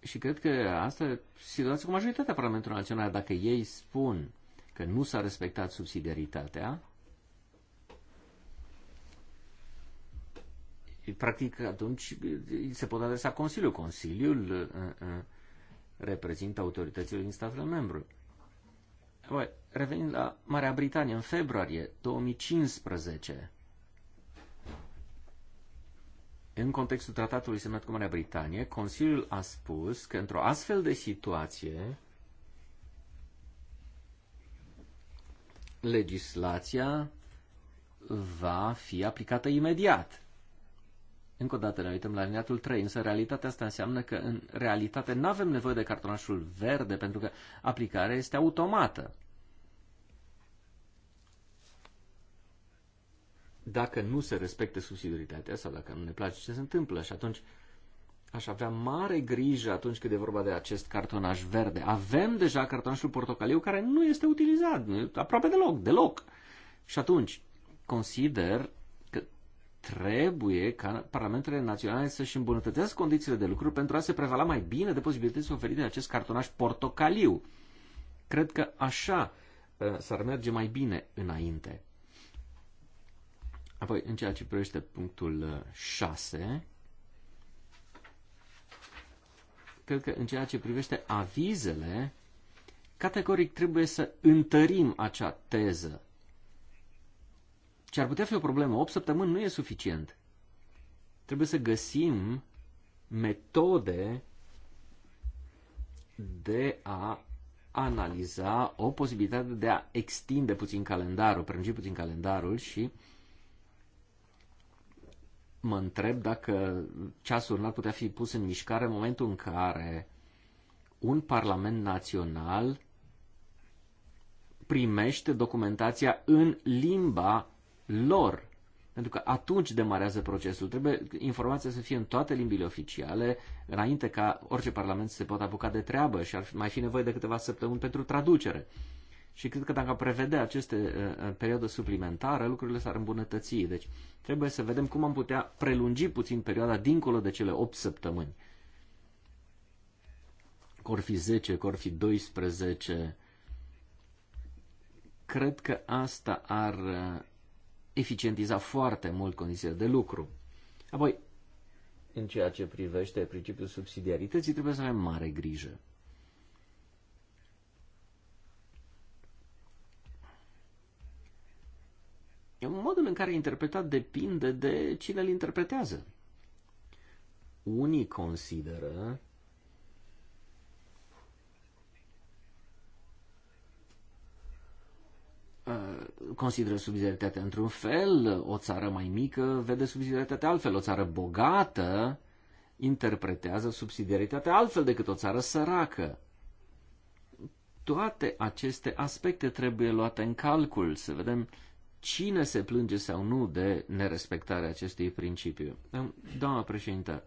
Și cred că asta e situația cu majoritatea Parlamentului Național. Dacă ei spun că nu s-a respectat subsidiaritatea, practic atunci se pot adresa Consiliul. Consiliul uh, uh, reprezintă autoritățile din statele membru. revenind la Marea Britanie, în februarie 2015, în contextul tratatului semnat cu Marea Britanie, Consiliul a spus că într-o astfel de situație, legislația va fi aplicată imediat. Încă o dată ne uităm la liniatul 3, însă realitatea asta înseamnă că în realitate nu avem nevoie de cartonașul verde pentru că aplicarea este automată. Dacă nu se respectă subsidiaritatea sau dacă nu ne place ce se întâmplă și atunci aș avea mare grijă atunci când e vorba de acest cartonaș verde. Avem deja cartonașul portocaliu care nu este utilizat aproape deloc, deloc. Și atunci consider trebuie ca parlamentele naționale să-și îmbunătățească condițiile de lucru pentru a se prevala mai bine de posibilitățile oferite de acest cartonaș portocaliu. Cred că așa uh, s-ar merge mai bine înainte. Apoi, în ceea ce privește punctul 6, uh, cred că în ceea ce privește avizele, categoric trebuie să întărim acea teză ce ar putea fi o problemă. 8 săptămâni nu e suficient. Trebuie să găsim metode de a analiza o posibilitate de a extinde puțin calendarul, prelungi puțin calendarul și mă întreb dacă ceasul n-ar putea fi pus în mișcare în momentul în care un parlament național primește documentația în limba lor. Pentru că atunci demarează procesul. Trebuie informația să fie în toate limbile oficiale, înainte ca orice parlament să se poată apuca de treabă și ar mai fi nevoie de câteva săptămâni pentru traducere. Și cred că dacă am prevedea aceste uh, uh, perioadă suplimentară, lucrurile s-ar îmbunătăți. Deci trebuie să vedem cum am putea prelungi puțin perioada dincolo de cele 8 săptămâni. Cor fi 10, cor fi 12. Cred că asta ar uh, eficientiza foarte mult condițiile de lucru. Apoi, în ceea ce privește principiul subsidiarității, trebuie să avem mare grijă. Modul în care e interpretat depinde de cine îl interpretează. Unii consideră Uh, consideră subsidiaritatea într-un fel, o țară mai mică vede subsidiaritatea altfel, o țară bogată interpretează subsidiaritatea altfel decât o țară săracă. Toate aceste aspecte trebuie luate în calcul, să vedem cine se plânge sau nu de nerespectarea acestui principiu. Doamna președintă,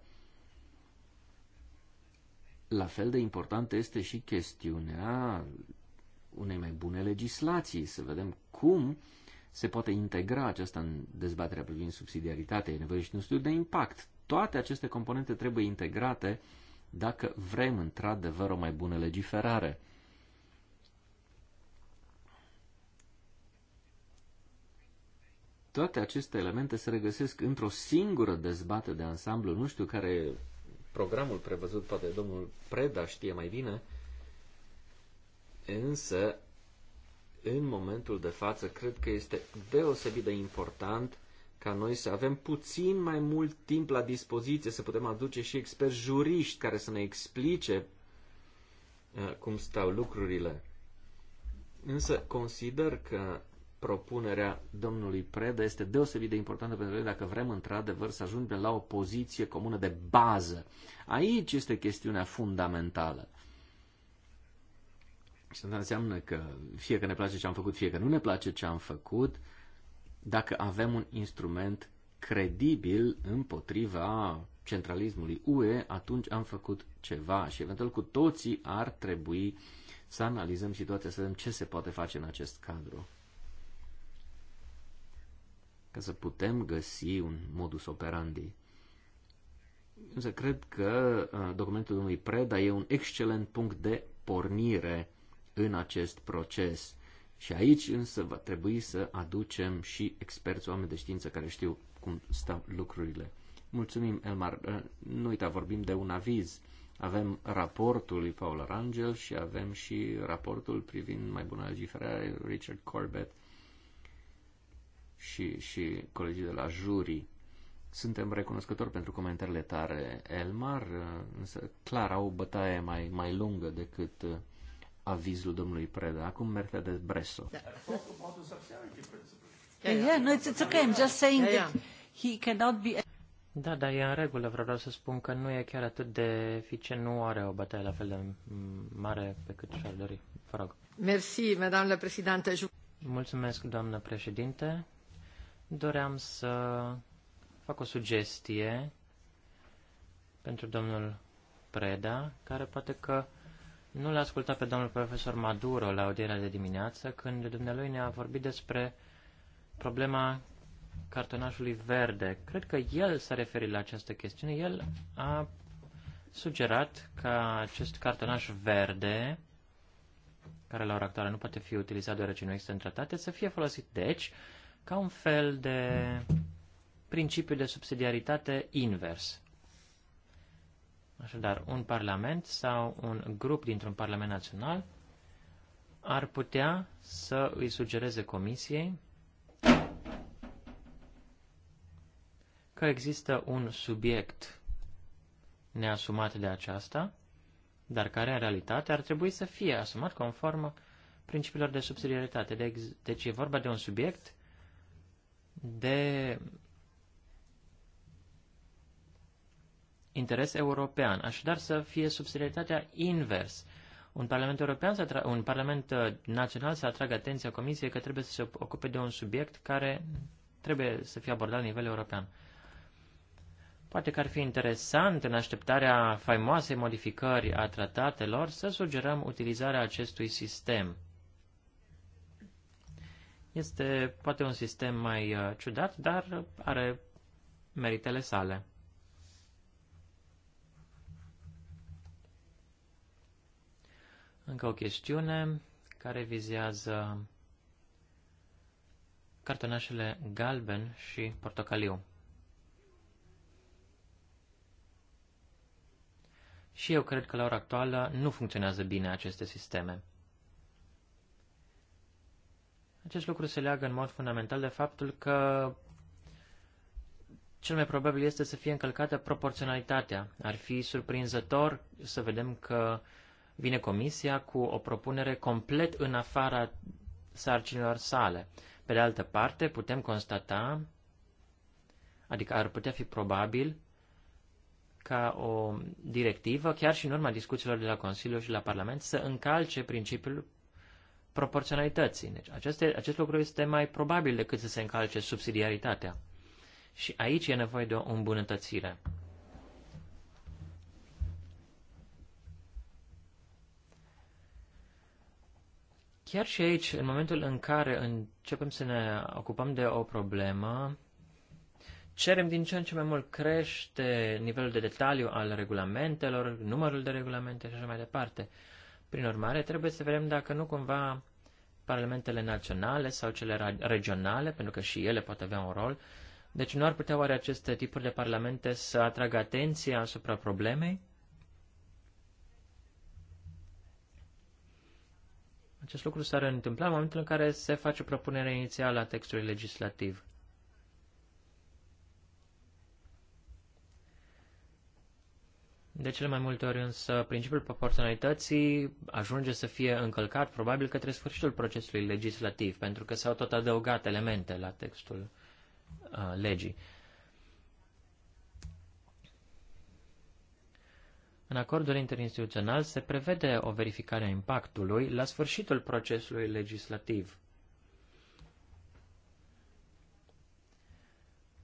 la fel de importantă este și chestiunea unei mai bune legislații, să vedem cum se poate integra aceasta în dezbaterea privind subsidiaritatea. E nevoie și de un studiu de impact. Toate aceste componente trebuie integrate dacă vrem într-adevăr o mai bună legiferare. Toate aceste elemente se regăsesc într-o singură dezbatere de ansamblu, nu știu care programul prevăzut, poate domnul Preda știe mai bine, Însă, în momentul de față, cred că este deosebit de important ca noi să avem puțin mai mult timp la dispoziție, să putem aduce și experți juriști care să ne explice uh, cum stau lucrurile. Însă consider că propunerea domnului Preda este deosebit de importantă pentru noi dacă vrem într-adevăr să ajungem la o poziție comună de bază. Aici este chestiunea fundamentală. Și deci asta înseamnă că fie că ne place ce am făcut, fie că nu ne place ce am făcut, dacă avem un instrument credibil împotriva centralismului UE, atunci am făcut ceva și eventual cu toții ar trebui să analizăm situația, să vedem ce se poate face în acest cadru. Ca să putem găsi un modus operandi. Însă cred că uh, documentul domnului Preda e un excelent punct de pornire în acest proces. Și aici însă va trebui să aducem și experți, oameni de știință care știu cum stau lucrurile. Mulțumim, Elmar. Ă, nu uita, vorbim de un aviz. Avem raportul lui Paul Rangel și avem și raportul privind mai bună legiferare Richard Corbett și, și colegii de la jury. Suntem recunoscători pentru comentariile tare, Elmar, însă clar au o bătaie mai, mai lungă decât avizul domnului Preda. Acum Mercedes Bresso. Da. Yeah, yeah, no, it's, it's okay. I'm just saying yeah, yeah. that he cannot be... Da, dar e în regulă. Vreau să spun că nu e chiar atât de fice. nu are o bătaie la fel de mare pe cât și-ar dori. Vă rog. Merci, madame președinte. Mulțumesc, doamnă președinte. Doream să fac o sugestie pentru domnul Preda, care poate că nu l-a ascultat pe domnul profesor Maduro la audierea de dimineață, când dumnealui ne-a vorbit despre problema cartonașului verde. Cred că el s-a referit la această chestiune. El a sugerat că acest cartonaș verde, care la ora actuală nu poate fi utilizat deoarece nu există în tratate, să fie folosit, deci, ca un fel de principiu de subsidiaritate invers. Așadar, un parlament sau un grup dintr-un parlament național ar putea să îi sugereze comisiei că există un subiect neasumat de aceasta, dar care în realitate ar trebui să fie asumat conform principiilor de subsidiaritate. Deci e vorba de un subiect de interes european, așadar să fie subsidiaritatea invers. Un parlament, european să un parlament uh, național să atragă atenția Comisiei că trebuie să se ocupe de un subiect care trebuie să fie abordat la nivel european. Poate că ar fi interesant, în așteptarea faimoasei modificări a tratatelor, să sugerăm utilizarea acestui sistem. Este poate un sistem mai uh, ciudat, dar are meritele sale. Încă o chestiune care vizează cartonașele galben și portocaliu. Și eu cred că la ora actuală nu funcționează bine aceste sisteme. Acest lucru se leagă în mod fundamental de faptul că cel mai probabil este să fie încălcată proporționalitatea. Ar fi surprinzător să vedem că vine Comisia cu o propunere complet în afara sarcinilor sale. Pe de altă parte, putem constata, adică ar putea fi probabil, ca o directivă, chiar și în urma discuțiilor de la Consiliu și la Parlament, să încalce principiul proporționalității. Deci aceste, acest lucru este mai probabil decât să se încalce subsidiaritatea. Și aici e nevoie de o îmbunătățire. Chiar și aici, în momentul în care începem să ne ocupăm de o problemă, cerem din ce în ce mai mult crește nivelul de detaliu al regulamentelor, numărul de regulamente și așa mai departe. Prin urmare, trebuie să vedem dacă nu cumva parlamentele naționale sau cele regionale, pentru că și ele pot avea un rol, deci nu ar putea oare aceste tipuri de parlamente să atragă atenția asupra problemei? Acest lucru s-ar întâmpla în momentul în care se face propunerea inițială a textului legislativ. De cele mai multe ori însă principiul proporționalității ajunge să fie încălcat probabil către sfârșitul procesului legislativ, pentru că s-au tot adăugat elemente la textul uh, legii. În acordul interinstituțional se prevede o verificare a impactului la sfârșitul procesului legislativ.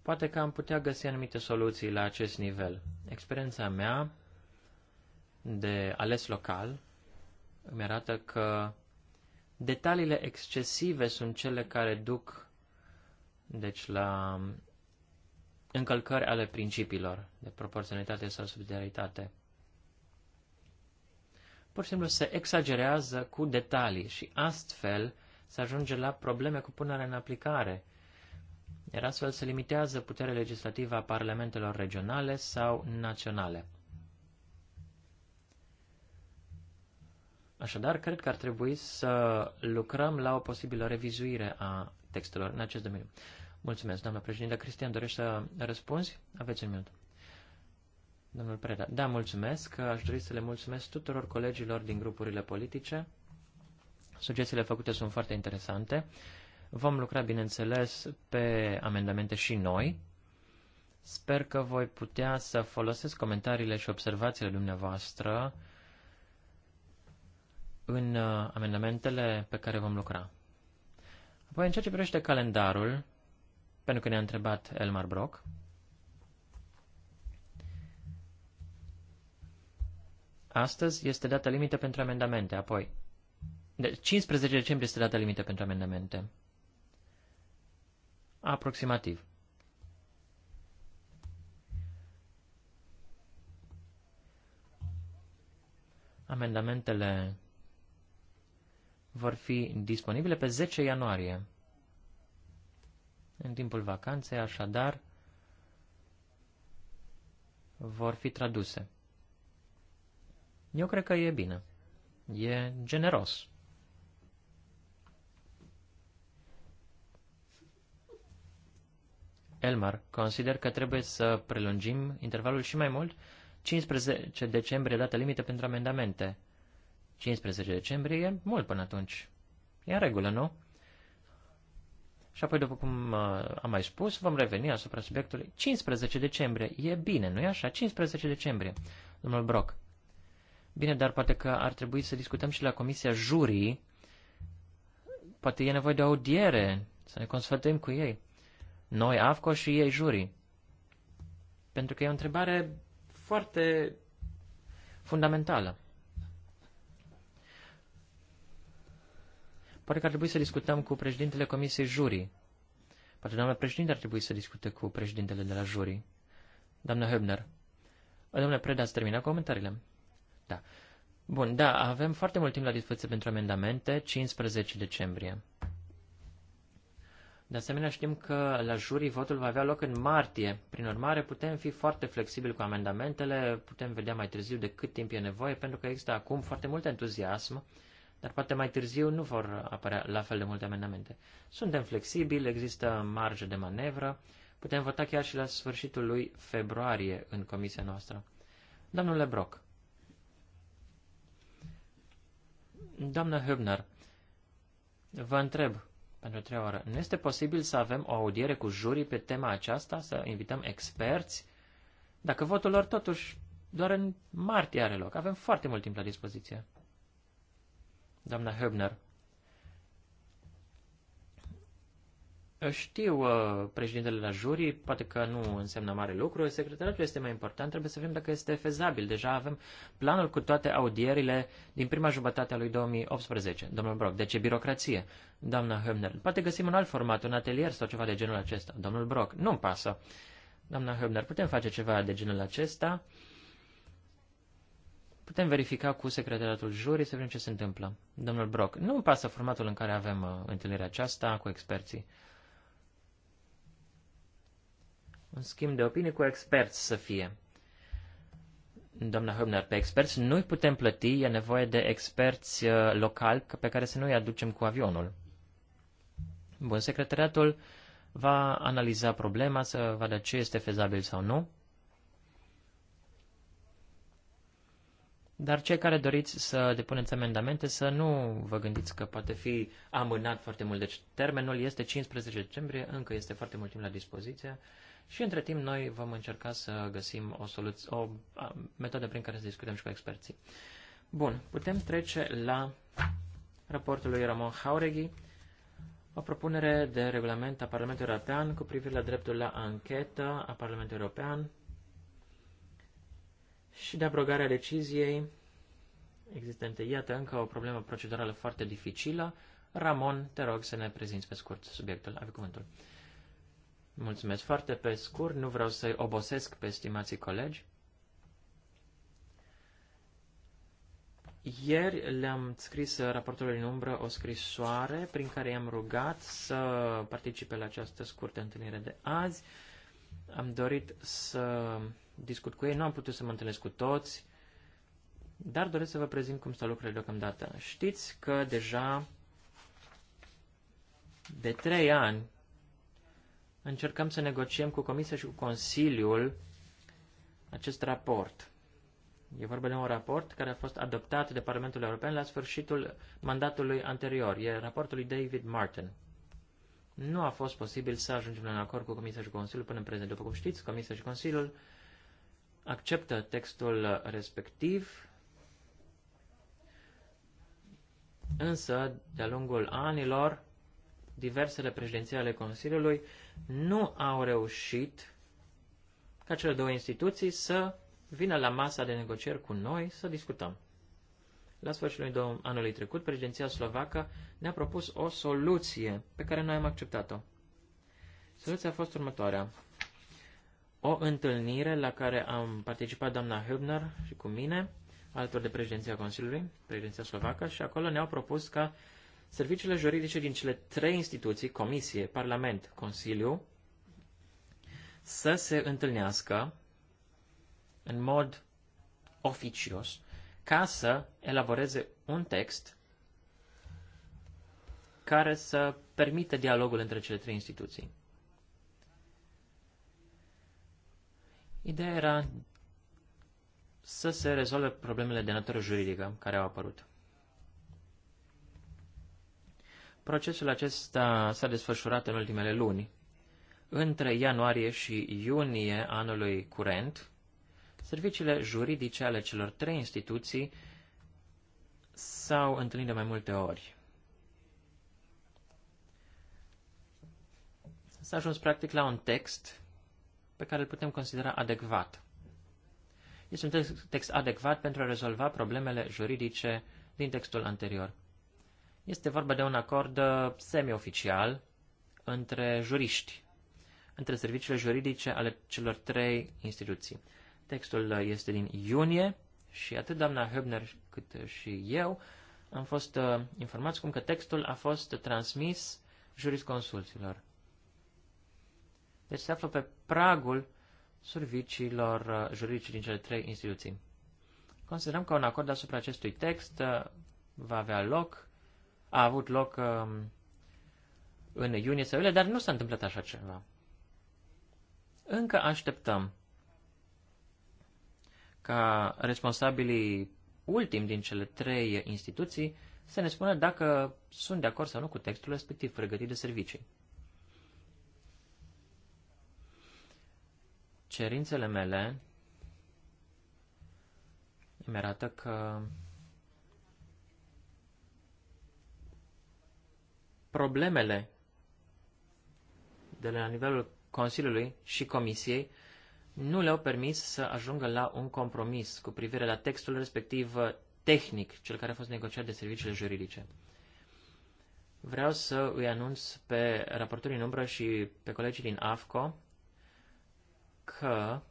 Poate că am putea găsi anumite soluții la acest nivel. Experiența mea de ales local îmi arată că detaliile excesive sunt cele care duc deci la încălcări ale principiilor de proporționalitate sau subsidiaritate pur și simplu se exagerează cu detalii și astfel se ajunge la probleme cu punerea în aplicare. Iar astfel se limitează puterea legislativă a parlamentelor regionale sau naționale. Așadar, cred că ar trebui să lucrăm la o posibilă revizuire a textelor în acest domeniu. Mulțumesc, doamna președinte. Cristian, dorești să răspunzi? Aveți un minut. Domnul Preda, da, mulțumesc. Aș dori să le mulțumesc tuturor colegilor din grupurile politice. Sugestiile făcute sunt foarte interesante. Vom lucra, bineînțeles, pe amendamente și noi. Sper că voi putea să folosesc comentariile și observațiile dumneavoastră în uh, amendamentele pe care vom lucra. Apoi, în ceea ce privește calendarul, pentru că ne-a întrebat Elmar Brock, Astăzi este data limită pentru amendamente, apoi. De 15 decembrie este data limită pentru amendamente. Aproximativ. Amendamentele vor fi disponibile pe 10 ianuarie. În timpul vacanței, așadar, vor fi traduse. Eu cred că e bine. E generos. Elmar, consider că trebuie să prelungim intervalul și mai mult. 15 decembrie dată limită pentru amendamente. 15 decembrie e mult până atunci. E în regulă, nu? Și apoi, după cum uh, am mai spus, vom reveni asupra subiectului. 15 decembrie. E bine, nu-i așa? 15 decembrie. Domnul Brock. Bine, dar poate că ar trebui să discutăm și la comisia jurii. Poate e nevoie de audiere, să ne consfătăm cu ei. Noi, AFCO și ei jurii. Pentru că e o întrebare foarte fundamentală. Poate că ar trebui să discutăm cu președintele Comisiei Jurii. Poate doamna președinte ar trebui să discute cu președintele de la jurii. Doamna Höbner. Domnule Preda, ați terminat comentariile. Da. Bun, da, avem foarte mult timp la dispoziție pentru amendamente, 15 decembrie. De asemenea, știm că la jurii votul va avea loc în martie. Prin urmare, putem fi foarte flexibili cu amendamentele, putem vedea mai târziu de cât timp e nevoie, pentru că există acum foarte mult entuziasm, dar poate mai târziu nu vor apărea la fel de multe amendamente. Suntem flexibili, există marge de manevră, putem vota chiar și la sfârșitul lui februarie în comisia noastră. Domnule Brock, Doamnă Hübner, vă întreb pentru trei ore, nu este posibil să avem o audiere cu jurii pe tema aceasta, să invităm experți? Dacă votul lor totuși doar în martie are loc, avem foarte mult timp la dispoziție. Doamna Hübner, Știu, uh, președintele la jurii, poate că nu înseamnă mare lucru, secretariatul este mai important, trebuie să vedem dacă este fezabil. Deja avem planul cu toate audierile din prima jumătate a lui 2018, domnul Brock. de ce birocrație, doamna Hömner? Poate găsim un alt format, un atelier sau ceva de genul acesta. Domnul Brock, nu-mi pasă. Doamna Hömner, putem face ceva de genul acesta? Putem verifica cu secretariatul jurii să vedem ce se întâmplă. Domnul Brock, nu-mi pasă formatul în care avem uh, întâlnirea aceasta cu experții un schimb de opinie cu experți să fie. Doamna Hübner, pe experți nu-i putem plăti, e nevoie de experți uh, locali pe care să nu-i aducem cu avionul. Bun, secretariatul va analiza problema, să vadă ce este fezabil sau nu. Dar cei care doriți să depuneți amendamente, să nu vă gândiți că poate fi amânat foarte mult. Deci termenul este 15 decembrie, încă este foarte mult timp la dispoziție. Și între timp noi vom încerca să găsim o, soluție, o metodă prin care să discutăm și cu experții. Bun, putem trece la raportul lui Ramon Haureghi, o propunere de regulament a Parlamentului European cu privire la dreptul la anchetă a Parlamentului European și de abrogarea deciziei existente. Iată încă o problemă procedurală foarte dificilă. Ramon, te rog să ne prezinți pe scurt subiectul. Avem cuvântul. Uh, Mulțumesc foarte pe scurt, nu vreau să-i obosesc pe stimații colegi. Ieri le-am scris raportului în umbră o scrisoare prin care i-am rugat să participe la această scurtă întâlnire de azi. Am dorit să discut cu ei, nu am putut să mă întâlnesc cu toți, dar doresc să vă prezint cum stau lucrurile deocamdată. Știți că deja de trei ani încercăm să negociem cu Comisia și cu Consiliul acest raport. E vorba de un raport care a fost adoptat de Parlamentul European la sfârșitul mandatului anterior. E raportul lui David Martin. Nu a fost posibil să ajungem la un acord cu Comisia și Consiliul până în prezent. După cum știți, Comisia și Consiliul acceptă textul respectiv, însă, de-a lungul anilor, diversele președinții ale Consiliului nu au reușit ca cele două instituții să vină la masa de negocieri cu noi să discutăm. La sfârșitul anului trecut, președinția slovacă ne-a propus o soluție pe care noi am acceptat-o. Soluția a fost următoarea. O întâlnire la care am participat doamna Hübner și cu mine, alături de președinția Consiliului, președinția slovacă, și acolo ne-au propus ca Serviciile juridice din cele trei instituții, Comisie, Parlament, Consiliu, să se întâlnească în mod oficios ca să elaboreze un text care să permită dialogul între cele trei instituții. Ideea era să se rezolve problemele de natură juridică care au apărut. Procesul acesta s-a desfășurat în ultimele luni. Între ianuarie și iunie anului curent, serviciile juridice ale celor trei instituții s-au întâlnit de mai multe ori. S-a ajuns practic la un text pe care îl putem considera adecvat. Este un text, text adecvat pentru a rezolva problemele juridice din textul anterior. Este vorba de un acord uh, semioficial între juriști, între serviciile juridice ale celor trei instituții. Textul uh, este din iunie și atât doamna Höbner cât uh, și eu am fost informați cum că textul a fost transmis jurisconsulților. Deci se află pe pragul serviciilor juridice din cele trei instituții. Considerăm că un acord asupra acestui text va avea loc a avut loc um, în iunie sau iulie, dar nu s-a întâmplat așa ceva. Încă așteptăm ca responsabilii ultimi din cele trei instituții să ne spună dacă sunt de acord sau nu cu textul respectiv pregătit de servicii. Cerințele mele mi arată că problemele de la nivelul Consiliului și Comisiei nu le-au permis să ajungă la un compromis cu privire la textul respectiv uh, tehnic, cel care a fost negociat de serviciile juridice. Vreau să îi anunț pe raportorii în umbră și pe colegii din AFCO că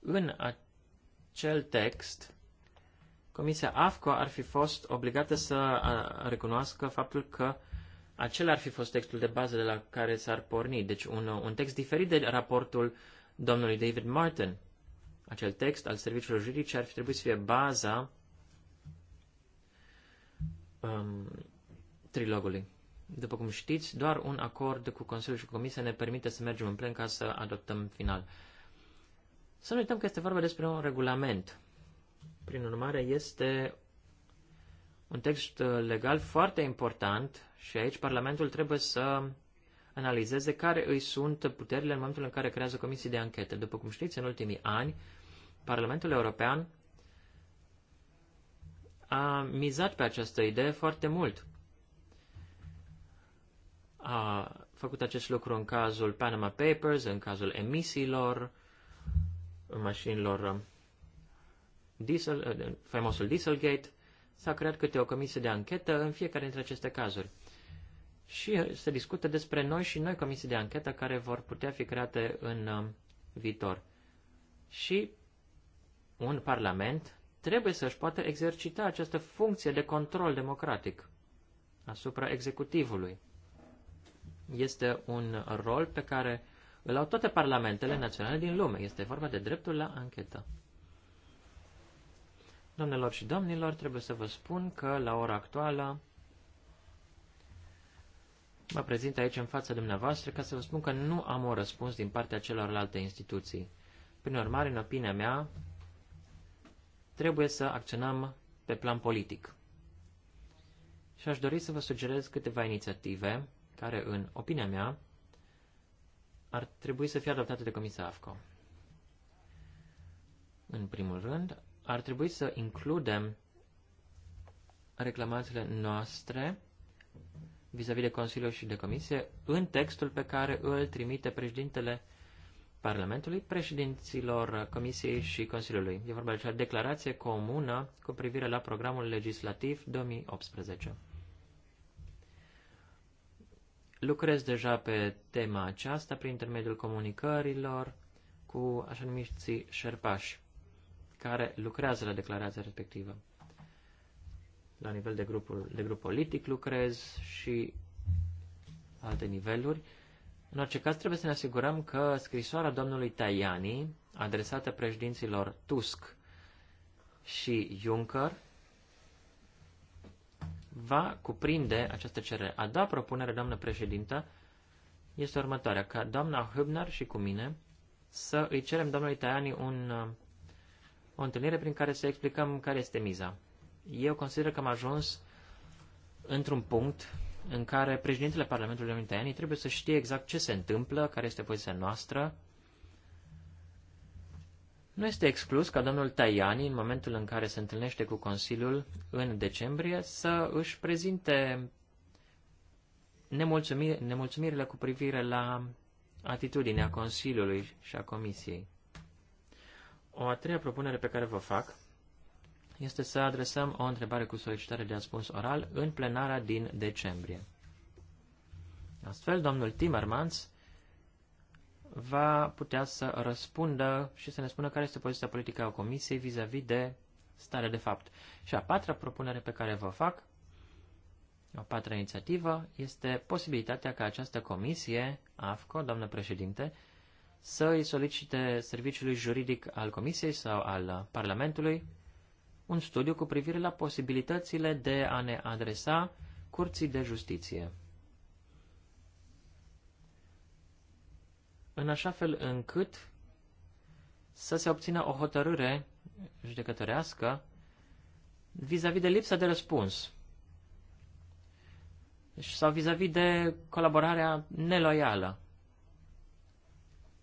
în acel text Comisia AFCO ar fi fost obligată să recunoască faptul că acela ar fi fost textul de bază de la care s-ar porni. Deci un, un text diferit de raportul domnului David Martin. Acel text al Serviciului juridice ar fi trebuit să fie baza um, trilogului. După cum știți, doar un acord cu Consiliul și Comisia ne permite să mergem în plen ca să adoptăm final. Să nu uităm că este vorba despre un regulament prin urmare, este un text uh, legal foarte important și aici Parlamentul trebuie să analizeze care îi sunt puterile în momentul în care creează comisii de anchetă. După cum știți, în ultimii ani, Parlamentul European a mizat pe această idee foarte mult. A făcut acest lucru în cazul Panama Papers, în cazul emisiilor, mașinilor Diesel, uh, faimosul Dieselgate, s-a creat câte o comisie de anchetă în fiecare dintre aceste cazuri. Și uh, se discută despre noi și noi comisii de anchetă care vor putea fi create în uh, viitor. Și un parlament trebuie să-și poată exercita această funcție de control democratic asupra executivului. Este un rol pe care îl au toate parlamentele naționale din lume. Este vorba de dreptul la anchetă. Doamnelor și domnilor, trebuie să vă spun că la ora actuală mă prezint aici în fața dumneavoastră ca să vă spun că nu am un răspuns din partea celorlalte instituții. Prin urmare, în opinia mea, trebuie să acționăm pe plan politic. Și aș dori să vă sugerez câteva inițiative care, în opinia mea, ar trebui să fie adoptate de Comisia AFCO. În primul rând, ar trebui să includem reclamațiile noastre vis-a-vis -vis de Consiliu și de Comisie în textul pe care îl trimite președintele Parlamentului, președinților Comisiei și Consiliului. E vorba de acea declarație comună cu privire la programul legislativ 2018. Lucrez deja pe tema aceasta prin intermediul comunicărilor cu așa numiți șerpași care lucrează la declarația respectivă. La nivel de, grupul, de grup politic lucrez și alte niveluri. În orice caz, trebuie să ne asigurăm că scrisoarea domnului Tajani, adresată președinților Tusk și Juncker, va cuprinde această cerere. A doua propunere, doamnă președintă, este următoarea, ca doamna Hübner și cu mine să îi cerem domnului Tajani un uh, o întâlnire prin care să explicăm care este miza. Eu consider că am ajuns într-un punct în care președintele Parlamentului Unitean trebuie să știe exact ce se întâmplă, care este poziția noastră. Nu este exclus ca domnul Tajani, în momentul în care se întâlnește cu Consiliul în decembrie, să își prezinte nemulțumirile cu privire la atitudinea Consiliului și a Comisiei. O a treia propunere pe care vă fac este să adresăm o întrebare cu solicitare de răspuns oral în plenara din decembrie. Astfel, domnul Timmermans va putea să răspundă și să ne spună care este poziția politică a Comisiei vis-a-vis -vis de stare de fapt. Și a patra propunere pe care vă fac, a patra inițiativă, este posibilitatea ca această comisie, AFCO, doamnă președinte, să îi solicite serviciului juridic al Comisiei sau al Parlamentului un studiu cu privire la posibilitățile de a ne adresa curții de justiție. În așa fel încât să se obțină o hotărâre judecătorească vis-a-vis -vis de lipsa de răspuns sau vis-a-vis -vis de colaborarea neloială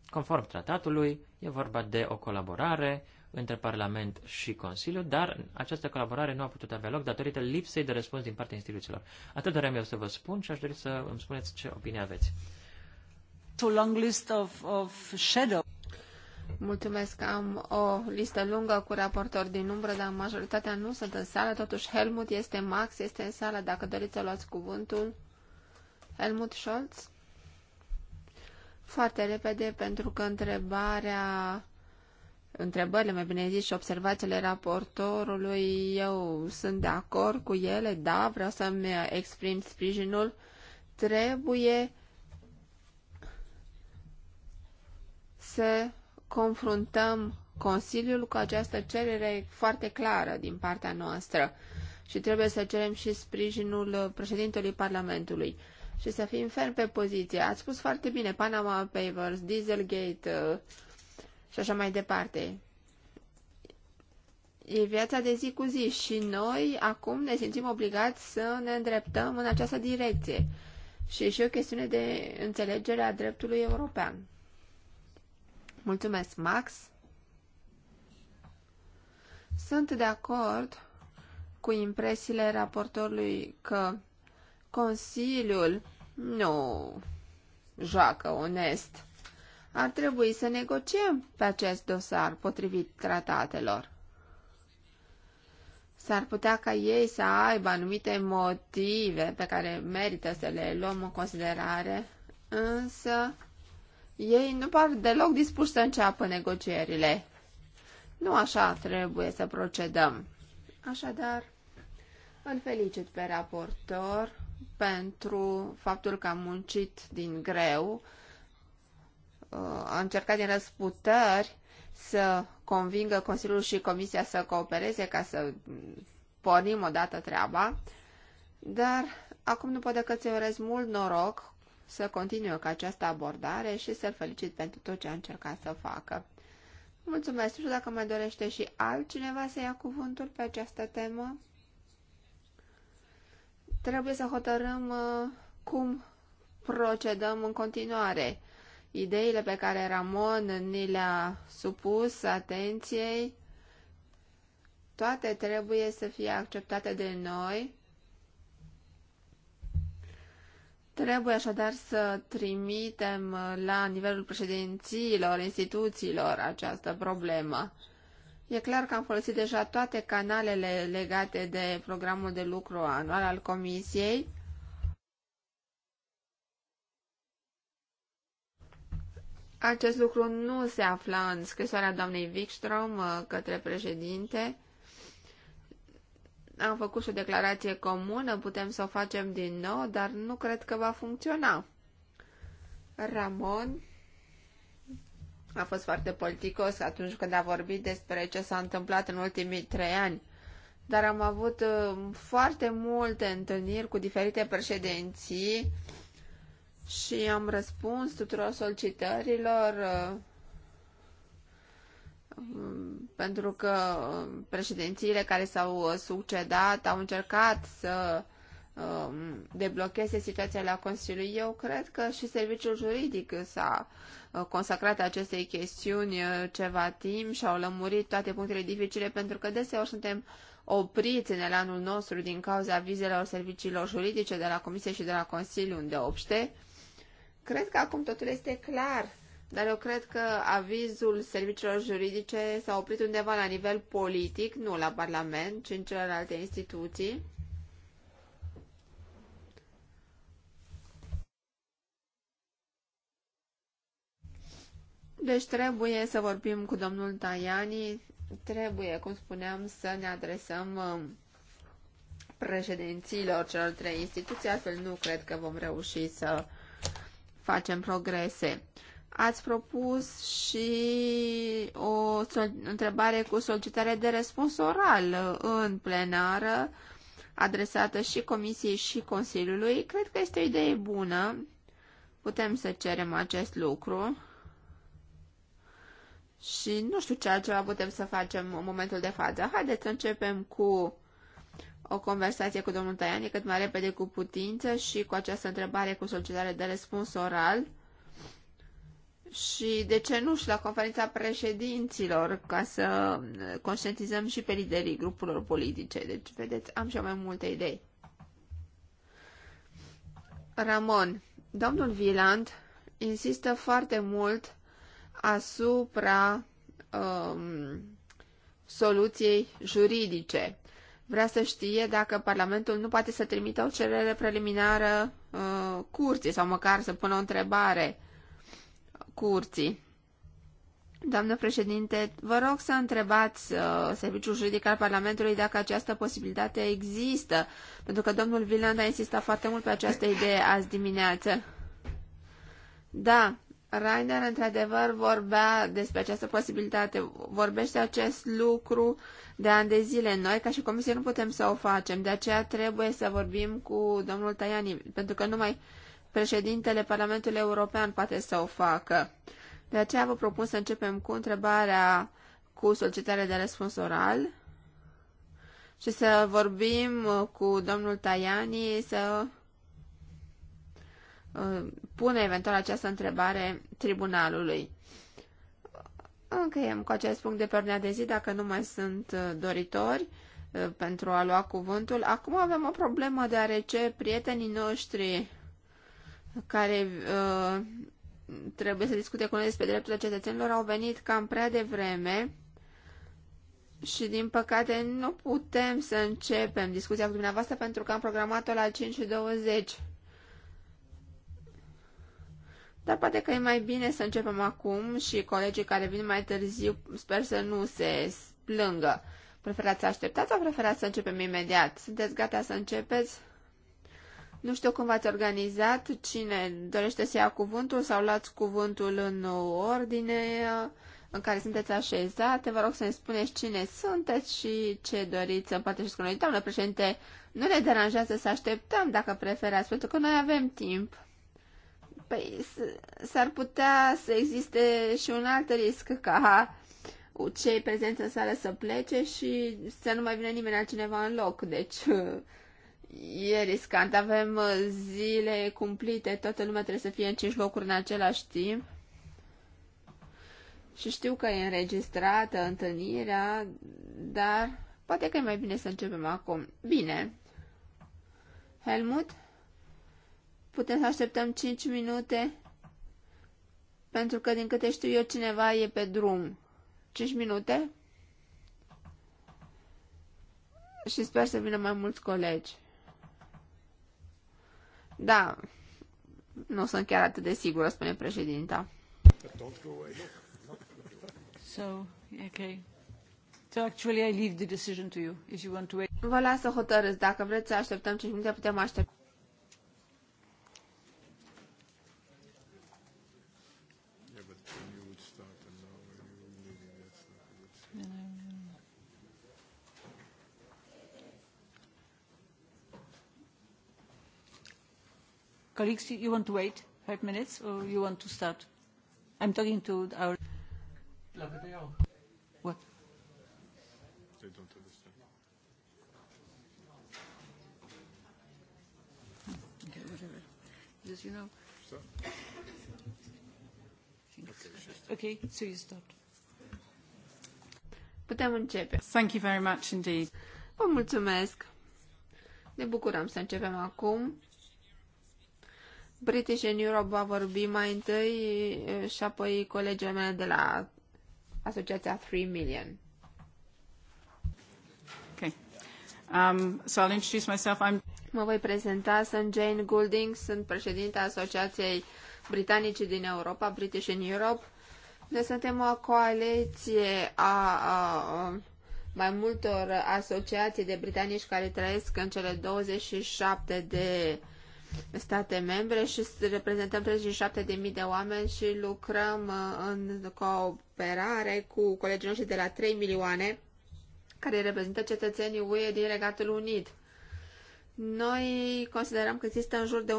Conform tratatului, e vorba de o colaborare între Parlament și Consiliu, dar această colaborare nu a putut avea loc datorită lipsei de răspuns din partea instituțiilor. Atât doream eu să vă spun și aș dori să îmi spuneți ce opinie aveți. Too long list of, of shadow. Mulțumesc, am o listă lungă cu raportori din umbră, dar majoritatea nu sunt în sală. Totuși, Helmut este Max, este în sală. Dacă doriți să luați cuvântul, Helmut Scholz. Foarte repede, pentru că întrebarea, întrebările, mai bine zis, și observațiile raportorului, eu sunt de acord cu ele, da, vreau să-mi exprim sprijinul. Trebuie să confruntăm Consiliul cu această cerere foarte clară din partea noastră și trebuie să cerem și sprijinul președintelui Parlamentului și să fim ferm pe poziție. Ați spus foarte bine Panama Papers, Dieselgate uh, și așa mai departe. E viața de zi cu zi și noi acum ne simțim obligați să ne îndreptăm în această direcție. Și e și o chestiune de înțelegere a dreptului european. Mulțumesc, Max. Sunt de acord cu impresiile raportorului că Consiliul nu joacă onest. Ar trebui să negociem pe acest dosar potrivit tratatelor. S-ar putea ca ei să aibă anumite motive pe care merită să le luăm în considerare, însă ei nu par deloc dispuși să înceapă negocierile. Nu așa trebuie să procedăm. Așadar, îl felicit pe raportor pentru faptul că am muncit din greu, uh, a încercat din răsputări să convingă Consiliul și Comisia să coopereze ca să pornim odată treaba, dar acum nu pot decât să-i urez mult noroc să continue cu această abordare și să-l felicit pentru tot ce a încercat să facă. Mulțumesc, nu știu dacă mai dorește și altcineva să ia cuvântul pe această temă. Trebuie să hotărâm uh, cum procedăm în continuare. Ideile pe care Ramon ni le-a supus atenției, toate trebuie să fie acceptate de noi. Trebuie așadar să trimitem la nivelul președințiilor, instituțiilor această problemă. E clar că am folosit deja toate canalele legate de programul de lucru anual al Comisiei. Acest lucru nu se afla în scrisoarea doamnei Wikström uh, către președinte. Am făcut și o declarație comună, putem să o facem din nou, dar nu cred că va funcționa. Ramon a fost foarte politicos atunci când a vorbit despre ce s-a întâmplat în ultimii trei ani. Dar am avut uh, foarte multe întâlniri cu diferite președinții și am răspuns tuturor solicitărilor uh, mm, pentru că uh, președințiile care s-au succedat au încercat să Um, deblocheze situația la Consiliu. Eu cred că și serviciul juridic s-a uh, consacrat acestei chestiuni uh, ceva timp și au lămurit toate punctele dificile pentru că deseori suntem opriți în elanul nostru din cauza vizelor serviciilor juridice de la Comisie și de la Consiliu unde obște. Cred că acum totul este clar, dar eu cred că avizul serviciilor juridice s-a oprit undeva la nivel politic, nu la Parlament, ci în celelalte instituții Deci trebuie să vorbim cu domnul Tajani, trebuie, cum spuneam, să ne adresăm um, președinților celor trei instituții, astfel nu cred că vom reuși să facem progrese. Ați propus și o întrebare cu solicitare de răspuns oral uh, în plenară, adresată și Comisiei și Consiliului. Cred că este o idee bună. Putem să cerem acest lucru și nu știu ce altceva putem să facem în momentul de față. Haideți să începem cu o conversație cu domnul Taiani cât mai repede cu putință și cu această întrebare cu solicitare de răspuns oral. Și de ce nu și la conferința președinților ca să conștientizăm și pe liderii grupurilor politice. Deci, vedeți, am și mai multe idei. Ramon, domnul Viland insistă foarte mult asupra um, soluției juridice. Vrea să știe dacă Parlamentul nu poate să trimită o cerere preliminară uh, curții sau măcar să pună o întrebare curții. Doamnă președinte, vă rog să întrebați uh, Serviciul Juridic al Parlamentului dacă această posibilitate există, pentru că domnul Viland a insistat foarte mult pe această idee azi dimineață. Da, Rainer, într-adevăr, vorbea despre această posibilitate, vorbește acest lucru de ani de zile. Noi, ca și Comisie, nu putem să o facem, de aceea trebuie să vorbim cu domnul Tajani, pentru că numai președintele Parlamentului European poate să o facă. De aceea vă propun să începem cu întrebarea cu solicitare de răspuns oral și să vorbim cu domnul Tajani, să uh, pune eventual această întrebare tribunalului. Încheiem cu acest punct de ordinea de zi, dacă nu mai sunt uh, doritori uh, pentru a lua cuvântul. Acum avem o problemă, deoarece prietenii noștri care uh, trebuie să discute cu noi despre drepturile cetățenilor au venit cam prea devreme și, din păcate, nu putem să începem discuția cu dumneavoastră pentru că am programat-o la 5.20. Dar poate că e mai bine să începem acum și colegii care vin mai târziu sper să nu se plângă. Preferați să așteptați sau preferați să începem imediat? Sunteți gata să începeți? Nu știu cum v-ați organizat, cine dorește să ia cuvântul sau luați cuvântul în ordine uh, în care sunteți așezate. Vă rog să ne spuneți cine sunteți și ce doriți să împărtășiți cu noi. Doamnă președinte, nu ne deranjează să așteptăm dacă preferați, pentru că noi avem timp. Păi s-ar putea să existe și un alt risc ca cei prezenți în sală să plece și să nu mai vină nimeni altcineva în loc. Deci <laughs> e riscant. Avem uh, zile cumplite, toată lumea trebuie să fie în cinci locuri în același timp. Și știu că e înregistrată întâlnirea, dar poate că e mai bine să începem acum. Bine. Helmut? Putem să așteptăm 5 minute? Pentru că, din câte știu eu, cineva e pe drum. 5 minute? Și sper să vină mai mulți colegi. Da, nu sunt chiar atât de sigură, spune președinta. So, okay. So actually I leave the decision to you if you want to wait. Vă las să hotărâți. Dacă vreți să așteptăm 5 minute, putem aștepta. Colleagues, you want to wait five minutes or you want to start? I'm talking to our... What? They don't understand. Okay, whatever. Just, you know... Okay, so you start. Putem începe. Thank you very much indeed. Vă mulțumesc. Ne bucurăm să începem acum British in Europe va vorbi mai întâi și apoi colegele mele de la Asociația 3 Million. Okay. Um, so I'll introduce myself. I'm... Mă voi prezenta, sunt Jane Goulding, sunt președinta Asociației Britanice din Europa, British in Europe. Noi suntem o coaliție a, a, a mai multor asociații de britanici care trăiesc în cele 27 de uh, state membre și reprezentăm 37.000 de oameni și lucrăm uh, în cooperare cu colegii noștri de la 3 milioane care reprezintă cetățenii UE din Regatul Unit. Noi considerăm că există în jur de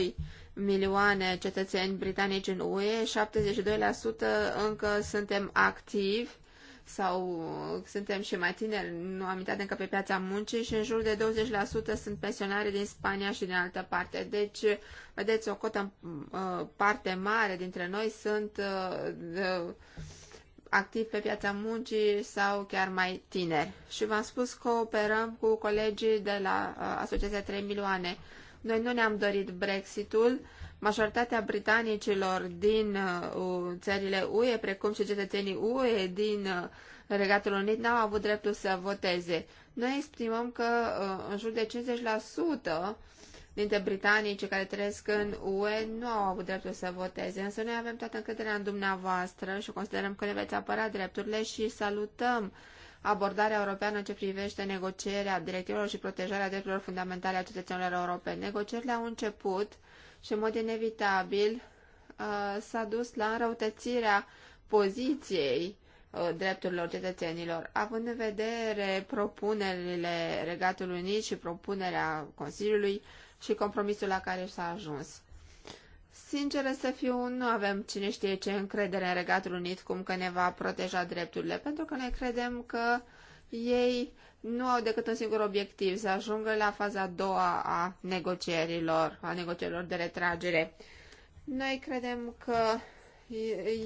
1,2 milioane cetățeni britanici în UE, 72% încă suntem activi sau uh, suntem și mai tineri, nu am intrat încă pe piața muncii și în jur de 20% sunt pensionari din Spania și din altă parte. Deci, vedeți, o cotă uh, parte mare dintre noi sunt uh, activ pe piața muncii sau chiar mai tineri. Și v-am spus că operăm cu colegii de la Asociația 3 milioane. Noi nu ne-am dorit Brexitul, ul majoritatea britanicilor din uh, țările UE, precum și cetățenii UE din uh, Regatul Unit, n-au avut dreptul să voteze. Noi estimăm că uh, în jur de 50% dintre britanicii care trăiesc în UE nu au avut dreptul să voteze, însă noi avem toată încrederea în dumneavoastră și considerăm că ne veți apăra drepturile și salutăm abordarea europeană în ce privește negocierea directivelor și protejarea drepturilor fundamentale a cetățenilor europeni. Negocierile au început și în mod inevitabil uh, s-a dus la înrăutățirea poziției uh, drepturilor cetățenilor. Având în vedere propunerile Regatului Unit și propunerea Consiliului și compromisul la care s-a ajuns. sincer să fiu, nu avem cine știe ce încredere în Regatul Unit cum că ne va proteja drepturile, pentru că noi credem că ei nu au decât un singur obiectiv, să ajungă la faza a doua a negocierilor, a negocierilor de retragere. Noi credem că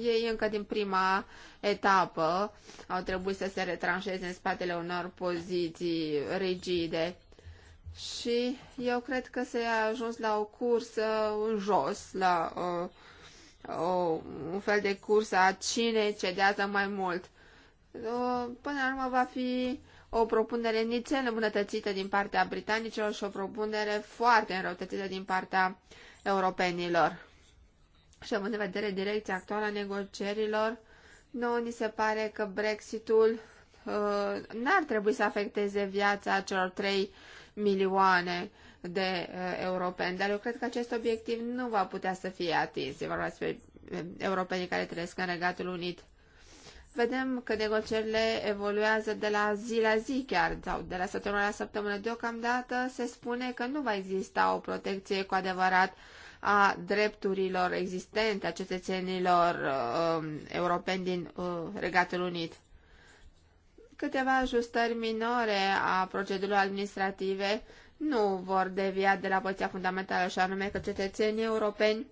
ei încă din prima etapă au trebuit să se retranșeze în spatele unor poziții rigide și eu cred că se a ajuns la o cursă în jos, la o, o, un fel de cursă a cine cedează mai mult. Până la urmă va fi o propunere nițel îmbunătățită din partea britanicilor și o propunere foarte înrăutățită din partea europenilor. Și având în vedere direcția actuală a negocierilor, nouă ni se pare că Brexitul uh, n-ar trebui să afecteze viața celor 3 milioane de uh, europeni, dar eu cred că acest obiectiv nu va putea să fie atins. E vorba despre uh, europenii care trăiesc în Regatul Unit vedem că negocierile evoluează de la zi la zi chiar, sau de la săptămână la săptămână. Deocamdată se spune că nu va exista o protecție cu adevărat a drepturilor existente a cetățenilor uh, europeni din uh, Regatul Unit. Câteva ajustări minore a procedurilor administrative nu vor devia de la poziția fundamentală, și anume că cetățenii europeni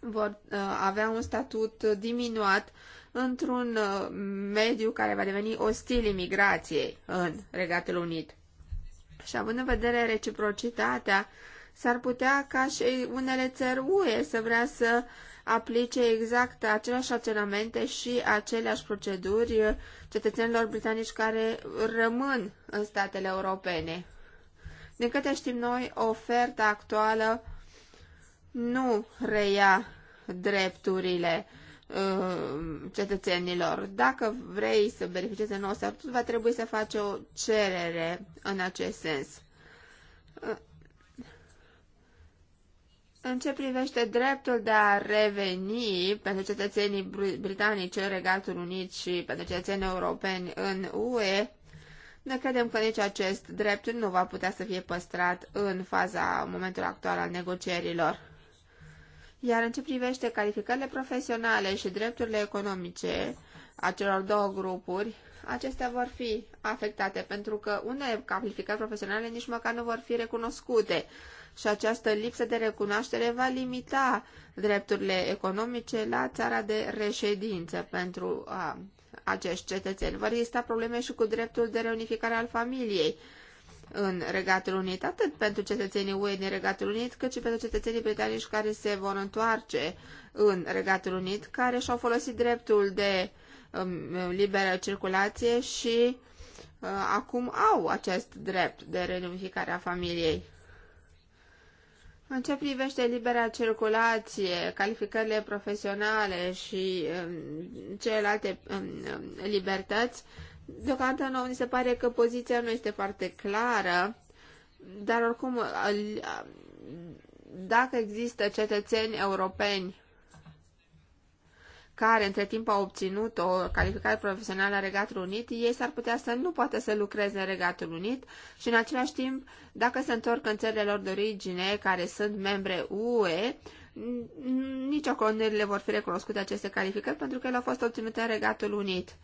vor uh, avea un statut diminuat uh, într-un uh, mediu care va deveni ostil imigrației în Regatul Unit. Și având în vedere reciprocitatea, s-ar putea ca și unele țări UE să vrea să aplice exact aceleași acționamente și aceleași proceduri cetățenilor britanici care rămân în statele europene. Din câte știm noi, oferta actuală nu reia drepturile Uh, cetățenilor. Dacă vrei să beneficieze de nou statut, va trebui să faci o cerere în acest sens. Uh, în ce privește dreptul de a reveni pentru cetățenii britanici în Regatul Unit și pentru cetățenii europeni în UE, ne credem că nici acest drept nu va putea să fie păstrat în faza momentul actual al negocierilor. Iar în ce privește calificările profesionale și drepturile economice a celor două grupuri, acestea vor fi afectate pentru că unele calificări profesionale nici măcar nu vor fi recunoscute și această lipsă de recunoaștere va limita drepturile economice la țara de reședință pentru a, acești cetățeni. Vor exista probleme și cu dreptul de reunificare al familiei în Regatul Unit, atât pentru cetățenii UE din Regatul Unit, cât și pentru cetățenii britanici care se vor întoarce în Regatul Unit, care și-au folosit dreptul de um, liberă circulație și uh, acum au acest drept de reunificare a familiei. În ce privește libera circulație, calificările profesionale și um, celelalte um, um libertăți, uh, Deocamdată nouă mi se pare că poziția nu este foarte clară, dar oricum, dacă există cetățeni europeni care între timp au obținut o calificare profesională în Regatul Unit, ei s-ar putea să nu poată să lucreze în Regatul Unit și în același timp, dacă se întorc în țările lor de origine, care sunt membre UE, nici acolo nu le vor fi recunoscute aceste calificări pentru că ele au fost obținute în Regatul Unit.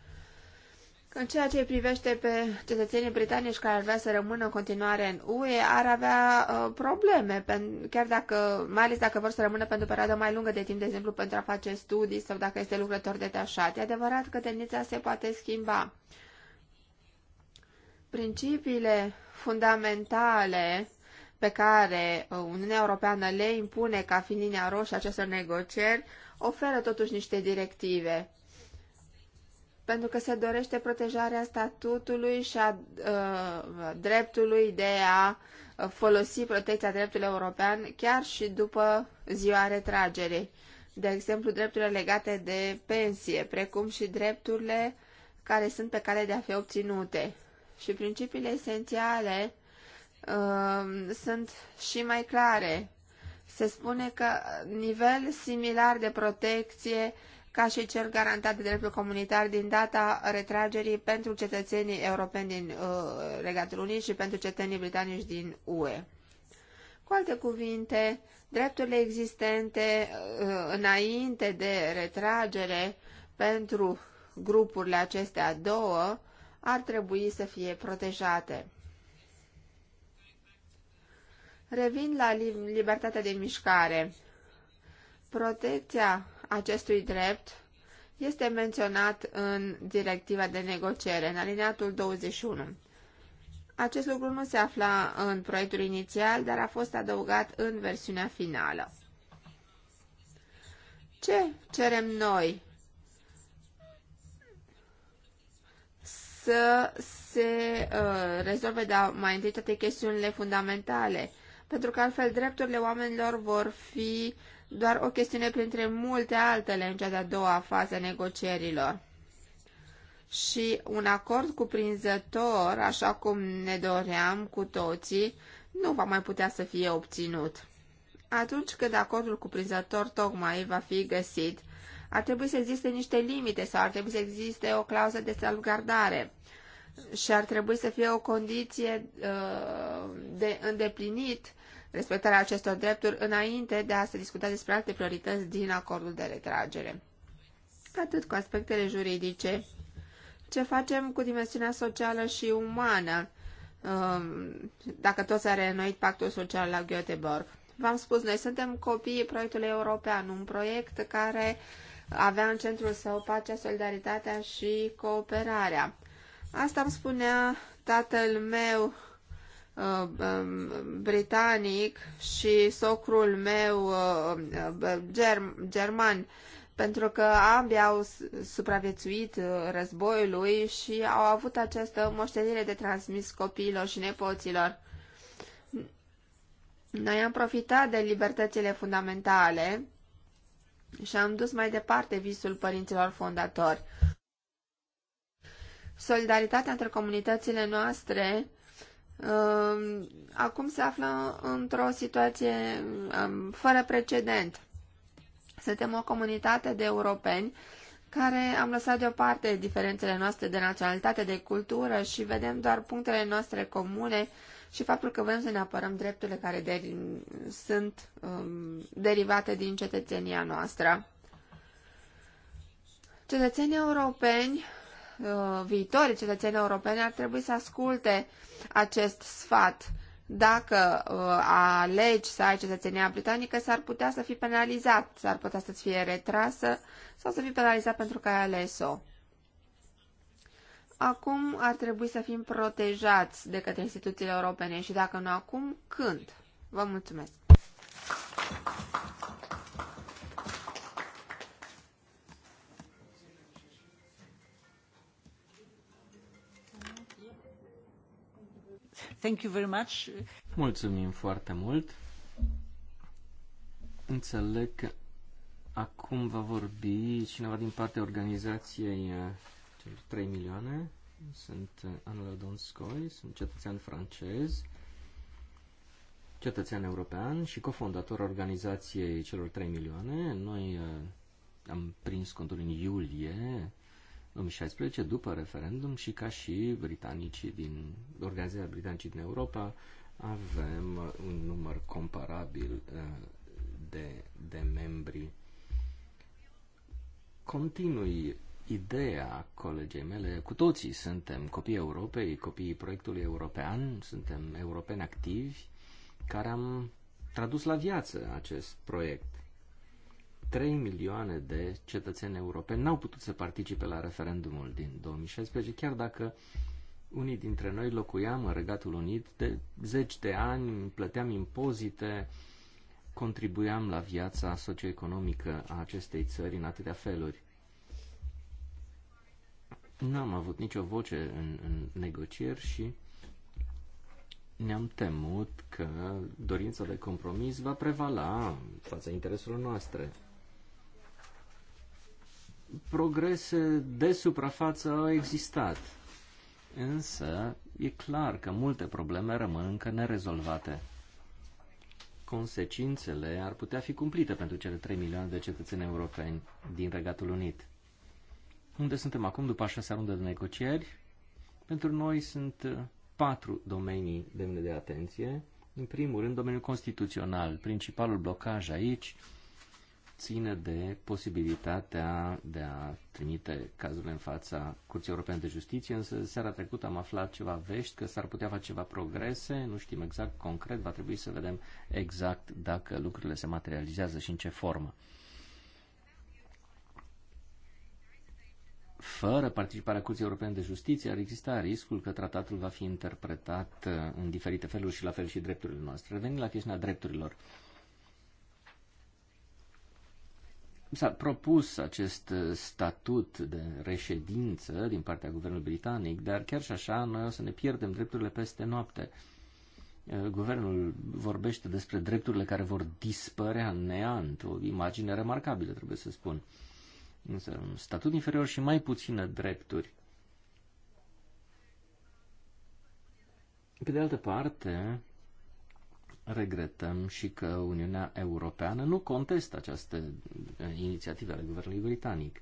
În ceea ce privește pe cetățenii britanici care ar vrea să rămână în continuare în UE, ar avea uh, probleme, chiar dacă, mai ales dacă vor să rămână pentru o perioadă mai lungă de timp, de exemplu, pentru a face studii sau dacă este lucrător detașat. E adevărat că tendința se poate schimba. Principiile fundamentale pe care uh, Uniunea Europeană le impune ca fiind linia roșie acestor negocieri oferă totuși niște directive pentru că se dorește protejarea statutului și a uh, dreptului de a folosi protecția dreptului european chiar și după ziua retragerii. De exemplu, drepturile legate de pensie, precum și drepturile care sunt pe cale de a fi obținute. Și principiile esențiale uh, sunt și mai clare. Se spune că nivel similar de protecție uh, ca și cel garantat de dreptul comunitar din data retragerii pentru cetățenii europeni din uh, Regatul Unit și pentru cetățenii britanici din UE. Cu alte cuvinte, drepturile existente uh, înainte de retragere pentru grupurile acestea două ar trebui să fie protejate. Revin la libertatea de mișcare. Protecția acestui drept este menționat în directiva de negociere, în alineatul 21. Acest lucru nu se afla în proiectul inițial, dar a fost adăugat în versiunea finală. Ce cerem noi? Să se uh, rezolve de da, mai întâi toate chestiunile fundamentale, pentru că altfel drepturile oamenilor vor fi uh, doar o chestiune printre multe altele în cea de-a doua fază a negocierilor. Și un acord cuprinzător, așa cum ne doream cu toții, nu va mai putea să fie obținut. Atunci când acordul cuprinzător tocmai va fi găsit, ar trebui să existe niște limite sau ar trebui să existe o clauză de salvgardare și ar trebui să fie o condiție uh, de îndeplinit respectarea acestor drepturi înainte de a se discuta despre alte priorități din acordul de retragere. Atât cu aspectele juridice, ce facem cu dimensiunea socială și umană, um, dacă tot s-a reînnoit pactul social la Göteborg. V-am spus, noi suntem copiii proiectului european, un proiect care avea în centrul său pacea, solidaritatea și cooperarea. Asta îmi spunea tatăl meu britanic și socrul meu german, pentru că ambii au supraviețuit uh, războiului și au avut această moștenire de transmis copiilor și nepoților. Noi am profitat de libertățile fundamentale și am dus mai departe visul părinților fondatori. Solidaritatea între comunitățile noastre Ehm, acum se află într-o situație ehm, fără precedent. Suntem o comunitate de europeni care am lăsat deoparte diferențele noastre de naționalitate, de cultură și vedem doar punctele noastre comune și faptul că vrem să ne apărăm drepturile care de- sunt um, derivate din cetățenia noastră. Cetățenii europeni Uh, viitorii cetățeni europeni ar trebui să asculte acest sfat. Dacă uh, alegi să ai cetățenia britanică, s-ar putea să fii penalizat, s-ar putea să-ți fie retrasă sau să fii penalizat pentru că ai ales-o. Acum ar trebui să fim protejați de către instituțiile europene și dacă nu acum, când? Vă mulțumesc! Thank you very much. Mulțumim foarte mult. Înțeleg că acum va vorbi cineva din partea organizației uh, celor 3 milioane. Sunt uh, Anna Donskoi, sunt cetățean francez, cetățean european și cofondator organizației celor 3 milioane. Noi uh, am prins contul în iulie 2016 după referendum și ca și britanicii din organizația britanicii din Europa avem un număr comparabil uh, de, de membri. Continui ideea colegei mele, cu toții suntem copii Europei, copiii proiectului european, suntem europeni activi, care am tradus la viață acest proiect. 3 milioane de cetățeni europeni n-au putut să participe la referendumul din 2016, chiar dacă unii dintre noi locuiam în Regatul Unit de zeci de ani, plăteam impozite, contribuiam la viața socioeconomică a acestei țări în atâtea feluri. Nu am avut nicio voce în, în negocieri și ne-am temut că dorința de compromis va prevala fața intereselor noastre progrese de suprafață au existat, însă e clar că multe probleme rămân încă nerezolvate. Consecințele ar putea fi cumplite pentru cele 3 milioane de cetățeni europeni din Regatul Unit. Unde suntem acum după a rundă de negocieri? Pentru noi sunt uh, patru domenii demne de atenție. În primul rând, domeniul constituțional. Principalul blocaj aici ține de posibilitatea de a trimite cazurile în fața Curții Europene de Justiție, însă seara trecută am aflat ceva vești că s-ar putea face ceva progrese, nu știm exact concret, va trebui să vedem exact dacă lucrurile se materializează și în ce formă. Fără participarea Curții Europene de Justiție ar exista riscul că tratatul va fi interpretat uh, în diferite feluri și la fel și drepturile noastre. Revenind la chestiunea drepturilor. Uh, s-a propus acest uh, statut de reședință din partea guvernului britanic, dar chiar și așa noi o să ne pierdem drepturile peste noapte. Uh, guvernul vorbește despre drepturile care vor dispărea în neant, o imagine remarcabilă, trebuie să spun. Însă un statut inferior și mai puține drepturi. Pe de altă parte, regretăm și că Uniunea Europeană nu contestă această uh, inițiativă ale guvernului britanic.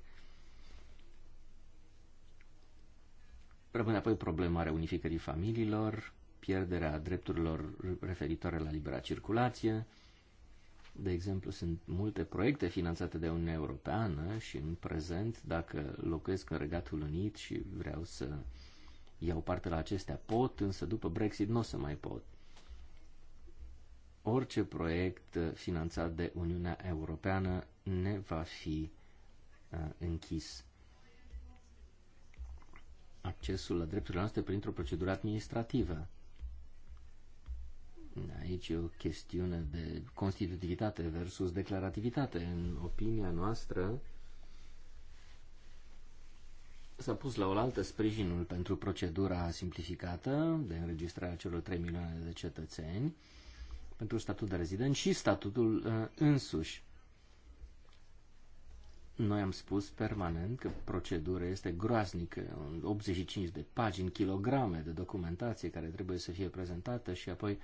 Rămâne apoi problema reunificării familiilor, pierderea drepturilor referitoare la libera circulație. De exemplu, sunt multe proiecte finanțate de Uniunea Europeană și în prezent, dacă locuiesc în Regatul Unit și vreau să iau parte la acestea, pot, însă după Brexit nu o să mai pot orice proiect uh, finanțat de Uniunea Europeană ne va fi uh, închis. Accesul la drepturile noastre printr-o procedură administrativă. Aici e o chestiune de constitutivitate versus declarativitate. În opinia noastră s-a pus la oaltă sprijinul pentru procedura simplificată de înregistrarea celor 3 milioane de cetățeni pentru statut de rezident și statutul uh, însuși. Noi am spus permanent că procedura este groaznică, 85 de pagini, kilograme de documentație care trebuie să fie prezentată și apoi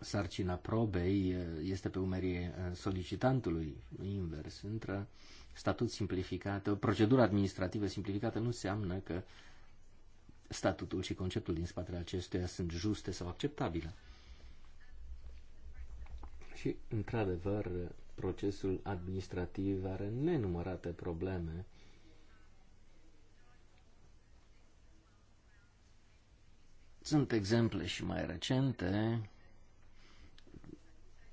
sarcina probei uh, este pe umerie uh, solicitantului invers. Între statut simplificat, o procedură administrativă simplificată nu înseamnă că statutul și conceptul din spatele acestuia sunt juste sau acceptabile. Și, într-adevăr, procesul administrativ are nenumărate probleme. Sunt exemple și mai recente.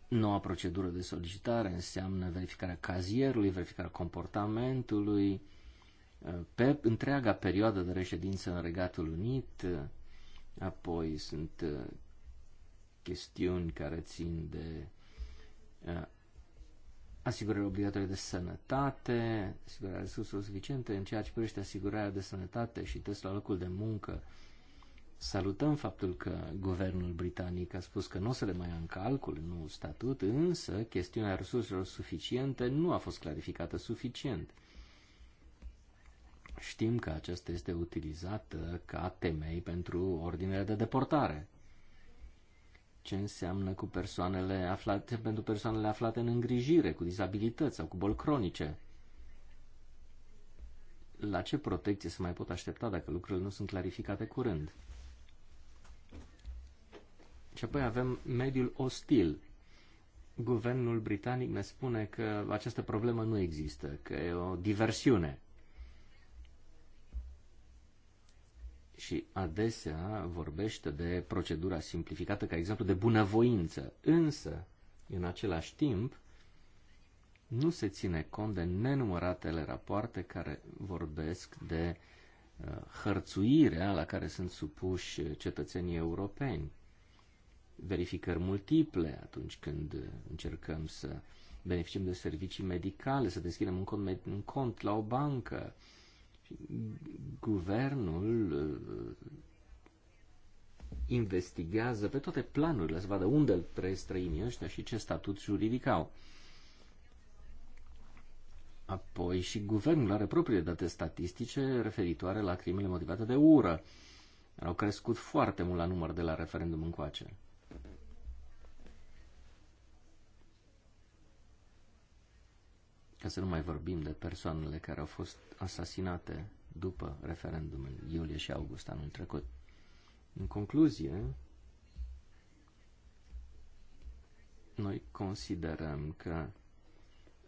Noua procedură de solicitare înseamnă verificarea cazierului, verificarea comportamentului, uh, pe întreaga perioadă de reședință în Regatul Unit, apoi sunt uh, chestiuni care țin de Eh, asigurări obligatorii de sănătate, asigurarea resurselor suficiente în ceea ce privește asigurarea de sănătate și testul la locul de muncă. Salutăm faptul că guvernul britanic a spus că nu o să le mai ia în calcul în noul statut, însă chestiunea resurselor suficiente nu a fost clarificată suficient. Știm că aceasta este utilizată ca temei pentru ordinele de deportare ce înseamnă cu persoanele aflate, pentru persoanele aflate în îngrijire, cu dizabilități sau cu boli cronice. La ce protecție se mai pot aștepta dacă lucrurile nu sunt clarificate curând? Și apoi avem mediul ostil. Guvernul britanic ne spune că această problemă nu există, că e o diversiune. și adesea vorbește de procedura simplificată ca exemplu de bunăvoință, însă, în același timp, nu se ține cont de nenumăratele rapoarte care vorbesc de uh, hărțuirea la care sunt supuși cetățenii europeni. Verificări multiple atunci când încercăm să beneficiem de servicii medicale, să deschidem un cont, un cont la o bancă, uh, guvernul uh, investigează pe toate planurile să vadă unde îl trăiesc străinii ăștia și ce statut juridic au. Apoi și guvernul are propriile date statistice referitoare la crimele motivate de ură. Au crescut foarte mult la număr de la referendum încoace. ca să nu mai vorbim de persoanele care au fost asasinate după referendumul iulie și august anul trecut. În concluzie, noi considerăm că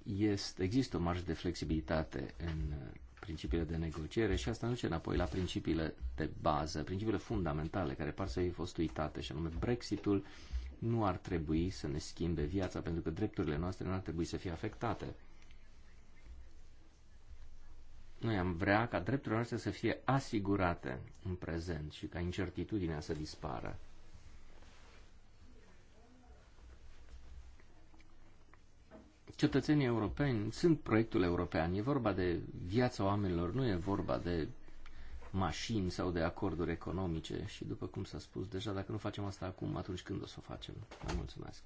este, există o marjă de flexibilitate în principiile de negociere și asta nu duce înapoi la principiile de bază, principiile fundamentale care par să fi fost uitate, și anume Brexitul nu ar trebui să ne schimbe viața pentru că drepturile noastre nu ar trebui să fie afectate. Noi am vrea ca drepturile noastre să fie asigurate în prezent și ca incertitudinea să dispară. Cetățenii europeni sunt proiectul european. E vorba de viața oamenilor, nu e vorba de mașini sau de acorduri economice și după cum s-a spus deja, dacă nu facem asta acum, atunci când o să o facem? Vă mulțumesc!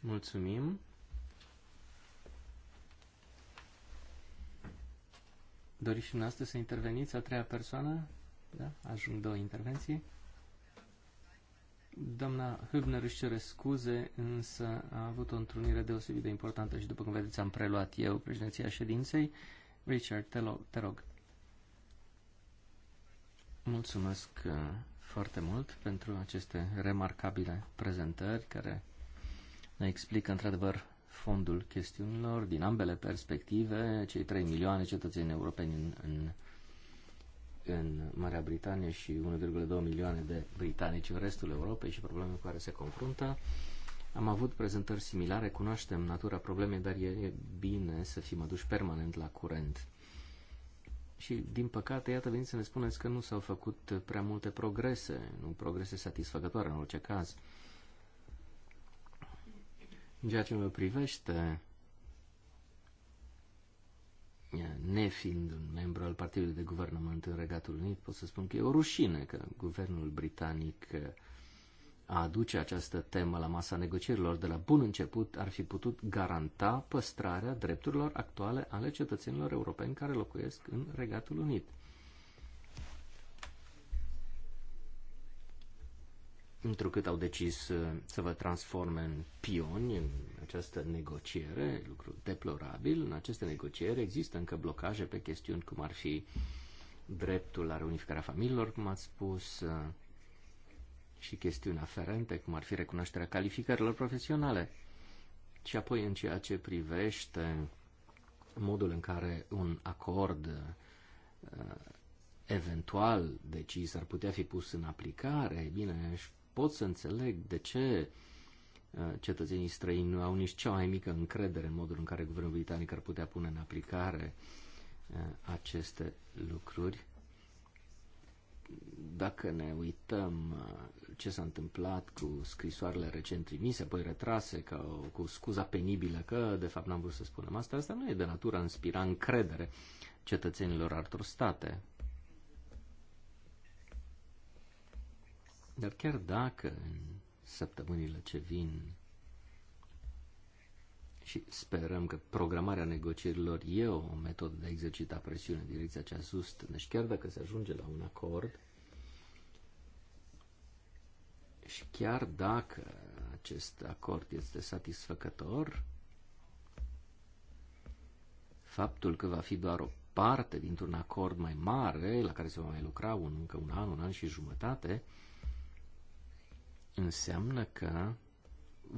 Mulțumim! Doriți și dumneavoastră să interveniți a treia persoană? Da? Ajung două intervenții. Doamna Hübner își cere scuze, însă a avut o întrunire deosebit de importantă și după cum vedeți am preluat eu președinția ședinței. Richard, te, lo- te rog. Mulțumesc uh, foarte mult pentru aceste remarcabile prezentări care ne explică într-adevăr fondul chestiunilor din ambele perspective, cei 3 milioane cetățeni europeni în, în, în Marea Britanie și 1,2 milioane de britanici în restul Europei și probleme cu care se confruntă. Am avut prezentări similare, cunoaștem natura problemei, dar e bine să fim aduși permanent la curent. Și, din păcate, iată, veniți să ne spuneți că nu s-au făcut prea multe progrese, nu progrese satisfăcătoare în orice caz. Uh, în ceea ce mă privește, nefiind un membru al Partidului de Guvernământ în Regatul Unit, pot să spun că e o rușine că guvernul britanic a aduce această temă la masa negocierilor de la bun început ar fi putut garanta păstrarea drepturilor actuale ale cetățenilor europeni care locuiesc în Regatul Unit. întrucât au decis uh, să vă transforme în pioni în această negociere, lucru deplorabil. În aceste negocieri există încă blocaje pe chestiuni cum ar fi dreptul la reunificarea familiilor, cum ați spus, uh, și chestiuni aferente, cum ar fi recunoașterea calificărilor profesionale. Și apoi în ceea ce privește modul în care un acord uh, eventual decis ar putea fi pus în aplicare, bine, pot să înțeleg de ce uh, cetățenii străini nu au nici cea mai mică încredere în modul în care guvernul britanic ar putea pune în aplicare uh, aceste lucruri. Dacă ne uităm uh, ce s-a întâmplat cu scrisoarele recent trimise, apoi retrase ca o, cu scuza penibilă că de fapt n-am vrut să spunem asta, asta nu e de a inspira încredere cetățenilor altor state. Dar chiar dacă în săptămânile ce vin și sperăm că programarea negocierilor e o metodă de a exercita presiune în direcția cea sus, deci chiar dacă se ajunge la un acord și chiar dacă acest acord este satisfăcător, faptul că va fi doar o parte dintr-un acord mai mare, la care se va mai lucra un, încă un an, un an și jumătate, înseamnă că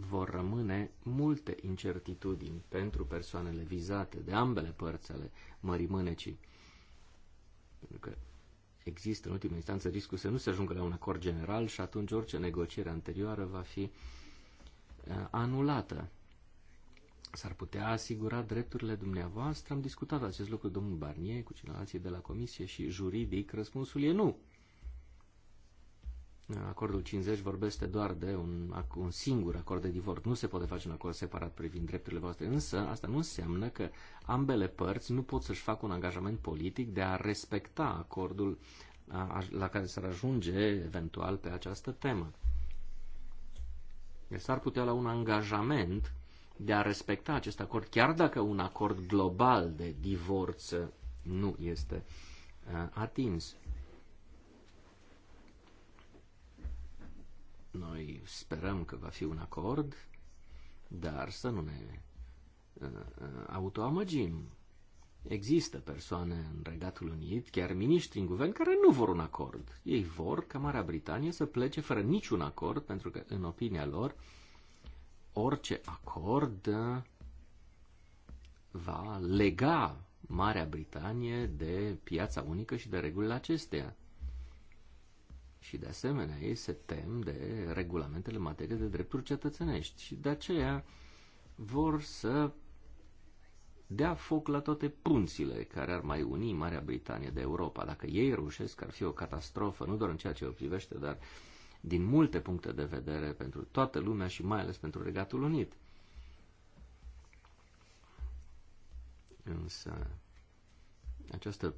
vor rămâne multe incertitudini pentru persoanele vizate de ambele părți ale Mării Mânecii. Pentru că există în ultimă instanță riscul să nu se ajungă la un acord general și atunci orice negociere anterioară va fi eh, anulată. S-ar putea asigura drepturile dumneavoastră? Am discutat acest lucru domnul Barnier cu ceilalți de la comisie și juridic răspunsul e nu. Acordul 50 vorbește doar de un, un singur acord de divorț. Nu se poate face un acord separat privind drepturile voastre, însă asta nu înseamnă că ambele părți nu pot să-și facă un angajament politic de a respecta acordul la care s-ar ajunge eventual pe această temă. Deci s-ar putea la un angajament de a respecta acest acord, chiar dacă un acord global de divorț nu este atins. Noi sperăm că va fi un acord, dar să nu ne uh, uh, autoamăgim. Există persoane în Regatul Unit, chiar miniștri în guvern, care nu vor un acord. Ei vor ca Marea Britanie să plece fără niciun acord, pentru că, în opinia lor, orice acord va lega Marea Britanie de piața unică și de regulile acesteia. Și de asemenea, ei se tem de regulamentele în materie de drepturi cetățenești și de aceea vor să dea foc la toate punțile care ar mai uni Marea Britanie de Europa. Dacă ei reușesc, ar fi o catastrofă, nu doar în ceea ce o privește, dar din multe puncte de vedere pentru toată lumea și mai ales pentru Regatul Unit. Însă această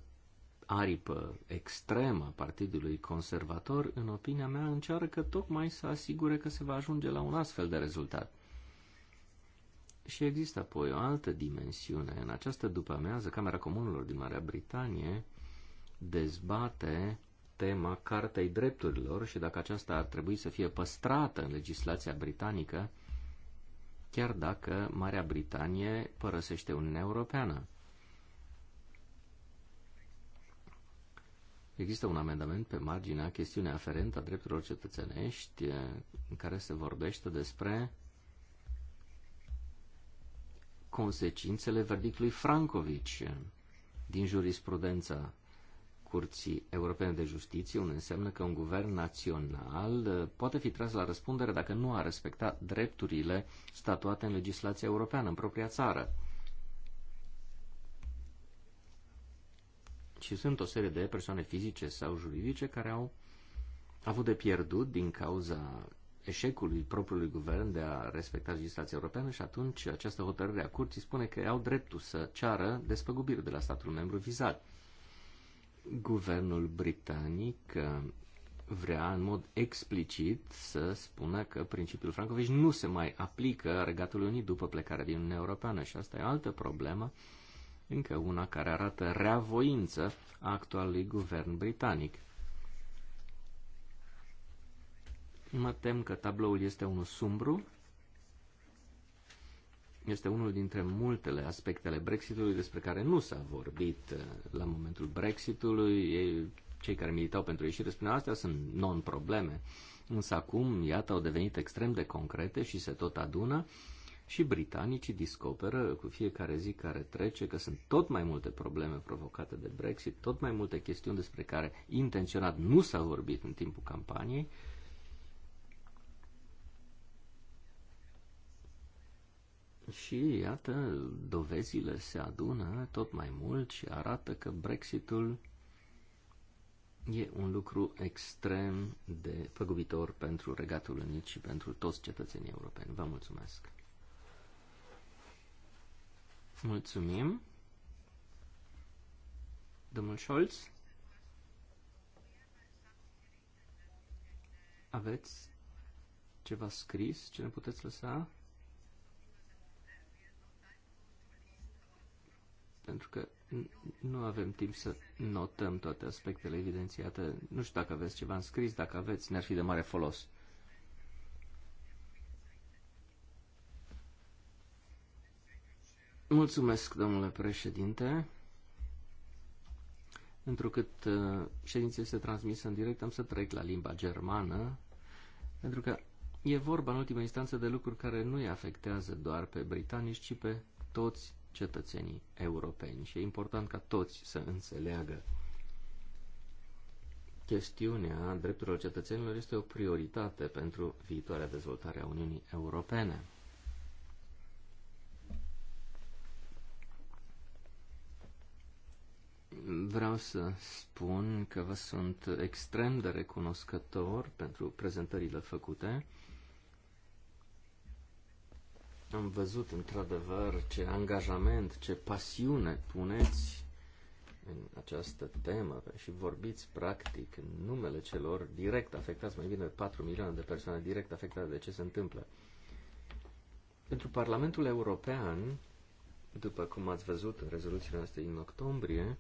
aripă extremă a Partidului Conservator, în opinia mea, încearcă tocmai să asigure că se va ajunge la un astfel de rezultat. Și există apoi o altă dimensiune. În această după-amiază, Camera Comunelor din Marea Britanie dezbate tema Cartei Drepturilor și dacă aceasta ar trebui să fie păstrată în legislația britanică, chiar dacă Marea Britanie părăsește Uniunea Europeană. Există un amendament pe marginea chestiunea aferentă a drepturilor cetățenești eh, în care se vorbește despre consecințele verdictului Francovici eh, din jurisprudența Curții Europene de Justiție, unde înseamnă că un guvern național eh, poate fi tras la răspundere dacă nu a respectat drepturile statuate în legislația europeană, în propria țară. Și sunt o serie de persoane fizice sau juridice care au avut de pierdut din cauza eșecului propriului guvern de a respecta legislația europeană și atunci această hotărâre a curții spune că au dreptul să ceară despăgubiri de la statul membru vizat. Guvernul britanic uh, vrea în mod explicit să spună că principiul Francovici nu se mai aplică Regatului Unit după plecarea din Uniunea Europeană și asta e altă problemă încă una care arată reavoință a actualului guvern britanic. Mă tem că tabloul este unul sumbru, este unul dintre multele aspectele Brexitului despre care nu s-a vorbit uh, la momentul Brexitului. Ei, cei care militau pentru ieșire spuneau astea sunt non-probleme. Însă acum, iată, au devenit extrem de concrete și se tot adună. Uh, și britanicii descoperă cu fiecare zi care trece că sunt tot mai multe probleme provocate de Brexit, tot mai multe chestiuni despre care intenționat nu s-a vorbit în timpul campaniei. Și iată, dovezile se adună tot mai mult și arată că Brexitul e un lucru extrem de păgubitor pentru Regatul Unit și pentru toți cetățenii europeni. Vă mulțumesc! Mulțumim. Domnul Scholz? Aveți ceva scris ce ne puteți lăsa? Pentru că nu avem timp să notăm toate aspectele evidențiate. Nu știu dacă aveți ceva în scris, dacă aveți, ne-ar fi de mare folos. Mulțumesc, domnule președinte. Întrucât uh, ședința este transmisă în direct, am să trec la limba germană, pentru că e vorba, în ultima instanță, de lucruri care nu îi afectează doar pe britanici, ci pe toți cetățenii europeni. Și e important ca toți să înțeleagă chestiunea drepturilor cetățenilor este o prioritate pentru viitoarea dezvoltare a Uniunii Europene. Vreau să spun că vă sunt extrem de recunoscător pentru prezentările făcute. Am văzut într-adevăr ce angajament, ce pasiune puneți în această temă și vorbiți practic în numele celor direct afectați, mai bine 4 milioane de persoane direct afectate de ce se întâmplă. Pentru Parlamentul European, după cum ați văzut în rezoluțiile noastre din octombrie,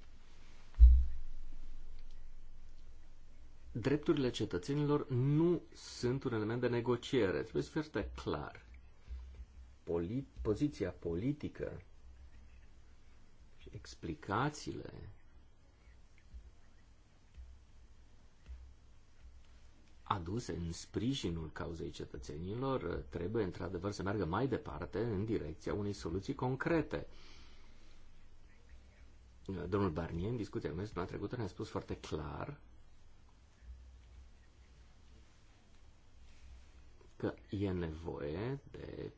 drepturile cetățenilor nu sunt un element de negociere. Trebuie să fie foarte clar. Poli- poziția politică și explicațiile aduse în sprijinul cauzei cetățenilor trebuie într-adevăr să meargă mai departe în direcția unei soluții concrete. Domnul Barnier, în discuția mea a trecută, ne-a spus foarte clar că e nevoie de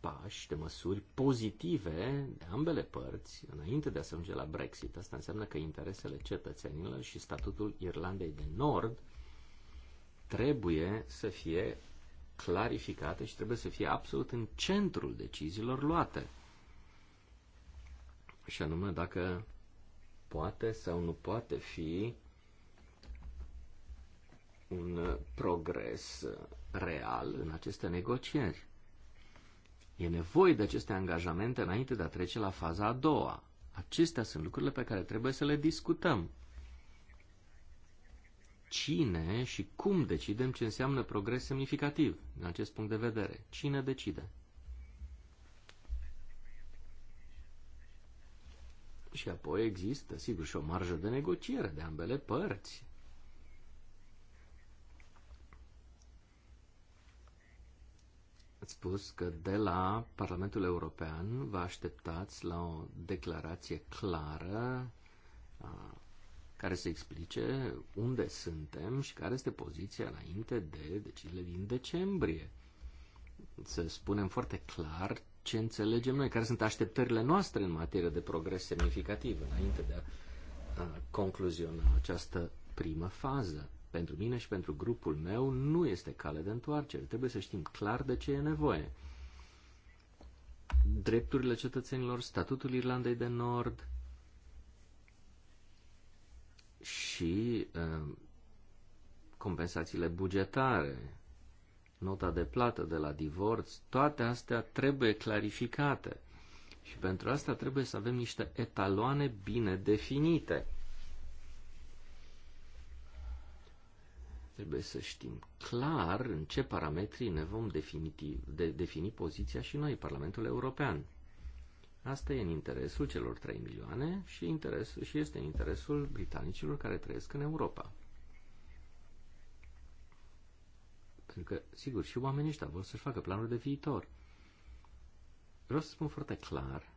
pași, de măsuri pozitive de ambele părți înainte de a se ajunge la Brexit. Asta înseamnă că interesele cetățenilor și statutul Irlandei de Nord trebuie să fie clarificate și trebuie să fie absolut în centrul deciziilor luate. Și anume dacă poate sau nu poate fi un progres real în aceste negocieri. E nevoie de aceste angajamente înainte de a trece la faza a doua. Acestea sunt lucrurile pe care trebuie să le discutăm. Cine și cum decidem ce înseamnă progres semnificativ din acest punct de vedere? Cine decide? Și apoi există, sigur, și o marjă de negociere de ambele părți. Ați spus că de la Parlamentul European vă așteptați la o declarație clară a, care să explice unde suntem și care este poziția înainte de deciziile din decembrie. Să spunem foarte clar ce înțelegem noi, care sunt așteptările noastre în materie de progres semnificativ înainte de a, a concluziona această primă fază pentru mine și pentru grupul meu nu este cale de întoarcere. Trebuie să știm clar de ce e nevoie. Drepturile cetățenilor, statutul Irlandei de Nord și uh, compensațiile bugetare, nota de plată de la divorț, toate astea trebuie clarificate. Și pentru asta trebuie să avem niște etaloane bine definite. Trebuie să știm clar în ce parametri ne vom defini, de, defini poziția și noi, Parlamentul European. Asta e în interesul celor 3 milioane și, interes, și este în interesul britanicilor care trăiesc în Europa. Pentru că, sigur, și oamenii ăștia vor să-și facă planuri de viitor. Vreau să spun foarte clar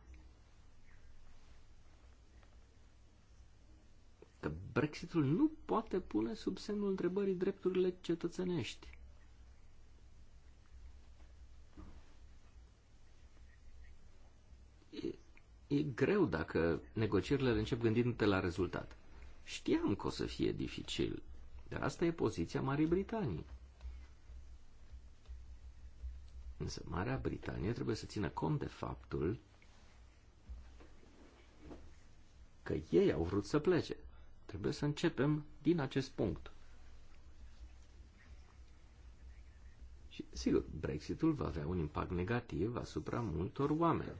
că Brexitul nu poate pune sub semnul întrebării drepturile cetățenești. E, greu dacă negocierile le încep gândindu-te la rezultat. Știam că o să fie dificil, dar asta e poziția Marii Britanii. Însă Marea Britanie trebuie să țină cont de faptul că ei au vrut să plece. Trebuie să începem din acest punct. Și, sigur, Brexitul va avea un impact negativ asupra multor oameni.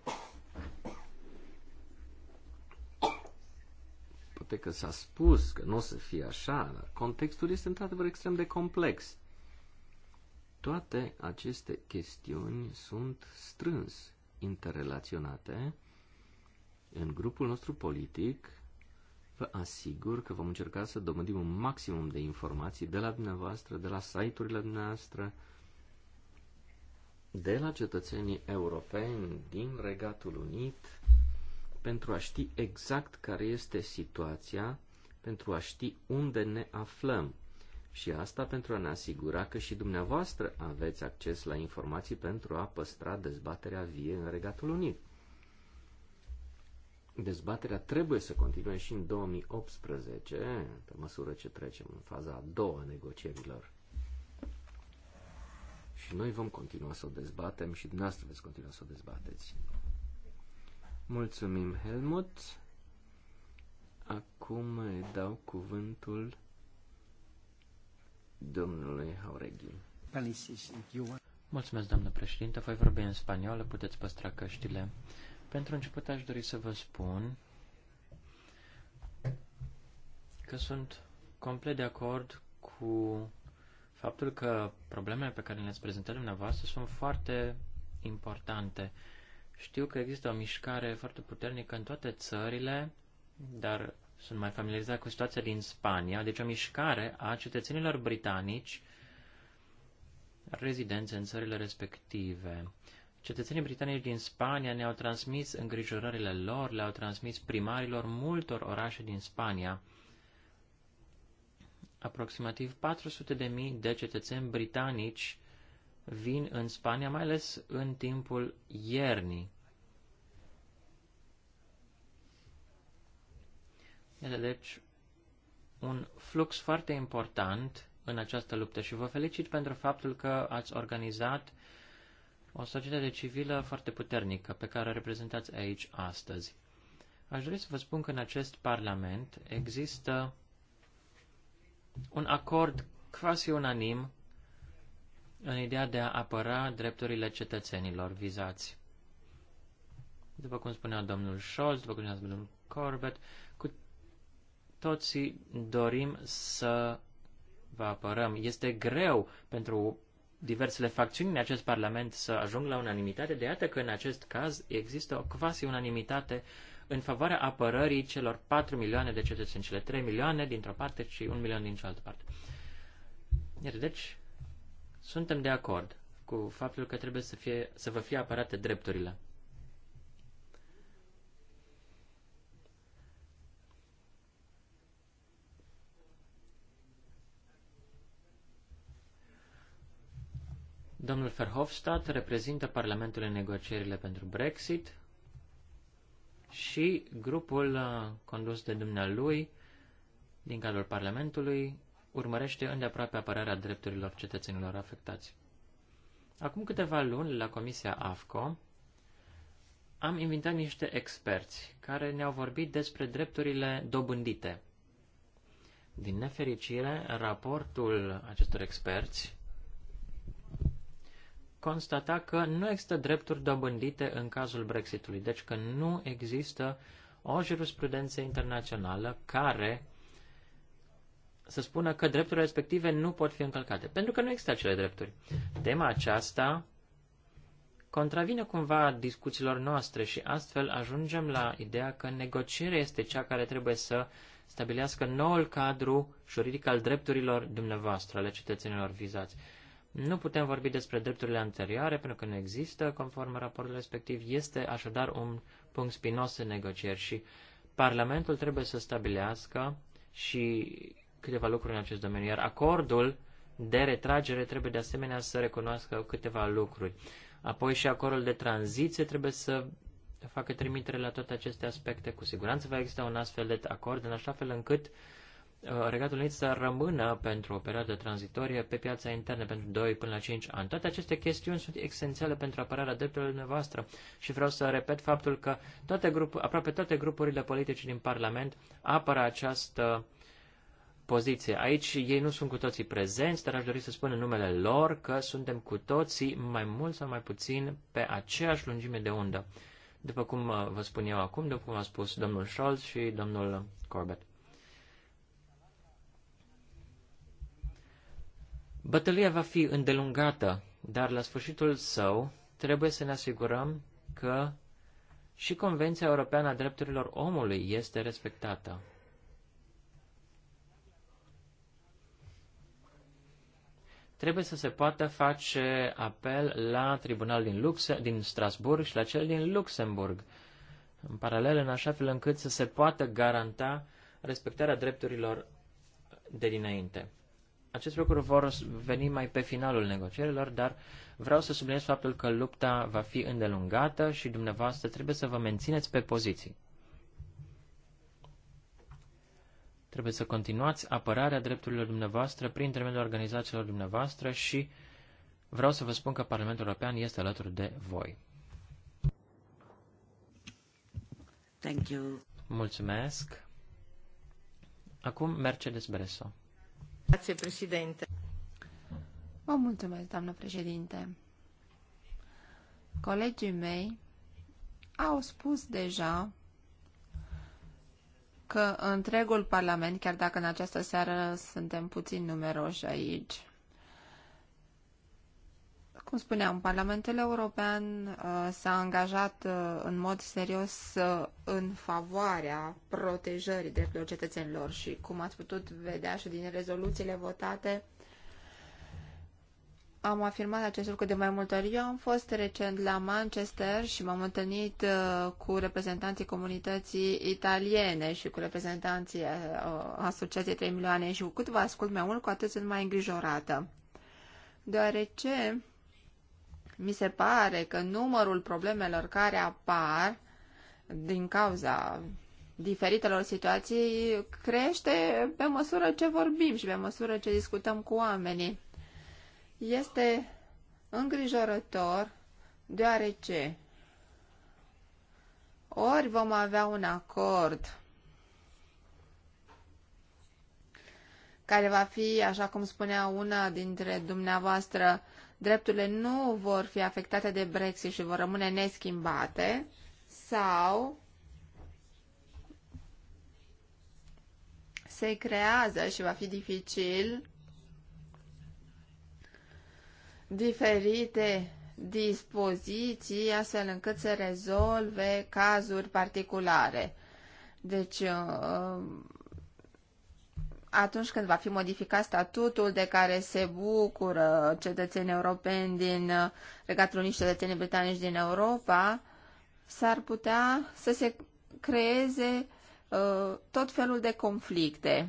Poate că s-a spus că nu o să fie așa, dar contextul este într-adevăr extrem de complex. Toate aceste chestiuni sunt strâns interrelaționate în grupul nostru politic vă asigur că vom încerca să dobândim un maximum de informații de la dumneavoastră, de la site-urile dumneavoastră, de la cetățenii europeni din Regatul Unit, pentru a ști exact care este situația, pentru a ști unde ne aflăm. Și asta pentru a ne asigura că și dumneavoastră aveți acces la informații pentru a păstra dezbaterea vie în Regatul Unit. Dezbaterea trebuie să continue și în 2018, pe măsură ce trecem în faza a doua negocierilor. Și noi vom continua să o dezbatem și dumneavoastră veți continua să o dezbateți. Mulțumim, Helmut. Acum îi dau cuvântul domnului Haureghi. Mulțumesc, doamnă președinte. Voi vorbi în spaniolă, puteți păstra căștile. Pentru început aș dori să vă spun că sunt complet de acord cu faptul că problemele pe care le-ați prezentat dumneavoastră sunt foarte importante. Știu că există o mișcare foarte puternică în toate țările, dar sunt mai familiarizat cu situația din Spania, deci o mișcare a cetățenilor britanici rezidențe în țările respective. Cetățenii britanici din Spania ne-au transmis îngrijorările lor, le-au transmis primarilor multor orașe din Spania. Aproximativ 400.000 de, de cetățeni britanici vin în Spania, mai ales în timpul iernii. Iată, deci, un flux foarte important în această luptă și vă felicit pentru faptul că ați organizat uh, o societate civilă foarte puternică pe care o reprezentați aici astăzi. Aș dori să vă spun că în acest Parlament există un acord quasi unanim în ideea de a apăra drepturile cetățenilor vizați. După cum spunea domnul Scholz, după cum spunea domnul Corbett, cu toții dorim să vă apărăm. Este greu pentru diversele facțiuni în acest Parlament să ajungă la unanimitate, de iată că în acest caz există o quasi unanimitate în favoarea apărării celor 4 milioane de cetățeni, cele 3 milioane dintr-o parte și 1 milion din cealaltă parte. Iar deci, suntem de acord cu faptul că trebuie să, fie, să vă fie apărate drepturile. Domnul Verhofstadt reprezintă Parlamentul în negocierile pentru Brexit și grupul uh, condus de dumnealui din cadrul Parlamentului urmărește îndeaproape apărarea drepturilor cetățenilor afectați. Acum câteva luni, la Comisia AFCO, am invitat niște experți care ne-au vorbit despre drepturile dobândite. Din nefericire, raportul acestor experți constata că nu există drepturi dobândite în cazul Brexitului, deci că nu există o jurisprudență internațională care să spună că drepturile respective nu pot fi încălcate, pentru că nu există acele drepturi. Tema aceasta contravine cumva discuțiilor noastre și astfel ajungem la ideea că negocierea este cea care trebuie să stabilească noul cadru juridic al drepturilor dumneavoastră, ale cetățenilor vizați. Nu putem vorbi despre drepturile anterioare, pentru că nu există, conform raportului respectiv. Este așadar un punct spinos în negocieri și Parlamentul trebuie să stabilească și câteva lucruri în acest domeniu, iar acordul de retragere trebuie de asemenea să recunoască câteva lucruri. Apoi și acordul de tranziție trebuie să facă trimitere la toate aceste aspecte. Cu siguranță va exista un astfel de acord, în așa fel încât uh, Uh, Regatul Unit să rămână pentru o perioadă tranzitorie pe piața internă pentru 2 până la 5 ani. Toate aceste chestiuni sunt esențiale pentru apărarea drepturilor noastre și vreau să repet faptul că toate grup, aproape toate grupurile politice din Parlament apără această poziție. Aici ei nu sunt cu toții prezenți, dar aș dori să spun în numele lor că suntem cu toții mai mult sau mai puțin pe aceeași lungime de undă. După cum uh, vă spun eu acum, după cum a spus domnul Scholz și domnul Corbett. Bătălia va fi îndelungată, dar la sfârșitul său trebuie să ne asigurăm că și Convenția Europeană a Drepturilor Omului este respectată. Trebuie să se poată face apel la tribunal din, Luxe- din Strasburg și la cel din Luxemburg, în paralel în așa fel încât să se poată garanta respectarea drepturilor de dinainte. Acest lucru vor veni mai pe finalul negocierilor, dar vreau să subliniez faptul că lupta va fi îndelungată și dumneavoastră trebuie să vă mențineți pe poziții. Trebuie să continuați apărarea drepturilor dumneavoastră prin intermediul organizațiilor dumneavoastră și vreau să vă spun că Parlamentul European este alături de voi. Thank you. Mulțumesc. Acum Mercedes Bresso. Vă mulțumesc, doamnă președinte. Colegii mei au spus deja că întregul Parlament, chiar dacă în această seară suntem puțin numeroși aici, cum spuneam, Parlamentul European uh, s-a angajat uh, în mod serios uh, în favoarea protejării drepturilor cetățenilor și, cum ați putut vedea și din rezoluțiile votate, am afirmat acest lucru de mai multe ori. Eu am fost recent la Manchester și m-am întâlnit uh, cu reprezentanții comunității italiene și cu reprezentanții uh, Asociației 3 milioane și cu cât vă ascult mai mult, cu atât sunt mai îngrijorată. Deoarece mi se pare că numărul problemelor care apar din cauza diferitelor situații crește pe măsură ce vorbim și pe măsură ce discutăm cu oamenii. Este îngrijorător deoarece ori vom avea un acord care va fi, așa cum spunea una dintre dumneavoastră, drepturile nu vor fi afectate de Brexit și vor rămâne neschimbate sau se creează și va fi dificil diferite dispoziții astfel încât să rezolve cazuri particulare. Deci, uh, atunci când va fi modificat statutul de care se bucură cetățenii europeni din uh, Regatul Unit și cetățenii britanici din Europa, s-ar putea să se creeze uh, tot felul de conflicte.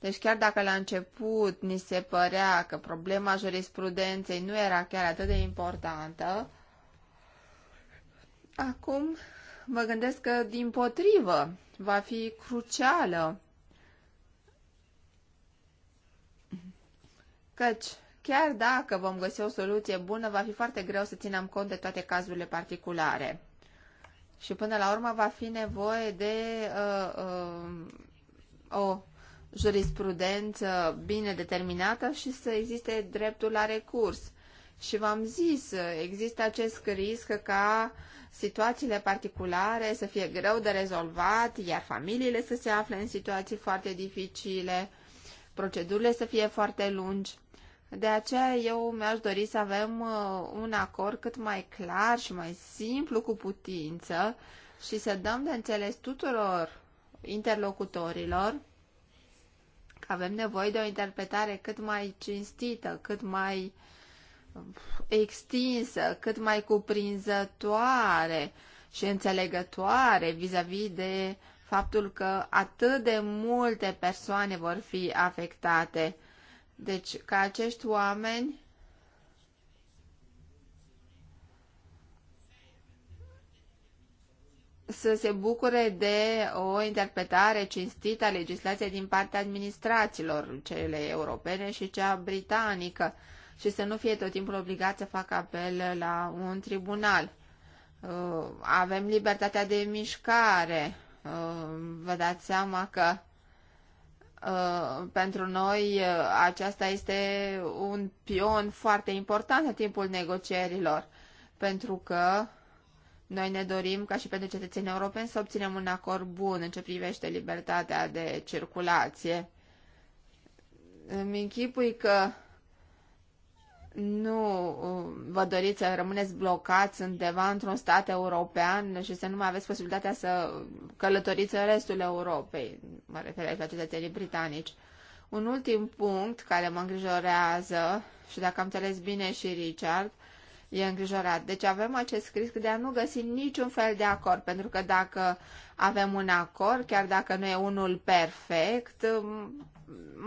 Deci chiar dacă la început ni se părea că problema jurisprudenței nu era chiar atât de importantă, acum mă gândesc că din potrivă va fi crucială Căci, chiar dacă vom găsi o soluție bună, va fi foarte greu să ținem cont de toate cazurile particulare. Și până la urmă va fi nevoie de uh, uh, o jurisprudență bine determinată și să existe dreptul la recurs. Și v-am zis, există acest risc ca situațiile particulare să fie greu de rezolvat, iar familiile să se afle în situații foarte dificile, procedurile să fie foarte lungi. De aceea eu mi-aș dori să avem uh, un acord cât mai clar și mai simplu cu putință și să dăm de înțeles tuturor interlocutorilor că avem nevoie de o interpretare cât mai cinstită, cât mai uh, extinsă, cât mai cuprinzătoare și înțelegătoare vis-a-vis -vis de faptul că atât de multe persoane vor fi afectate deci, ca acești oameni să se bucure de o interpretare cinstită a legislației din partea administrațiilor, cele europene și cea britanică, și să nu fie tot timpul obligat să facă apel la un tribunal. Uh, avem libertatea de mișcare. Uh, vă dați seama că Uh, pentru noi uh, aceasta este un pion foarte important în timpul negocierilor, pentru că noi ne dorim, ca și pentru cetățenii europeni, să obținem un acord bun în ce privește libertatea de circulație. Îmi închipui că nu uh, vă doriți să rămâneți blocați undeva într-un stat european și să nu mai aveți posibilitatea să călătoriți în restul Europei. Mă refer la cetățenii britanici. Un ultim punct care mă îngrijorează, și dacă am înțeles bine și Richard, e îngrijorat. Deci avem acest risc de a nu găsi niciun fel de acord, pentru că dacă avem un acord, chiar dacă nu e unul perfect,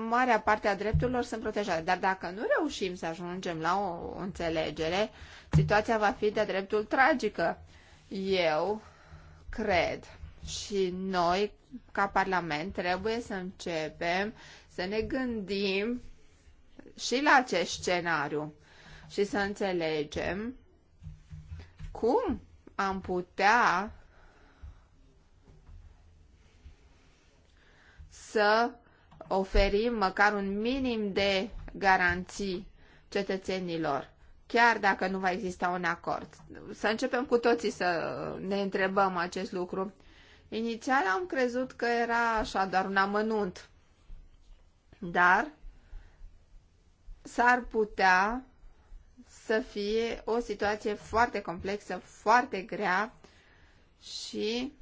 marea parte a drepturilor sunt protejate. Dar dacă nu reușim să ajungem la o înțelegere, situația va fi de dreptul tragică. Eu cred și noi, ca Parlament, trebuie să începem să ne gândim și la acest scenariu și să înțelegem cum am putea să oferim măcar un minim de garanții cetățenilor, chiar dacă nu va exista un acord. Să începem cu toții să ne întrebăm acest lucru. Inițial am crezut că era așa doar un amănunt, dar s-ar putea să fie o situație foarte complexă, foarte grea și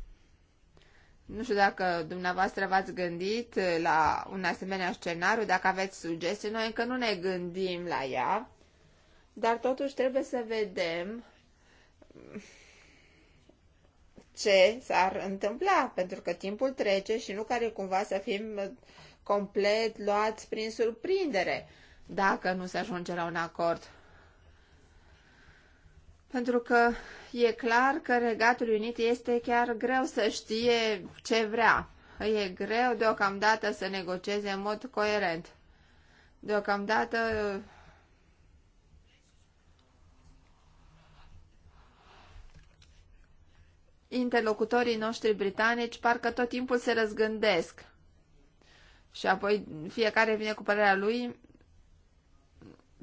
nu știu dacă dumneavoastră v-ați gândit la un asemenea scenariu, dacă aveți sugestii, noi încă nu ne gândim la ea, dar totuși trebuie să vedem ce s-ar întâmpla, pentru că timpul trece și nu care cumva să fim complet luați prin surprindere dacă nu se ajunge la un acord pentru că e clar că Regatul Unit este chiar greu să știe ce vrea. E greu deocamdată să negocieze în mod coerent. Deocamdată interlocutorii noștri britanici parcă tot timpul se răzgândesc. Și apoi fiecare vine cu părerea lui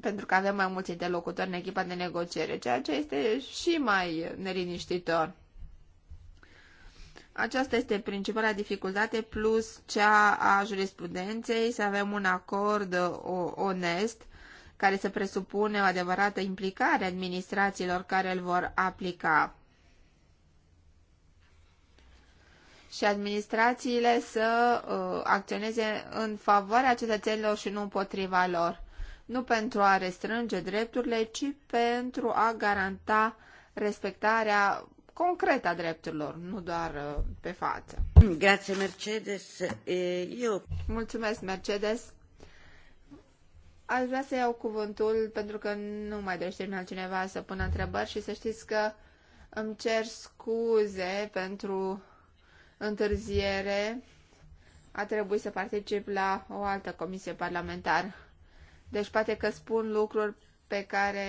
pentru că avem mai mulți interlocutori în echipa de negociere, ceea ce este și mai neliniștitor. Aceasta este principala dificultate, plus cea a jurisprudenței, să avem un acord uh, onest care să presupune o adevărată implicare administrațiilor care îl vor aplica. Și administrațiile să uh, acționeze în favoarea cetățenilor și nu împotriva lor nu pentru a restrânge drepturile, ci pentru a garanta respectarea concretă a drepturilor, nu doar uh, pe față. Grație, Mercedes. Eu... Mulțumesc, Mercedes. Aș vrea să iau cuvântul pentru că nu mai dorește altcineva să pună întrebări și să știți că îmi cer scuze pentru întârziere. A trebuit să particip la o altă comisie parlamentară. Deci poate că spun lucruri pe care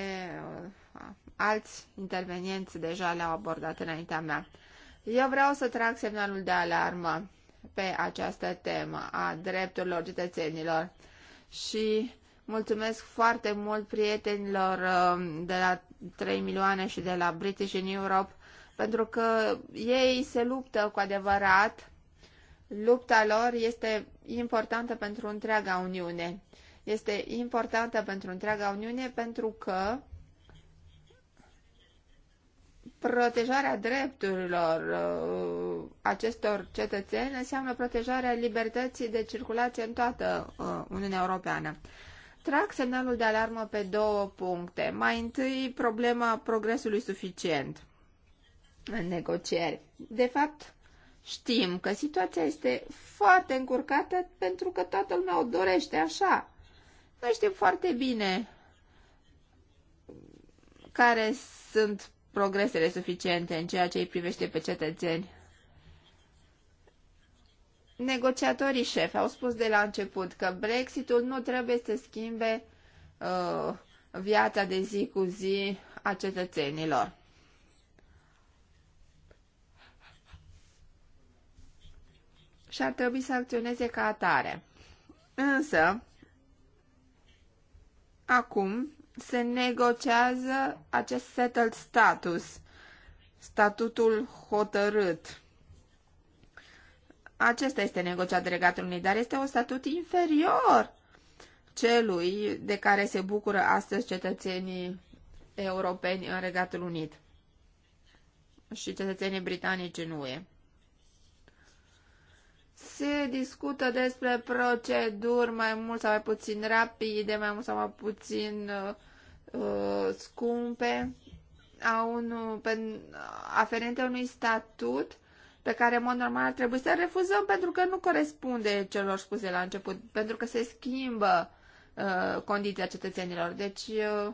uh, alți intervenienți deja le-au abordat înaintea mea. Eu vreau să trag semnalul de alarmă pe această temă a drepturilor cetățenilor și mulțumesc foarte mult prietenilor uh, de la 3 milioane și de la British in Europe pentru că ei se luptă cu adevărat. Lupta lor este importantă pentru întreaga Uniune este importantă pentru întreaga Uniune pentru că protejarea drepturilor uh, acestor cetățeni înseamnă protejarea libertății de circulație în toată uh, Uniunea Europeană. Trag semnalul de alarmă pe două puncte. Mai întâi, problema progresului suficient în negocieri. De fapt, știm că situația este foarte încurcată pentru că toată lumea o dorește așa. Nu știm foarte bine care sunt progresele suficiente în ceea ce îi privește pe cetățeni. Negociatorii șefi au spus de la început că Brexitul nu trebuie să schimbe uh, viața de zi cu zi a cetățenilor. Și ar trebui să acționeze ca atare. Însă, Acum se negociază acest settled status, statutul hotărât. Acesta este negociat de Regatul Unit, dar este un statut inferior celui de care se bucură astăzi cetățenii europeni în Regatul Unit și cetățenii britanici în UE se discută despre proceduri mai mult sau mai puțin rapide, mai mult sau mai puțin uh, uh scumpe, a unu, pe, aferente unui statut pe care, în mod normal, ar trebui să refuzăm pentru că nu corespunde celor spuse la început, pentru că se schimbă uh, condiția cetățenilor. Deci, uh,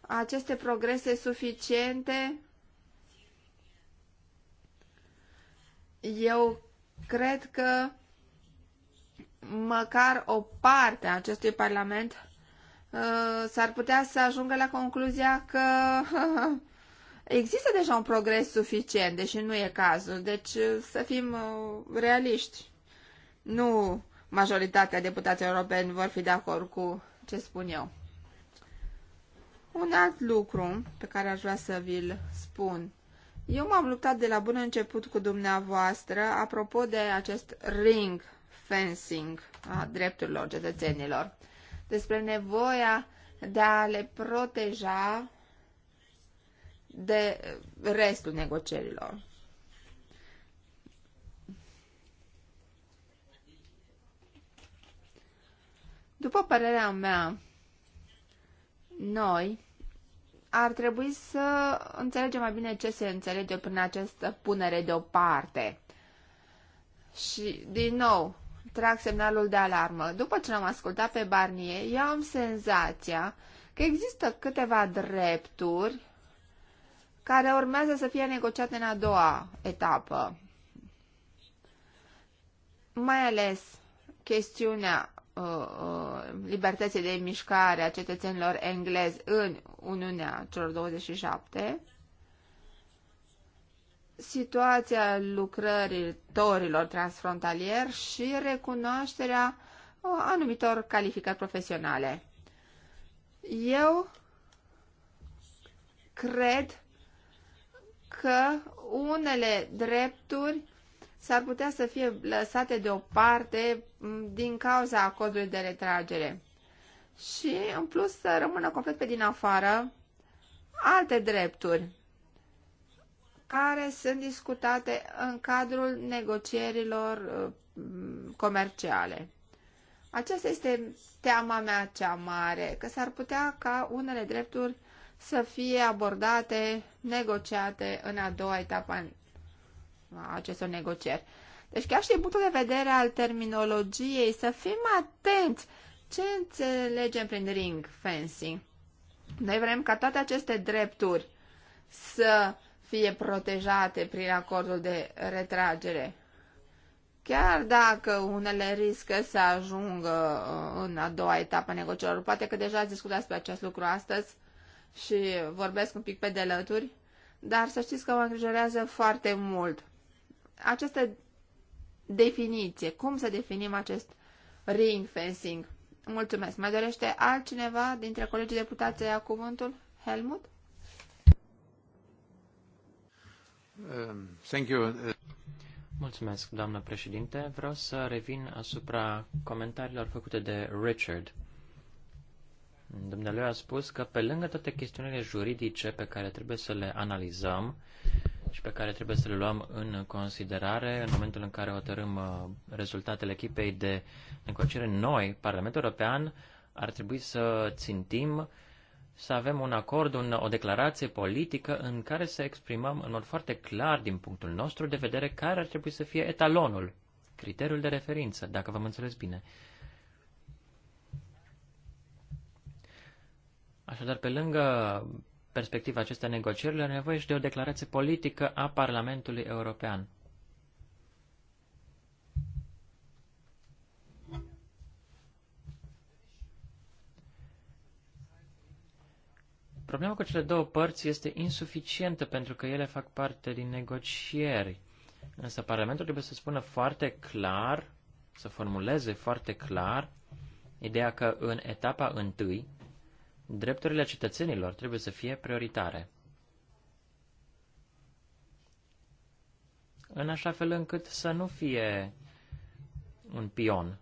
aceste progrese suficiente eu Cred că măcar o parte a acestui Parlament uh, s-ar putea să ajungă la concluzia că <laughs> există deja un progres suficient, deși nu e cazul. Deci uh, să fim uh, realiști. Nu majoritatea deputaților europeni vor fi de acord cu ce spun eu. Un alt lucru pe care aș vrea să vi-l spun eu m-am luptat de la bun început cu dumneavoastră apropo de acest ring fencing a drepturilor cetățenilor, despre nevoia de a le proteja de restul negocierilor. După părerea mea, noi ar trebui să înțelegem mai bine ce se înțelege prin această punere deoparte. Și, din nou, trag semnalul de alarmă. După ce l-am ascultat pe Barnier, eu am senzația că există câteva drepturi care urmează să fie negociate în a doua etapă. Mai ales chestiunea Uh, uh, libertății de mișcare a cetățenilor englezi în Uniunea celor 27, situația lucrării torilor transfrontalier și recunoașterea uh, anumitor calificări profesionale. Eu cred că unele drepturi s-ar putea să fie lăsate deoparte din cauza codului de retragere. Și, în plus, să rămână complet pe din afară alte drepturi care sunt discutate în cadrul negocierilor uh, comerciale. Aceasta este teama mea cea mare, că s-ar putea ca unele drepturi să fie abordate, negociate în a doua etapă a acestor negocieri. Deci chiar și din punctul de vedere al terminologiei, să fim atenți ce înțelegem prin ring fencing. Noi vrem ca toate aceste drepturi să fie protejate prin acordul de retragere. Chiar dacă unele riscă să ajungă uh, în a doua etapă negocierilor, poate că deja ați discutat despre acest lucru astăzi și vorbesc un pic pe delături, dar să știți că mă îngrijorează foarte mult. Aceste definiție. Cum să definim acest ring fencing? Mulțumesc. Mai dorește altcineva dintre colegii deputați să ia cuvântul? Helmut? Um, thank you. Mulțumesc, doamnă președinte. Vreau să revin asupra comentariilor făcute de Richard. Dumnealui a spus că pe lângă toate chestiunile juridice pe care trebuie să le analizăm, și pe care trebuie să le luăm în considerare în momentul în care hotărâm uh, rezultatele echipei de negociere. Noi, Parlamentul European, ar trebui să țintim să avem un acord, un, o declarație politică în care să exprimăm în mod foarte clar, din punctul nostru de vedere, care ar trebui să fie etalonul, criteriul de referință, dacă v-am înțeles bine. Așadar, pe lângă perspectiva acestor negocierilor, nevoie și de o declarație politică a Parlamentului European. Problema cu cele două părți este insuficientă pentru că ele fac parte din negocieri. Însă Parlamentul trebuie să spună foarte clar, să formuleze foarte clar, ideea că în etapa întâi, Drepturile cetățenilor trebuie să fie prioritare. În așa fel încât să nu fie un pion.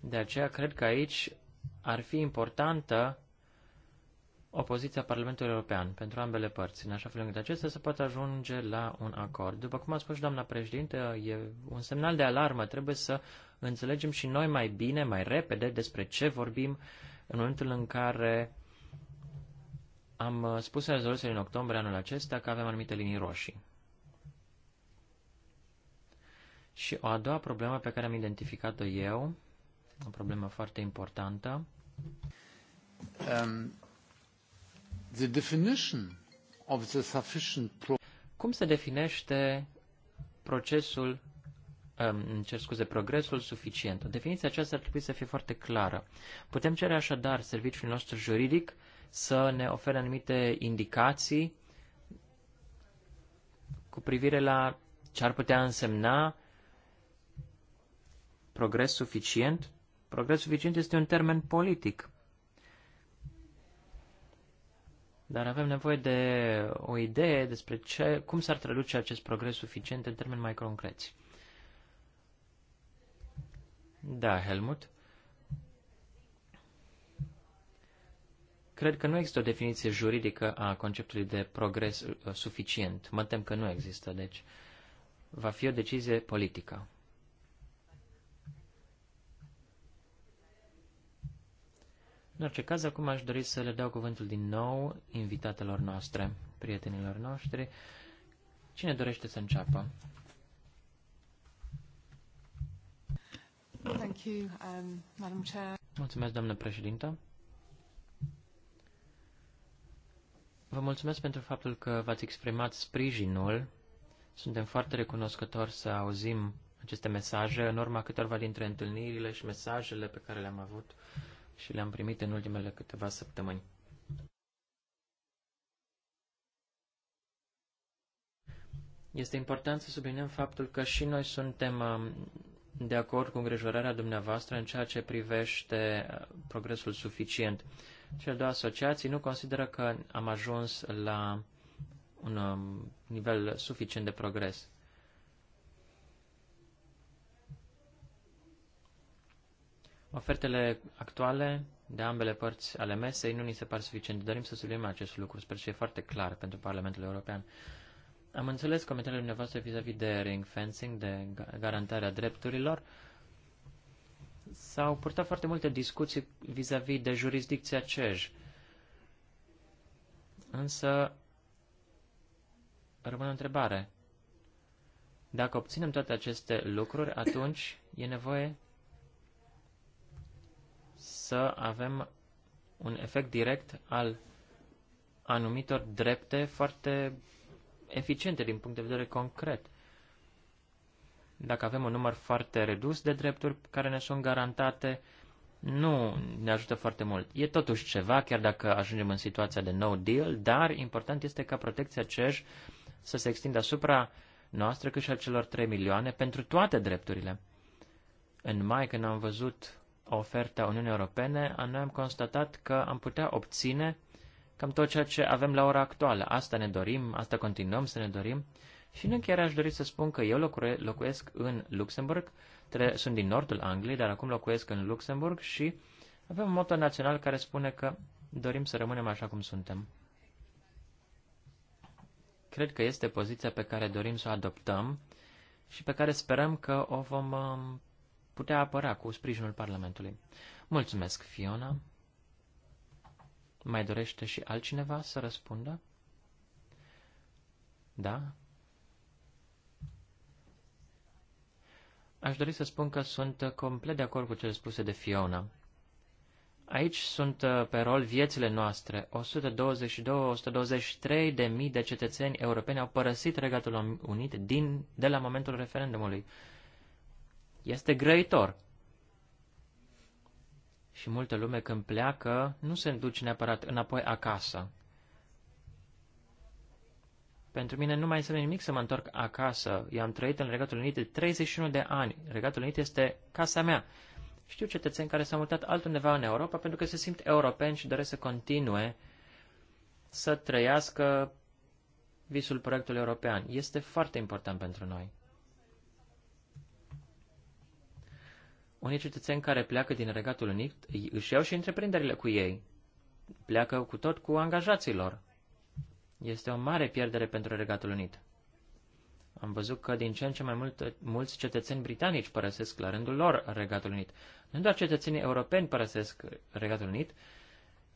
De aceea cred că aici ar fi importantă opoziția Parlamentului European pentru ambele părți, în așa fel încât acestea să poată ajunge la un acord. După cum a spus doamna președinte, e un semnal de alarmă, trebuie să înțelegem și noi mai bine, mai repede despre ce vorbim în momentul în care am spus în rezoluție în octombrie anul acesta că avem anumite linii roșii. Și o a doua problemă pe care am identificat-o eu, o problemă foarte importantă, um, the definition of the sufficient pro- cum se definește procesul îmi cer scuze, progresul suficient. Definiția aceasta ar trebui să fie foarte clară. Putem cere așadar serviciului nostru juridic să ne ofere anumite indicații cu privire la ce ar putea însemna progres suficient. Progres suficient este un termen politic. Dar avem nevoie de o idee despre ce, cum s-ar traduce acest progres suficient în termeni mai concreți. Da, Helmut. Cred că nu există o definiție juridică a conceptului de progres uh, suficient. Mă tem că nu există, deci va fi o decizie politică. În orice caz, acum aș dori să le dau cuvântul din nou invitatelor noastre, prietenilor noștri. Cine dorește să înceapă? Um, mulțumesc, doamnă președintă. Vă mulțumesc pentru faptul că v-ați exprimat sprijinul. Suntem foarte recunoscători să auzim aceste mesaje în urma câtorva dintre întâlnirile și mesajele pe care le-am avut și le-am primit în ultimele câteva săptămâni. Este important să subliniem faptul că și noi suntem um, de acord cu îngrijorarea dumneavoastră în ceea ce privește uh, progresul suficient. Cele două asociații nu consideră că am ajuns la un um, nivel suficient de progres. Ofertele actuale de ambele părți ale mesei nu ni se par suficiente. Dorim să subliniem acest lucru. Sper să e foarte clar pentru Parlamentul European. Am înțeles comentariile dumneavoastră vis-a-vis de ring fencing, de garantarea drepturilor. S-au purtat foarte multe discuții vis-a-vis -vis de jurisdicția CEJ. Însă, rămâne o întrebare. Dacă obținem toate aceste lucruri, atunci e nevoie să avem un efect direct al anumitor drepte foarte eficiente din punct de vedere concret. Dacă avem un număr foarte redus de drepturi care ne sunt garantate, nu ne ajută foarte mult. E totuși ceva, chiar dacă ajungem în situația de no deal, dar important este ca protecția CEJ să se extindă asupra noastră cât și a celor 3 milioane pentru toate drepturile. În mai, când am văzut oferta Uniunii Europene, noi am constatat că am putea obține cam tot ceea ce avem la ora actuală. Asta ne dorim, asta continuăm să ne dorim. Și nu chiar aș dori să spun că eu locuiesc în Luxemburg, sunt din nordul Angliei, dar acum locuiesc în Luxemburg și avem un motto național care spune că dorim să rămânem așa cum suntem. Cred că este poziția pe care dorim să o adoptăm și pe care sperăm că o vom um, putea apăra cu sprijinul Parlamentului. Mulțumesc, Fiona! Mai dorește și altcineva să răspundă? Da? Aș dori să spun că sunt complet de acord cu cele spuse de Fiona. Aici sunt uh, pe rol viețile noastre. 122-123 de mii de cetățeni europeni au părăsit Regatul Unit din, de la momentul referendumului. Este grăitor. Și multă lume când pleacă, nu se duce neapărat înapoi acasă. Pentru mine nu mai înseamnă nimic să mă întorc acasă. Eu am trăit în Regatul Unit de 31 de ani. Regatul Unit este casa mea. Știu cetățeni care s-au mutat altundeva în Europa pentru că se simt europeni și doresc să continue să trăiască visul proiectului european. Este foarte important pentru noi. Unii cetățeni care pleacă din Regatul Unit își iau și întreprinderile cu ei. Pleacă cu tot cu angajații lor. Este o mare pierdere pentru Regatul Unit. Am văzut că din ce în ce mai mult, mulți cetățeni britanici părăsesc la rândul lor Regatul Unit. Nu doar cetățenii europeni părăsesc Regatul Unit,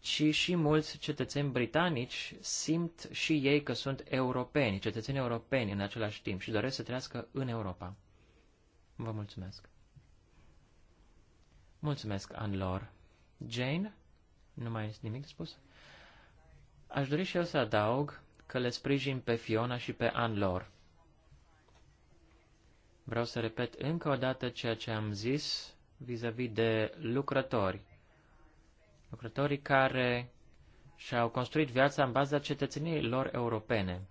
ci și mulți cetățeni britanici simt și ei că sunt europeni, cetățeni europeni în același timp și doresc să trăiască în Europa. Vă mulțumesc! Mulțumesc, Anlor. Jane? Nu mai este nimic de spus? Aș dori și eu să adaug că le sprijin pe Fiona și pe Anlor. Vreau să repet încă o dată ceea ce am zis vis-a-vis -vis de lucrători. Lucrătorii care și-au construit viața în baza cetățeniei lor europene.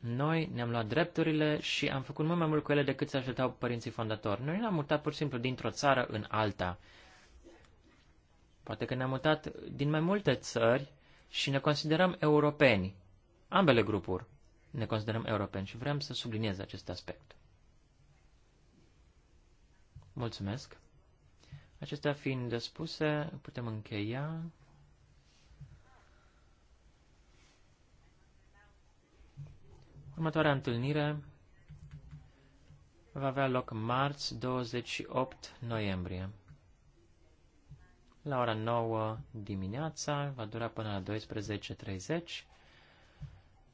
Noi ne-am luat drepturile și am făcut mult mai mult cu ele decât se așteptau părinții fondatori. Noi ne-am mutat pur și simplu dintr-o țară în alta. Poate că ne-am mutat din mai multe țări și ne considerăm europeni. Ambele grupuri ne considerăm europeni și vrem să subliniez acest aspect. Mulțumesc. Acestea fiind spuse, putem încheia Următoarea întâlnire va avea loc marți 28 noiembrie. La ora 9 dimineața va dura până la 12.30,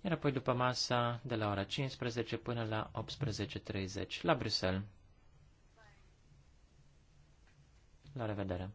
iar apoi după masa de la ora 15 până la 18.30 la Bruxelles. La revedere!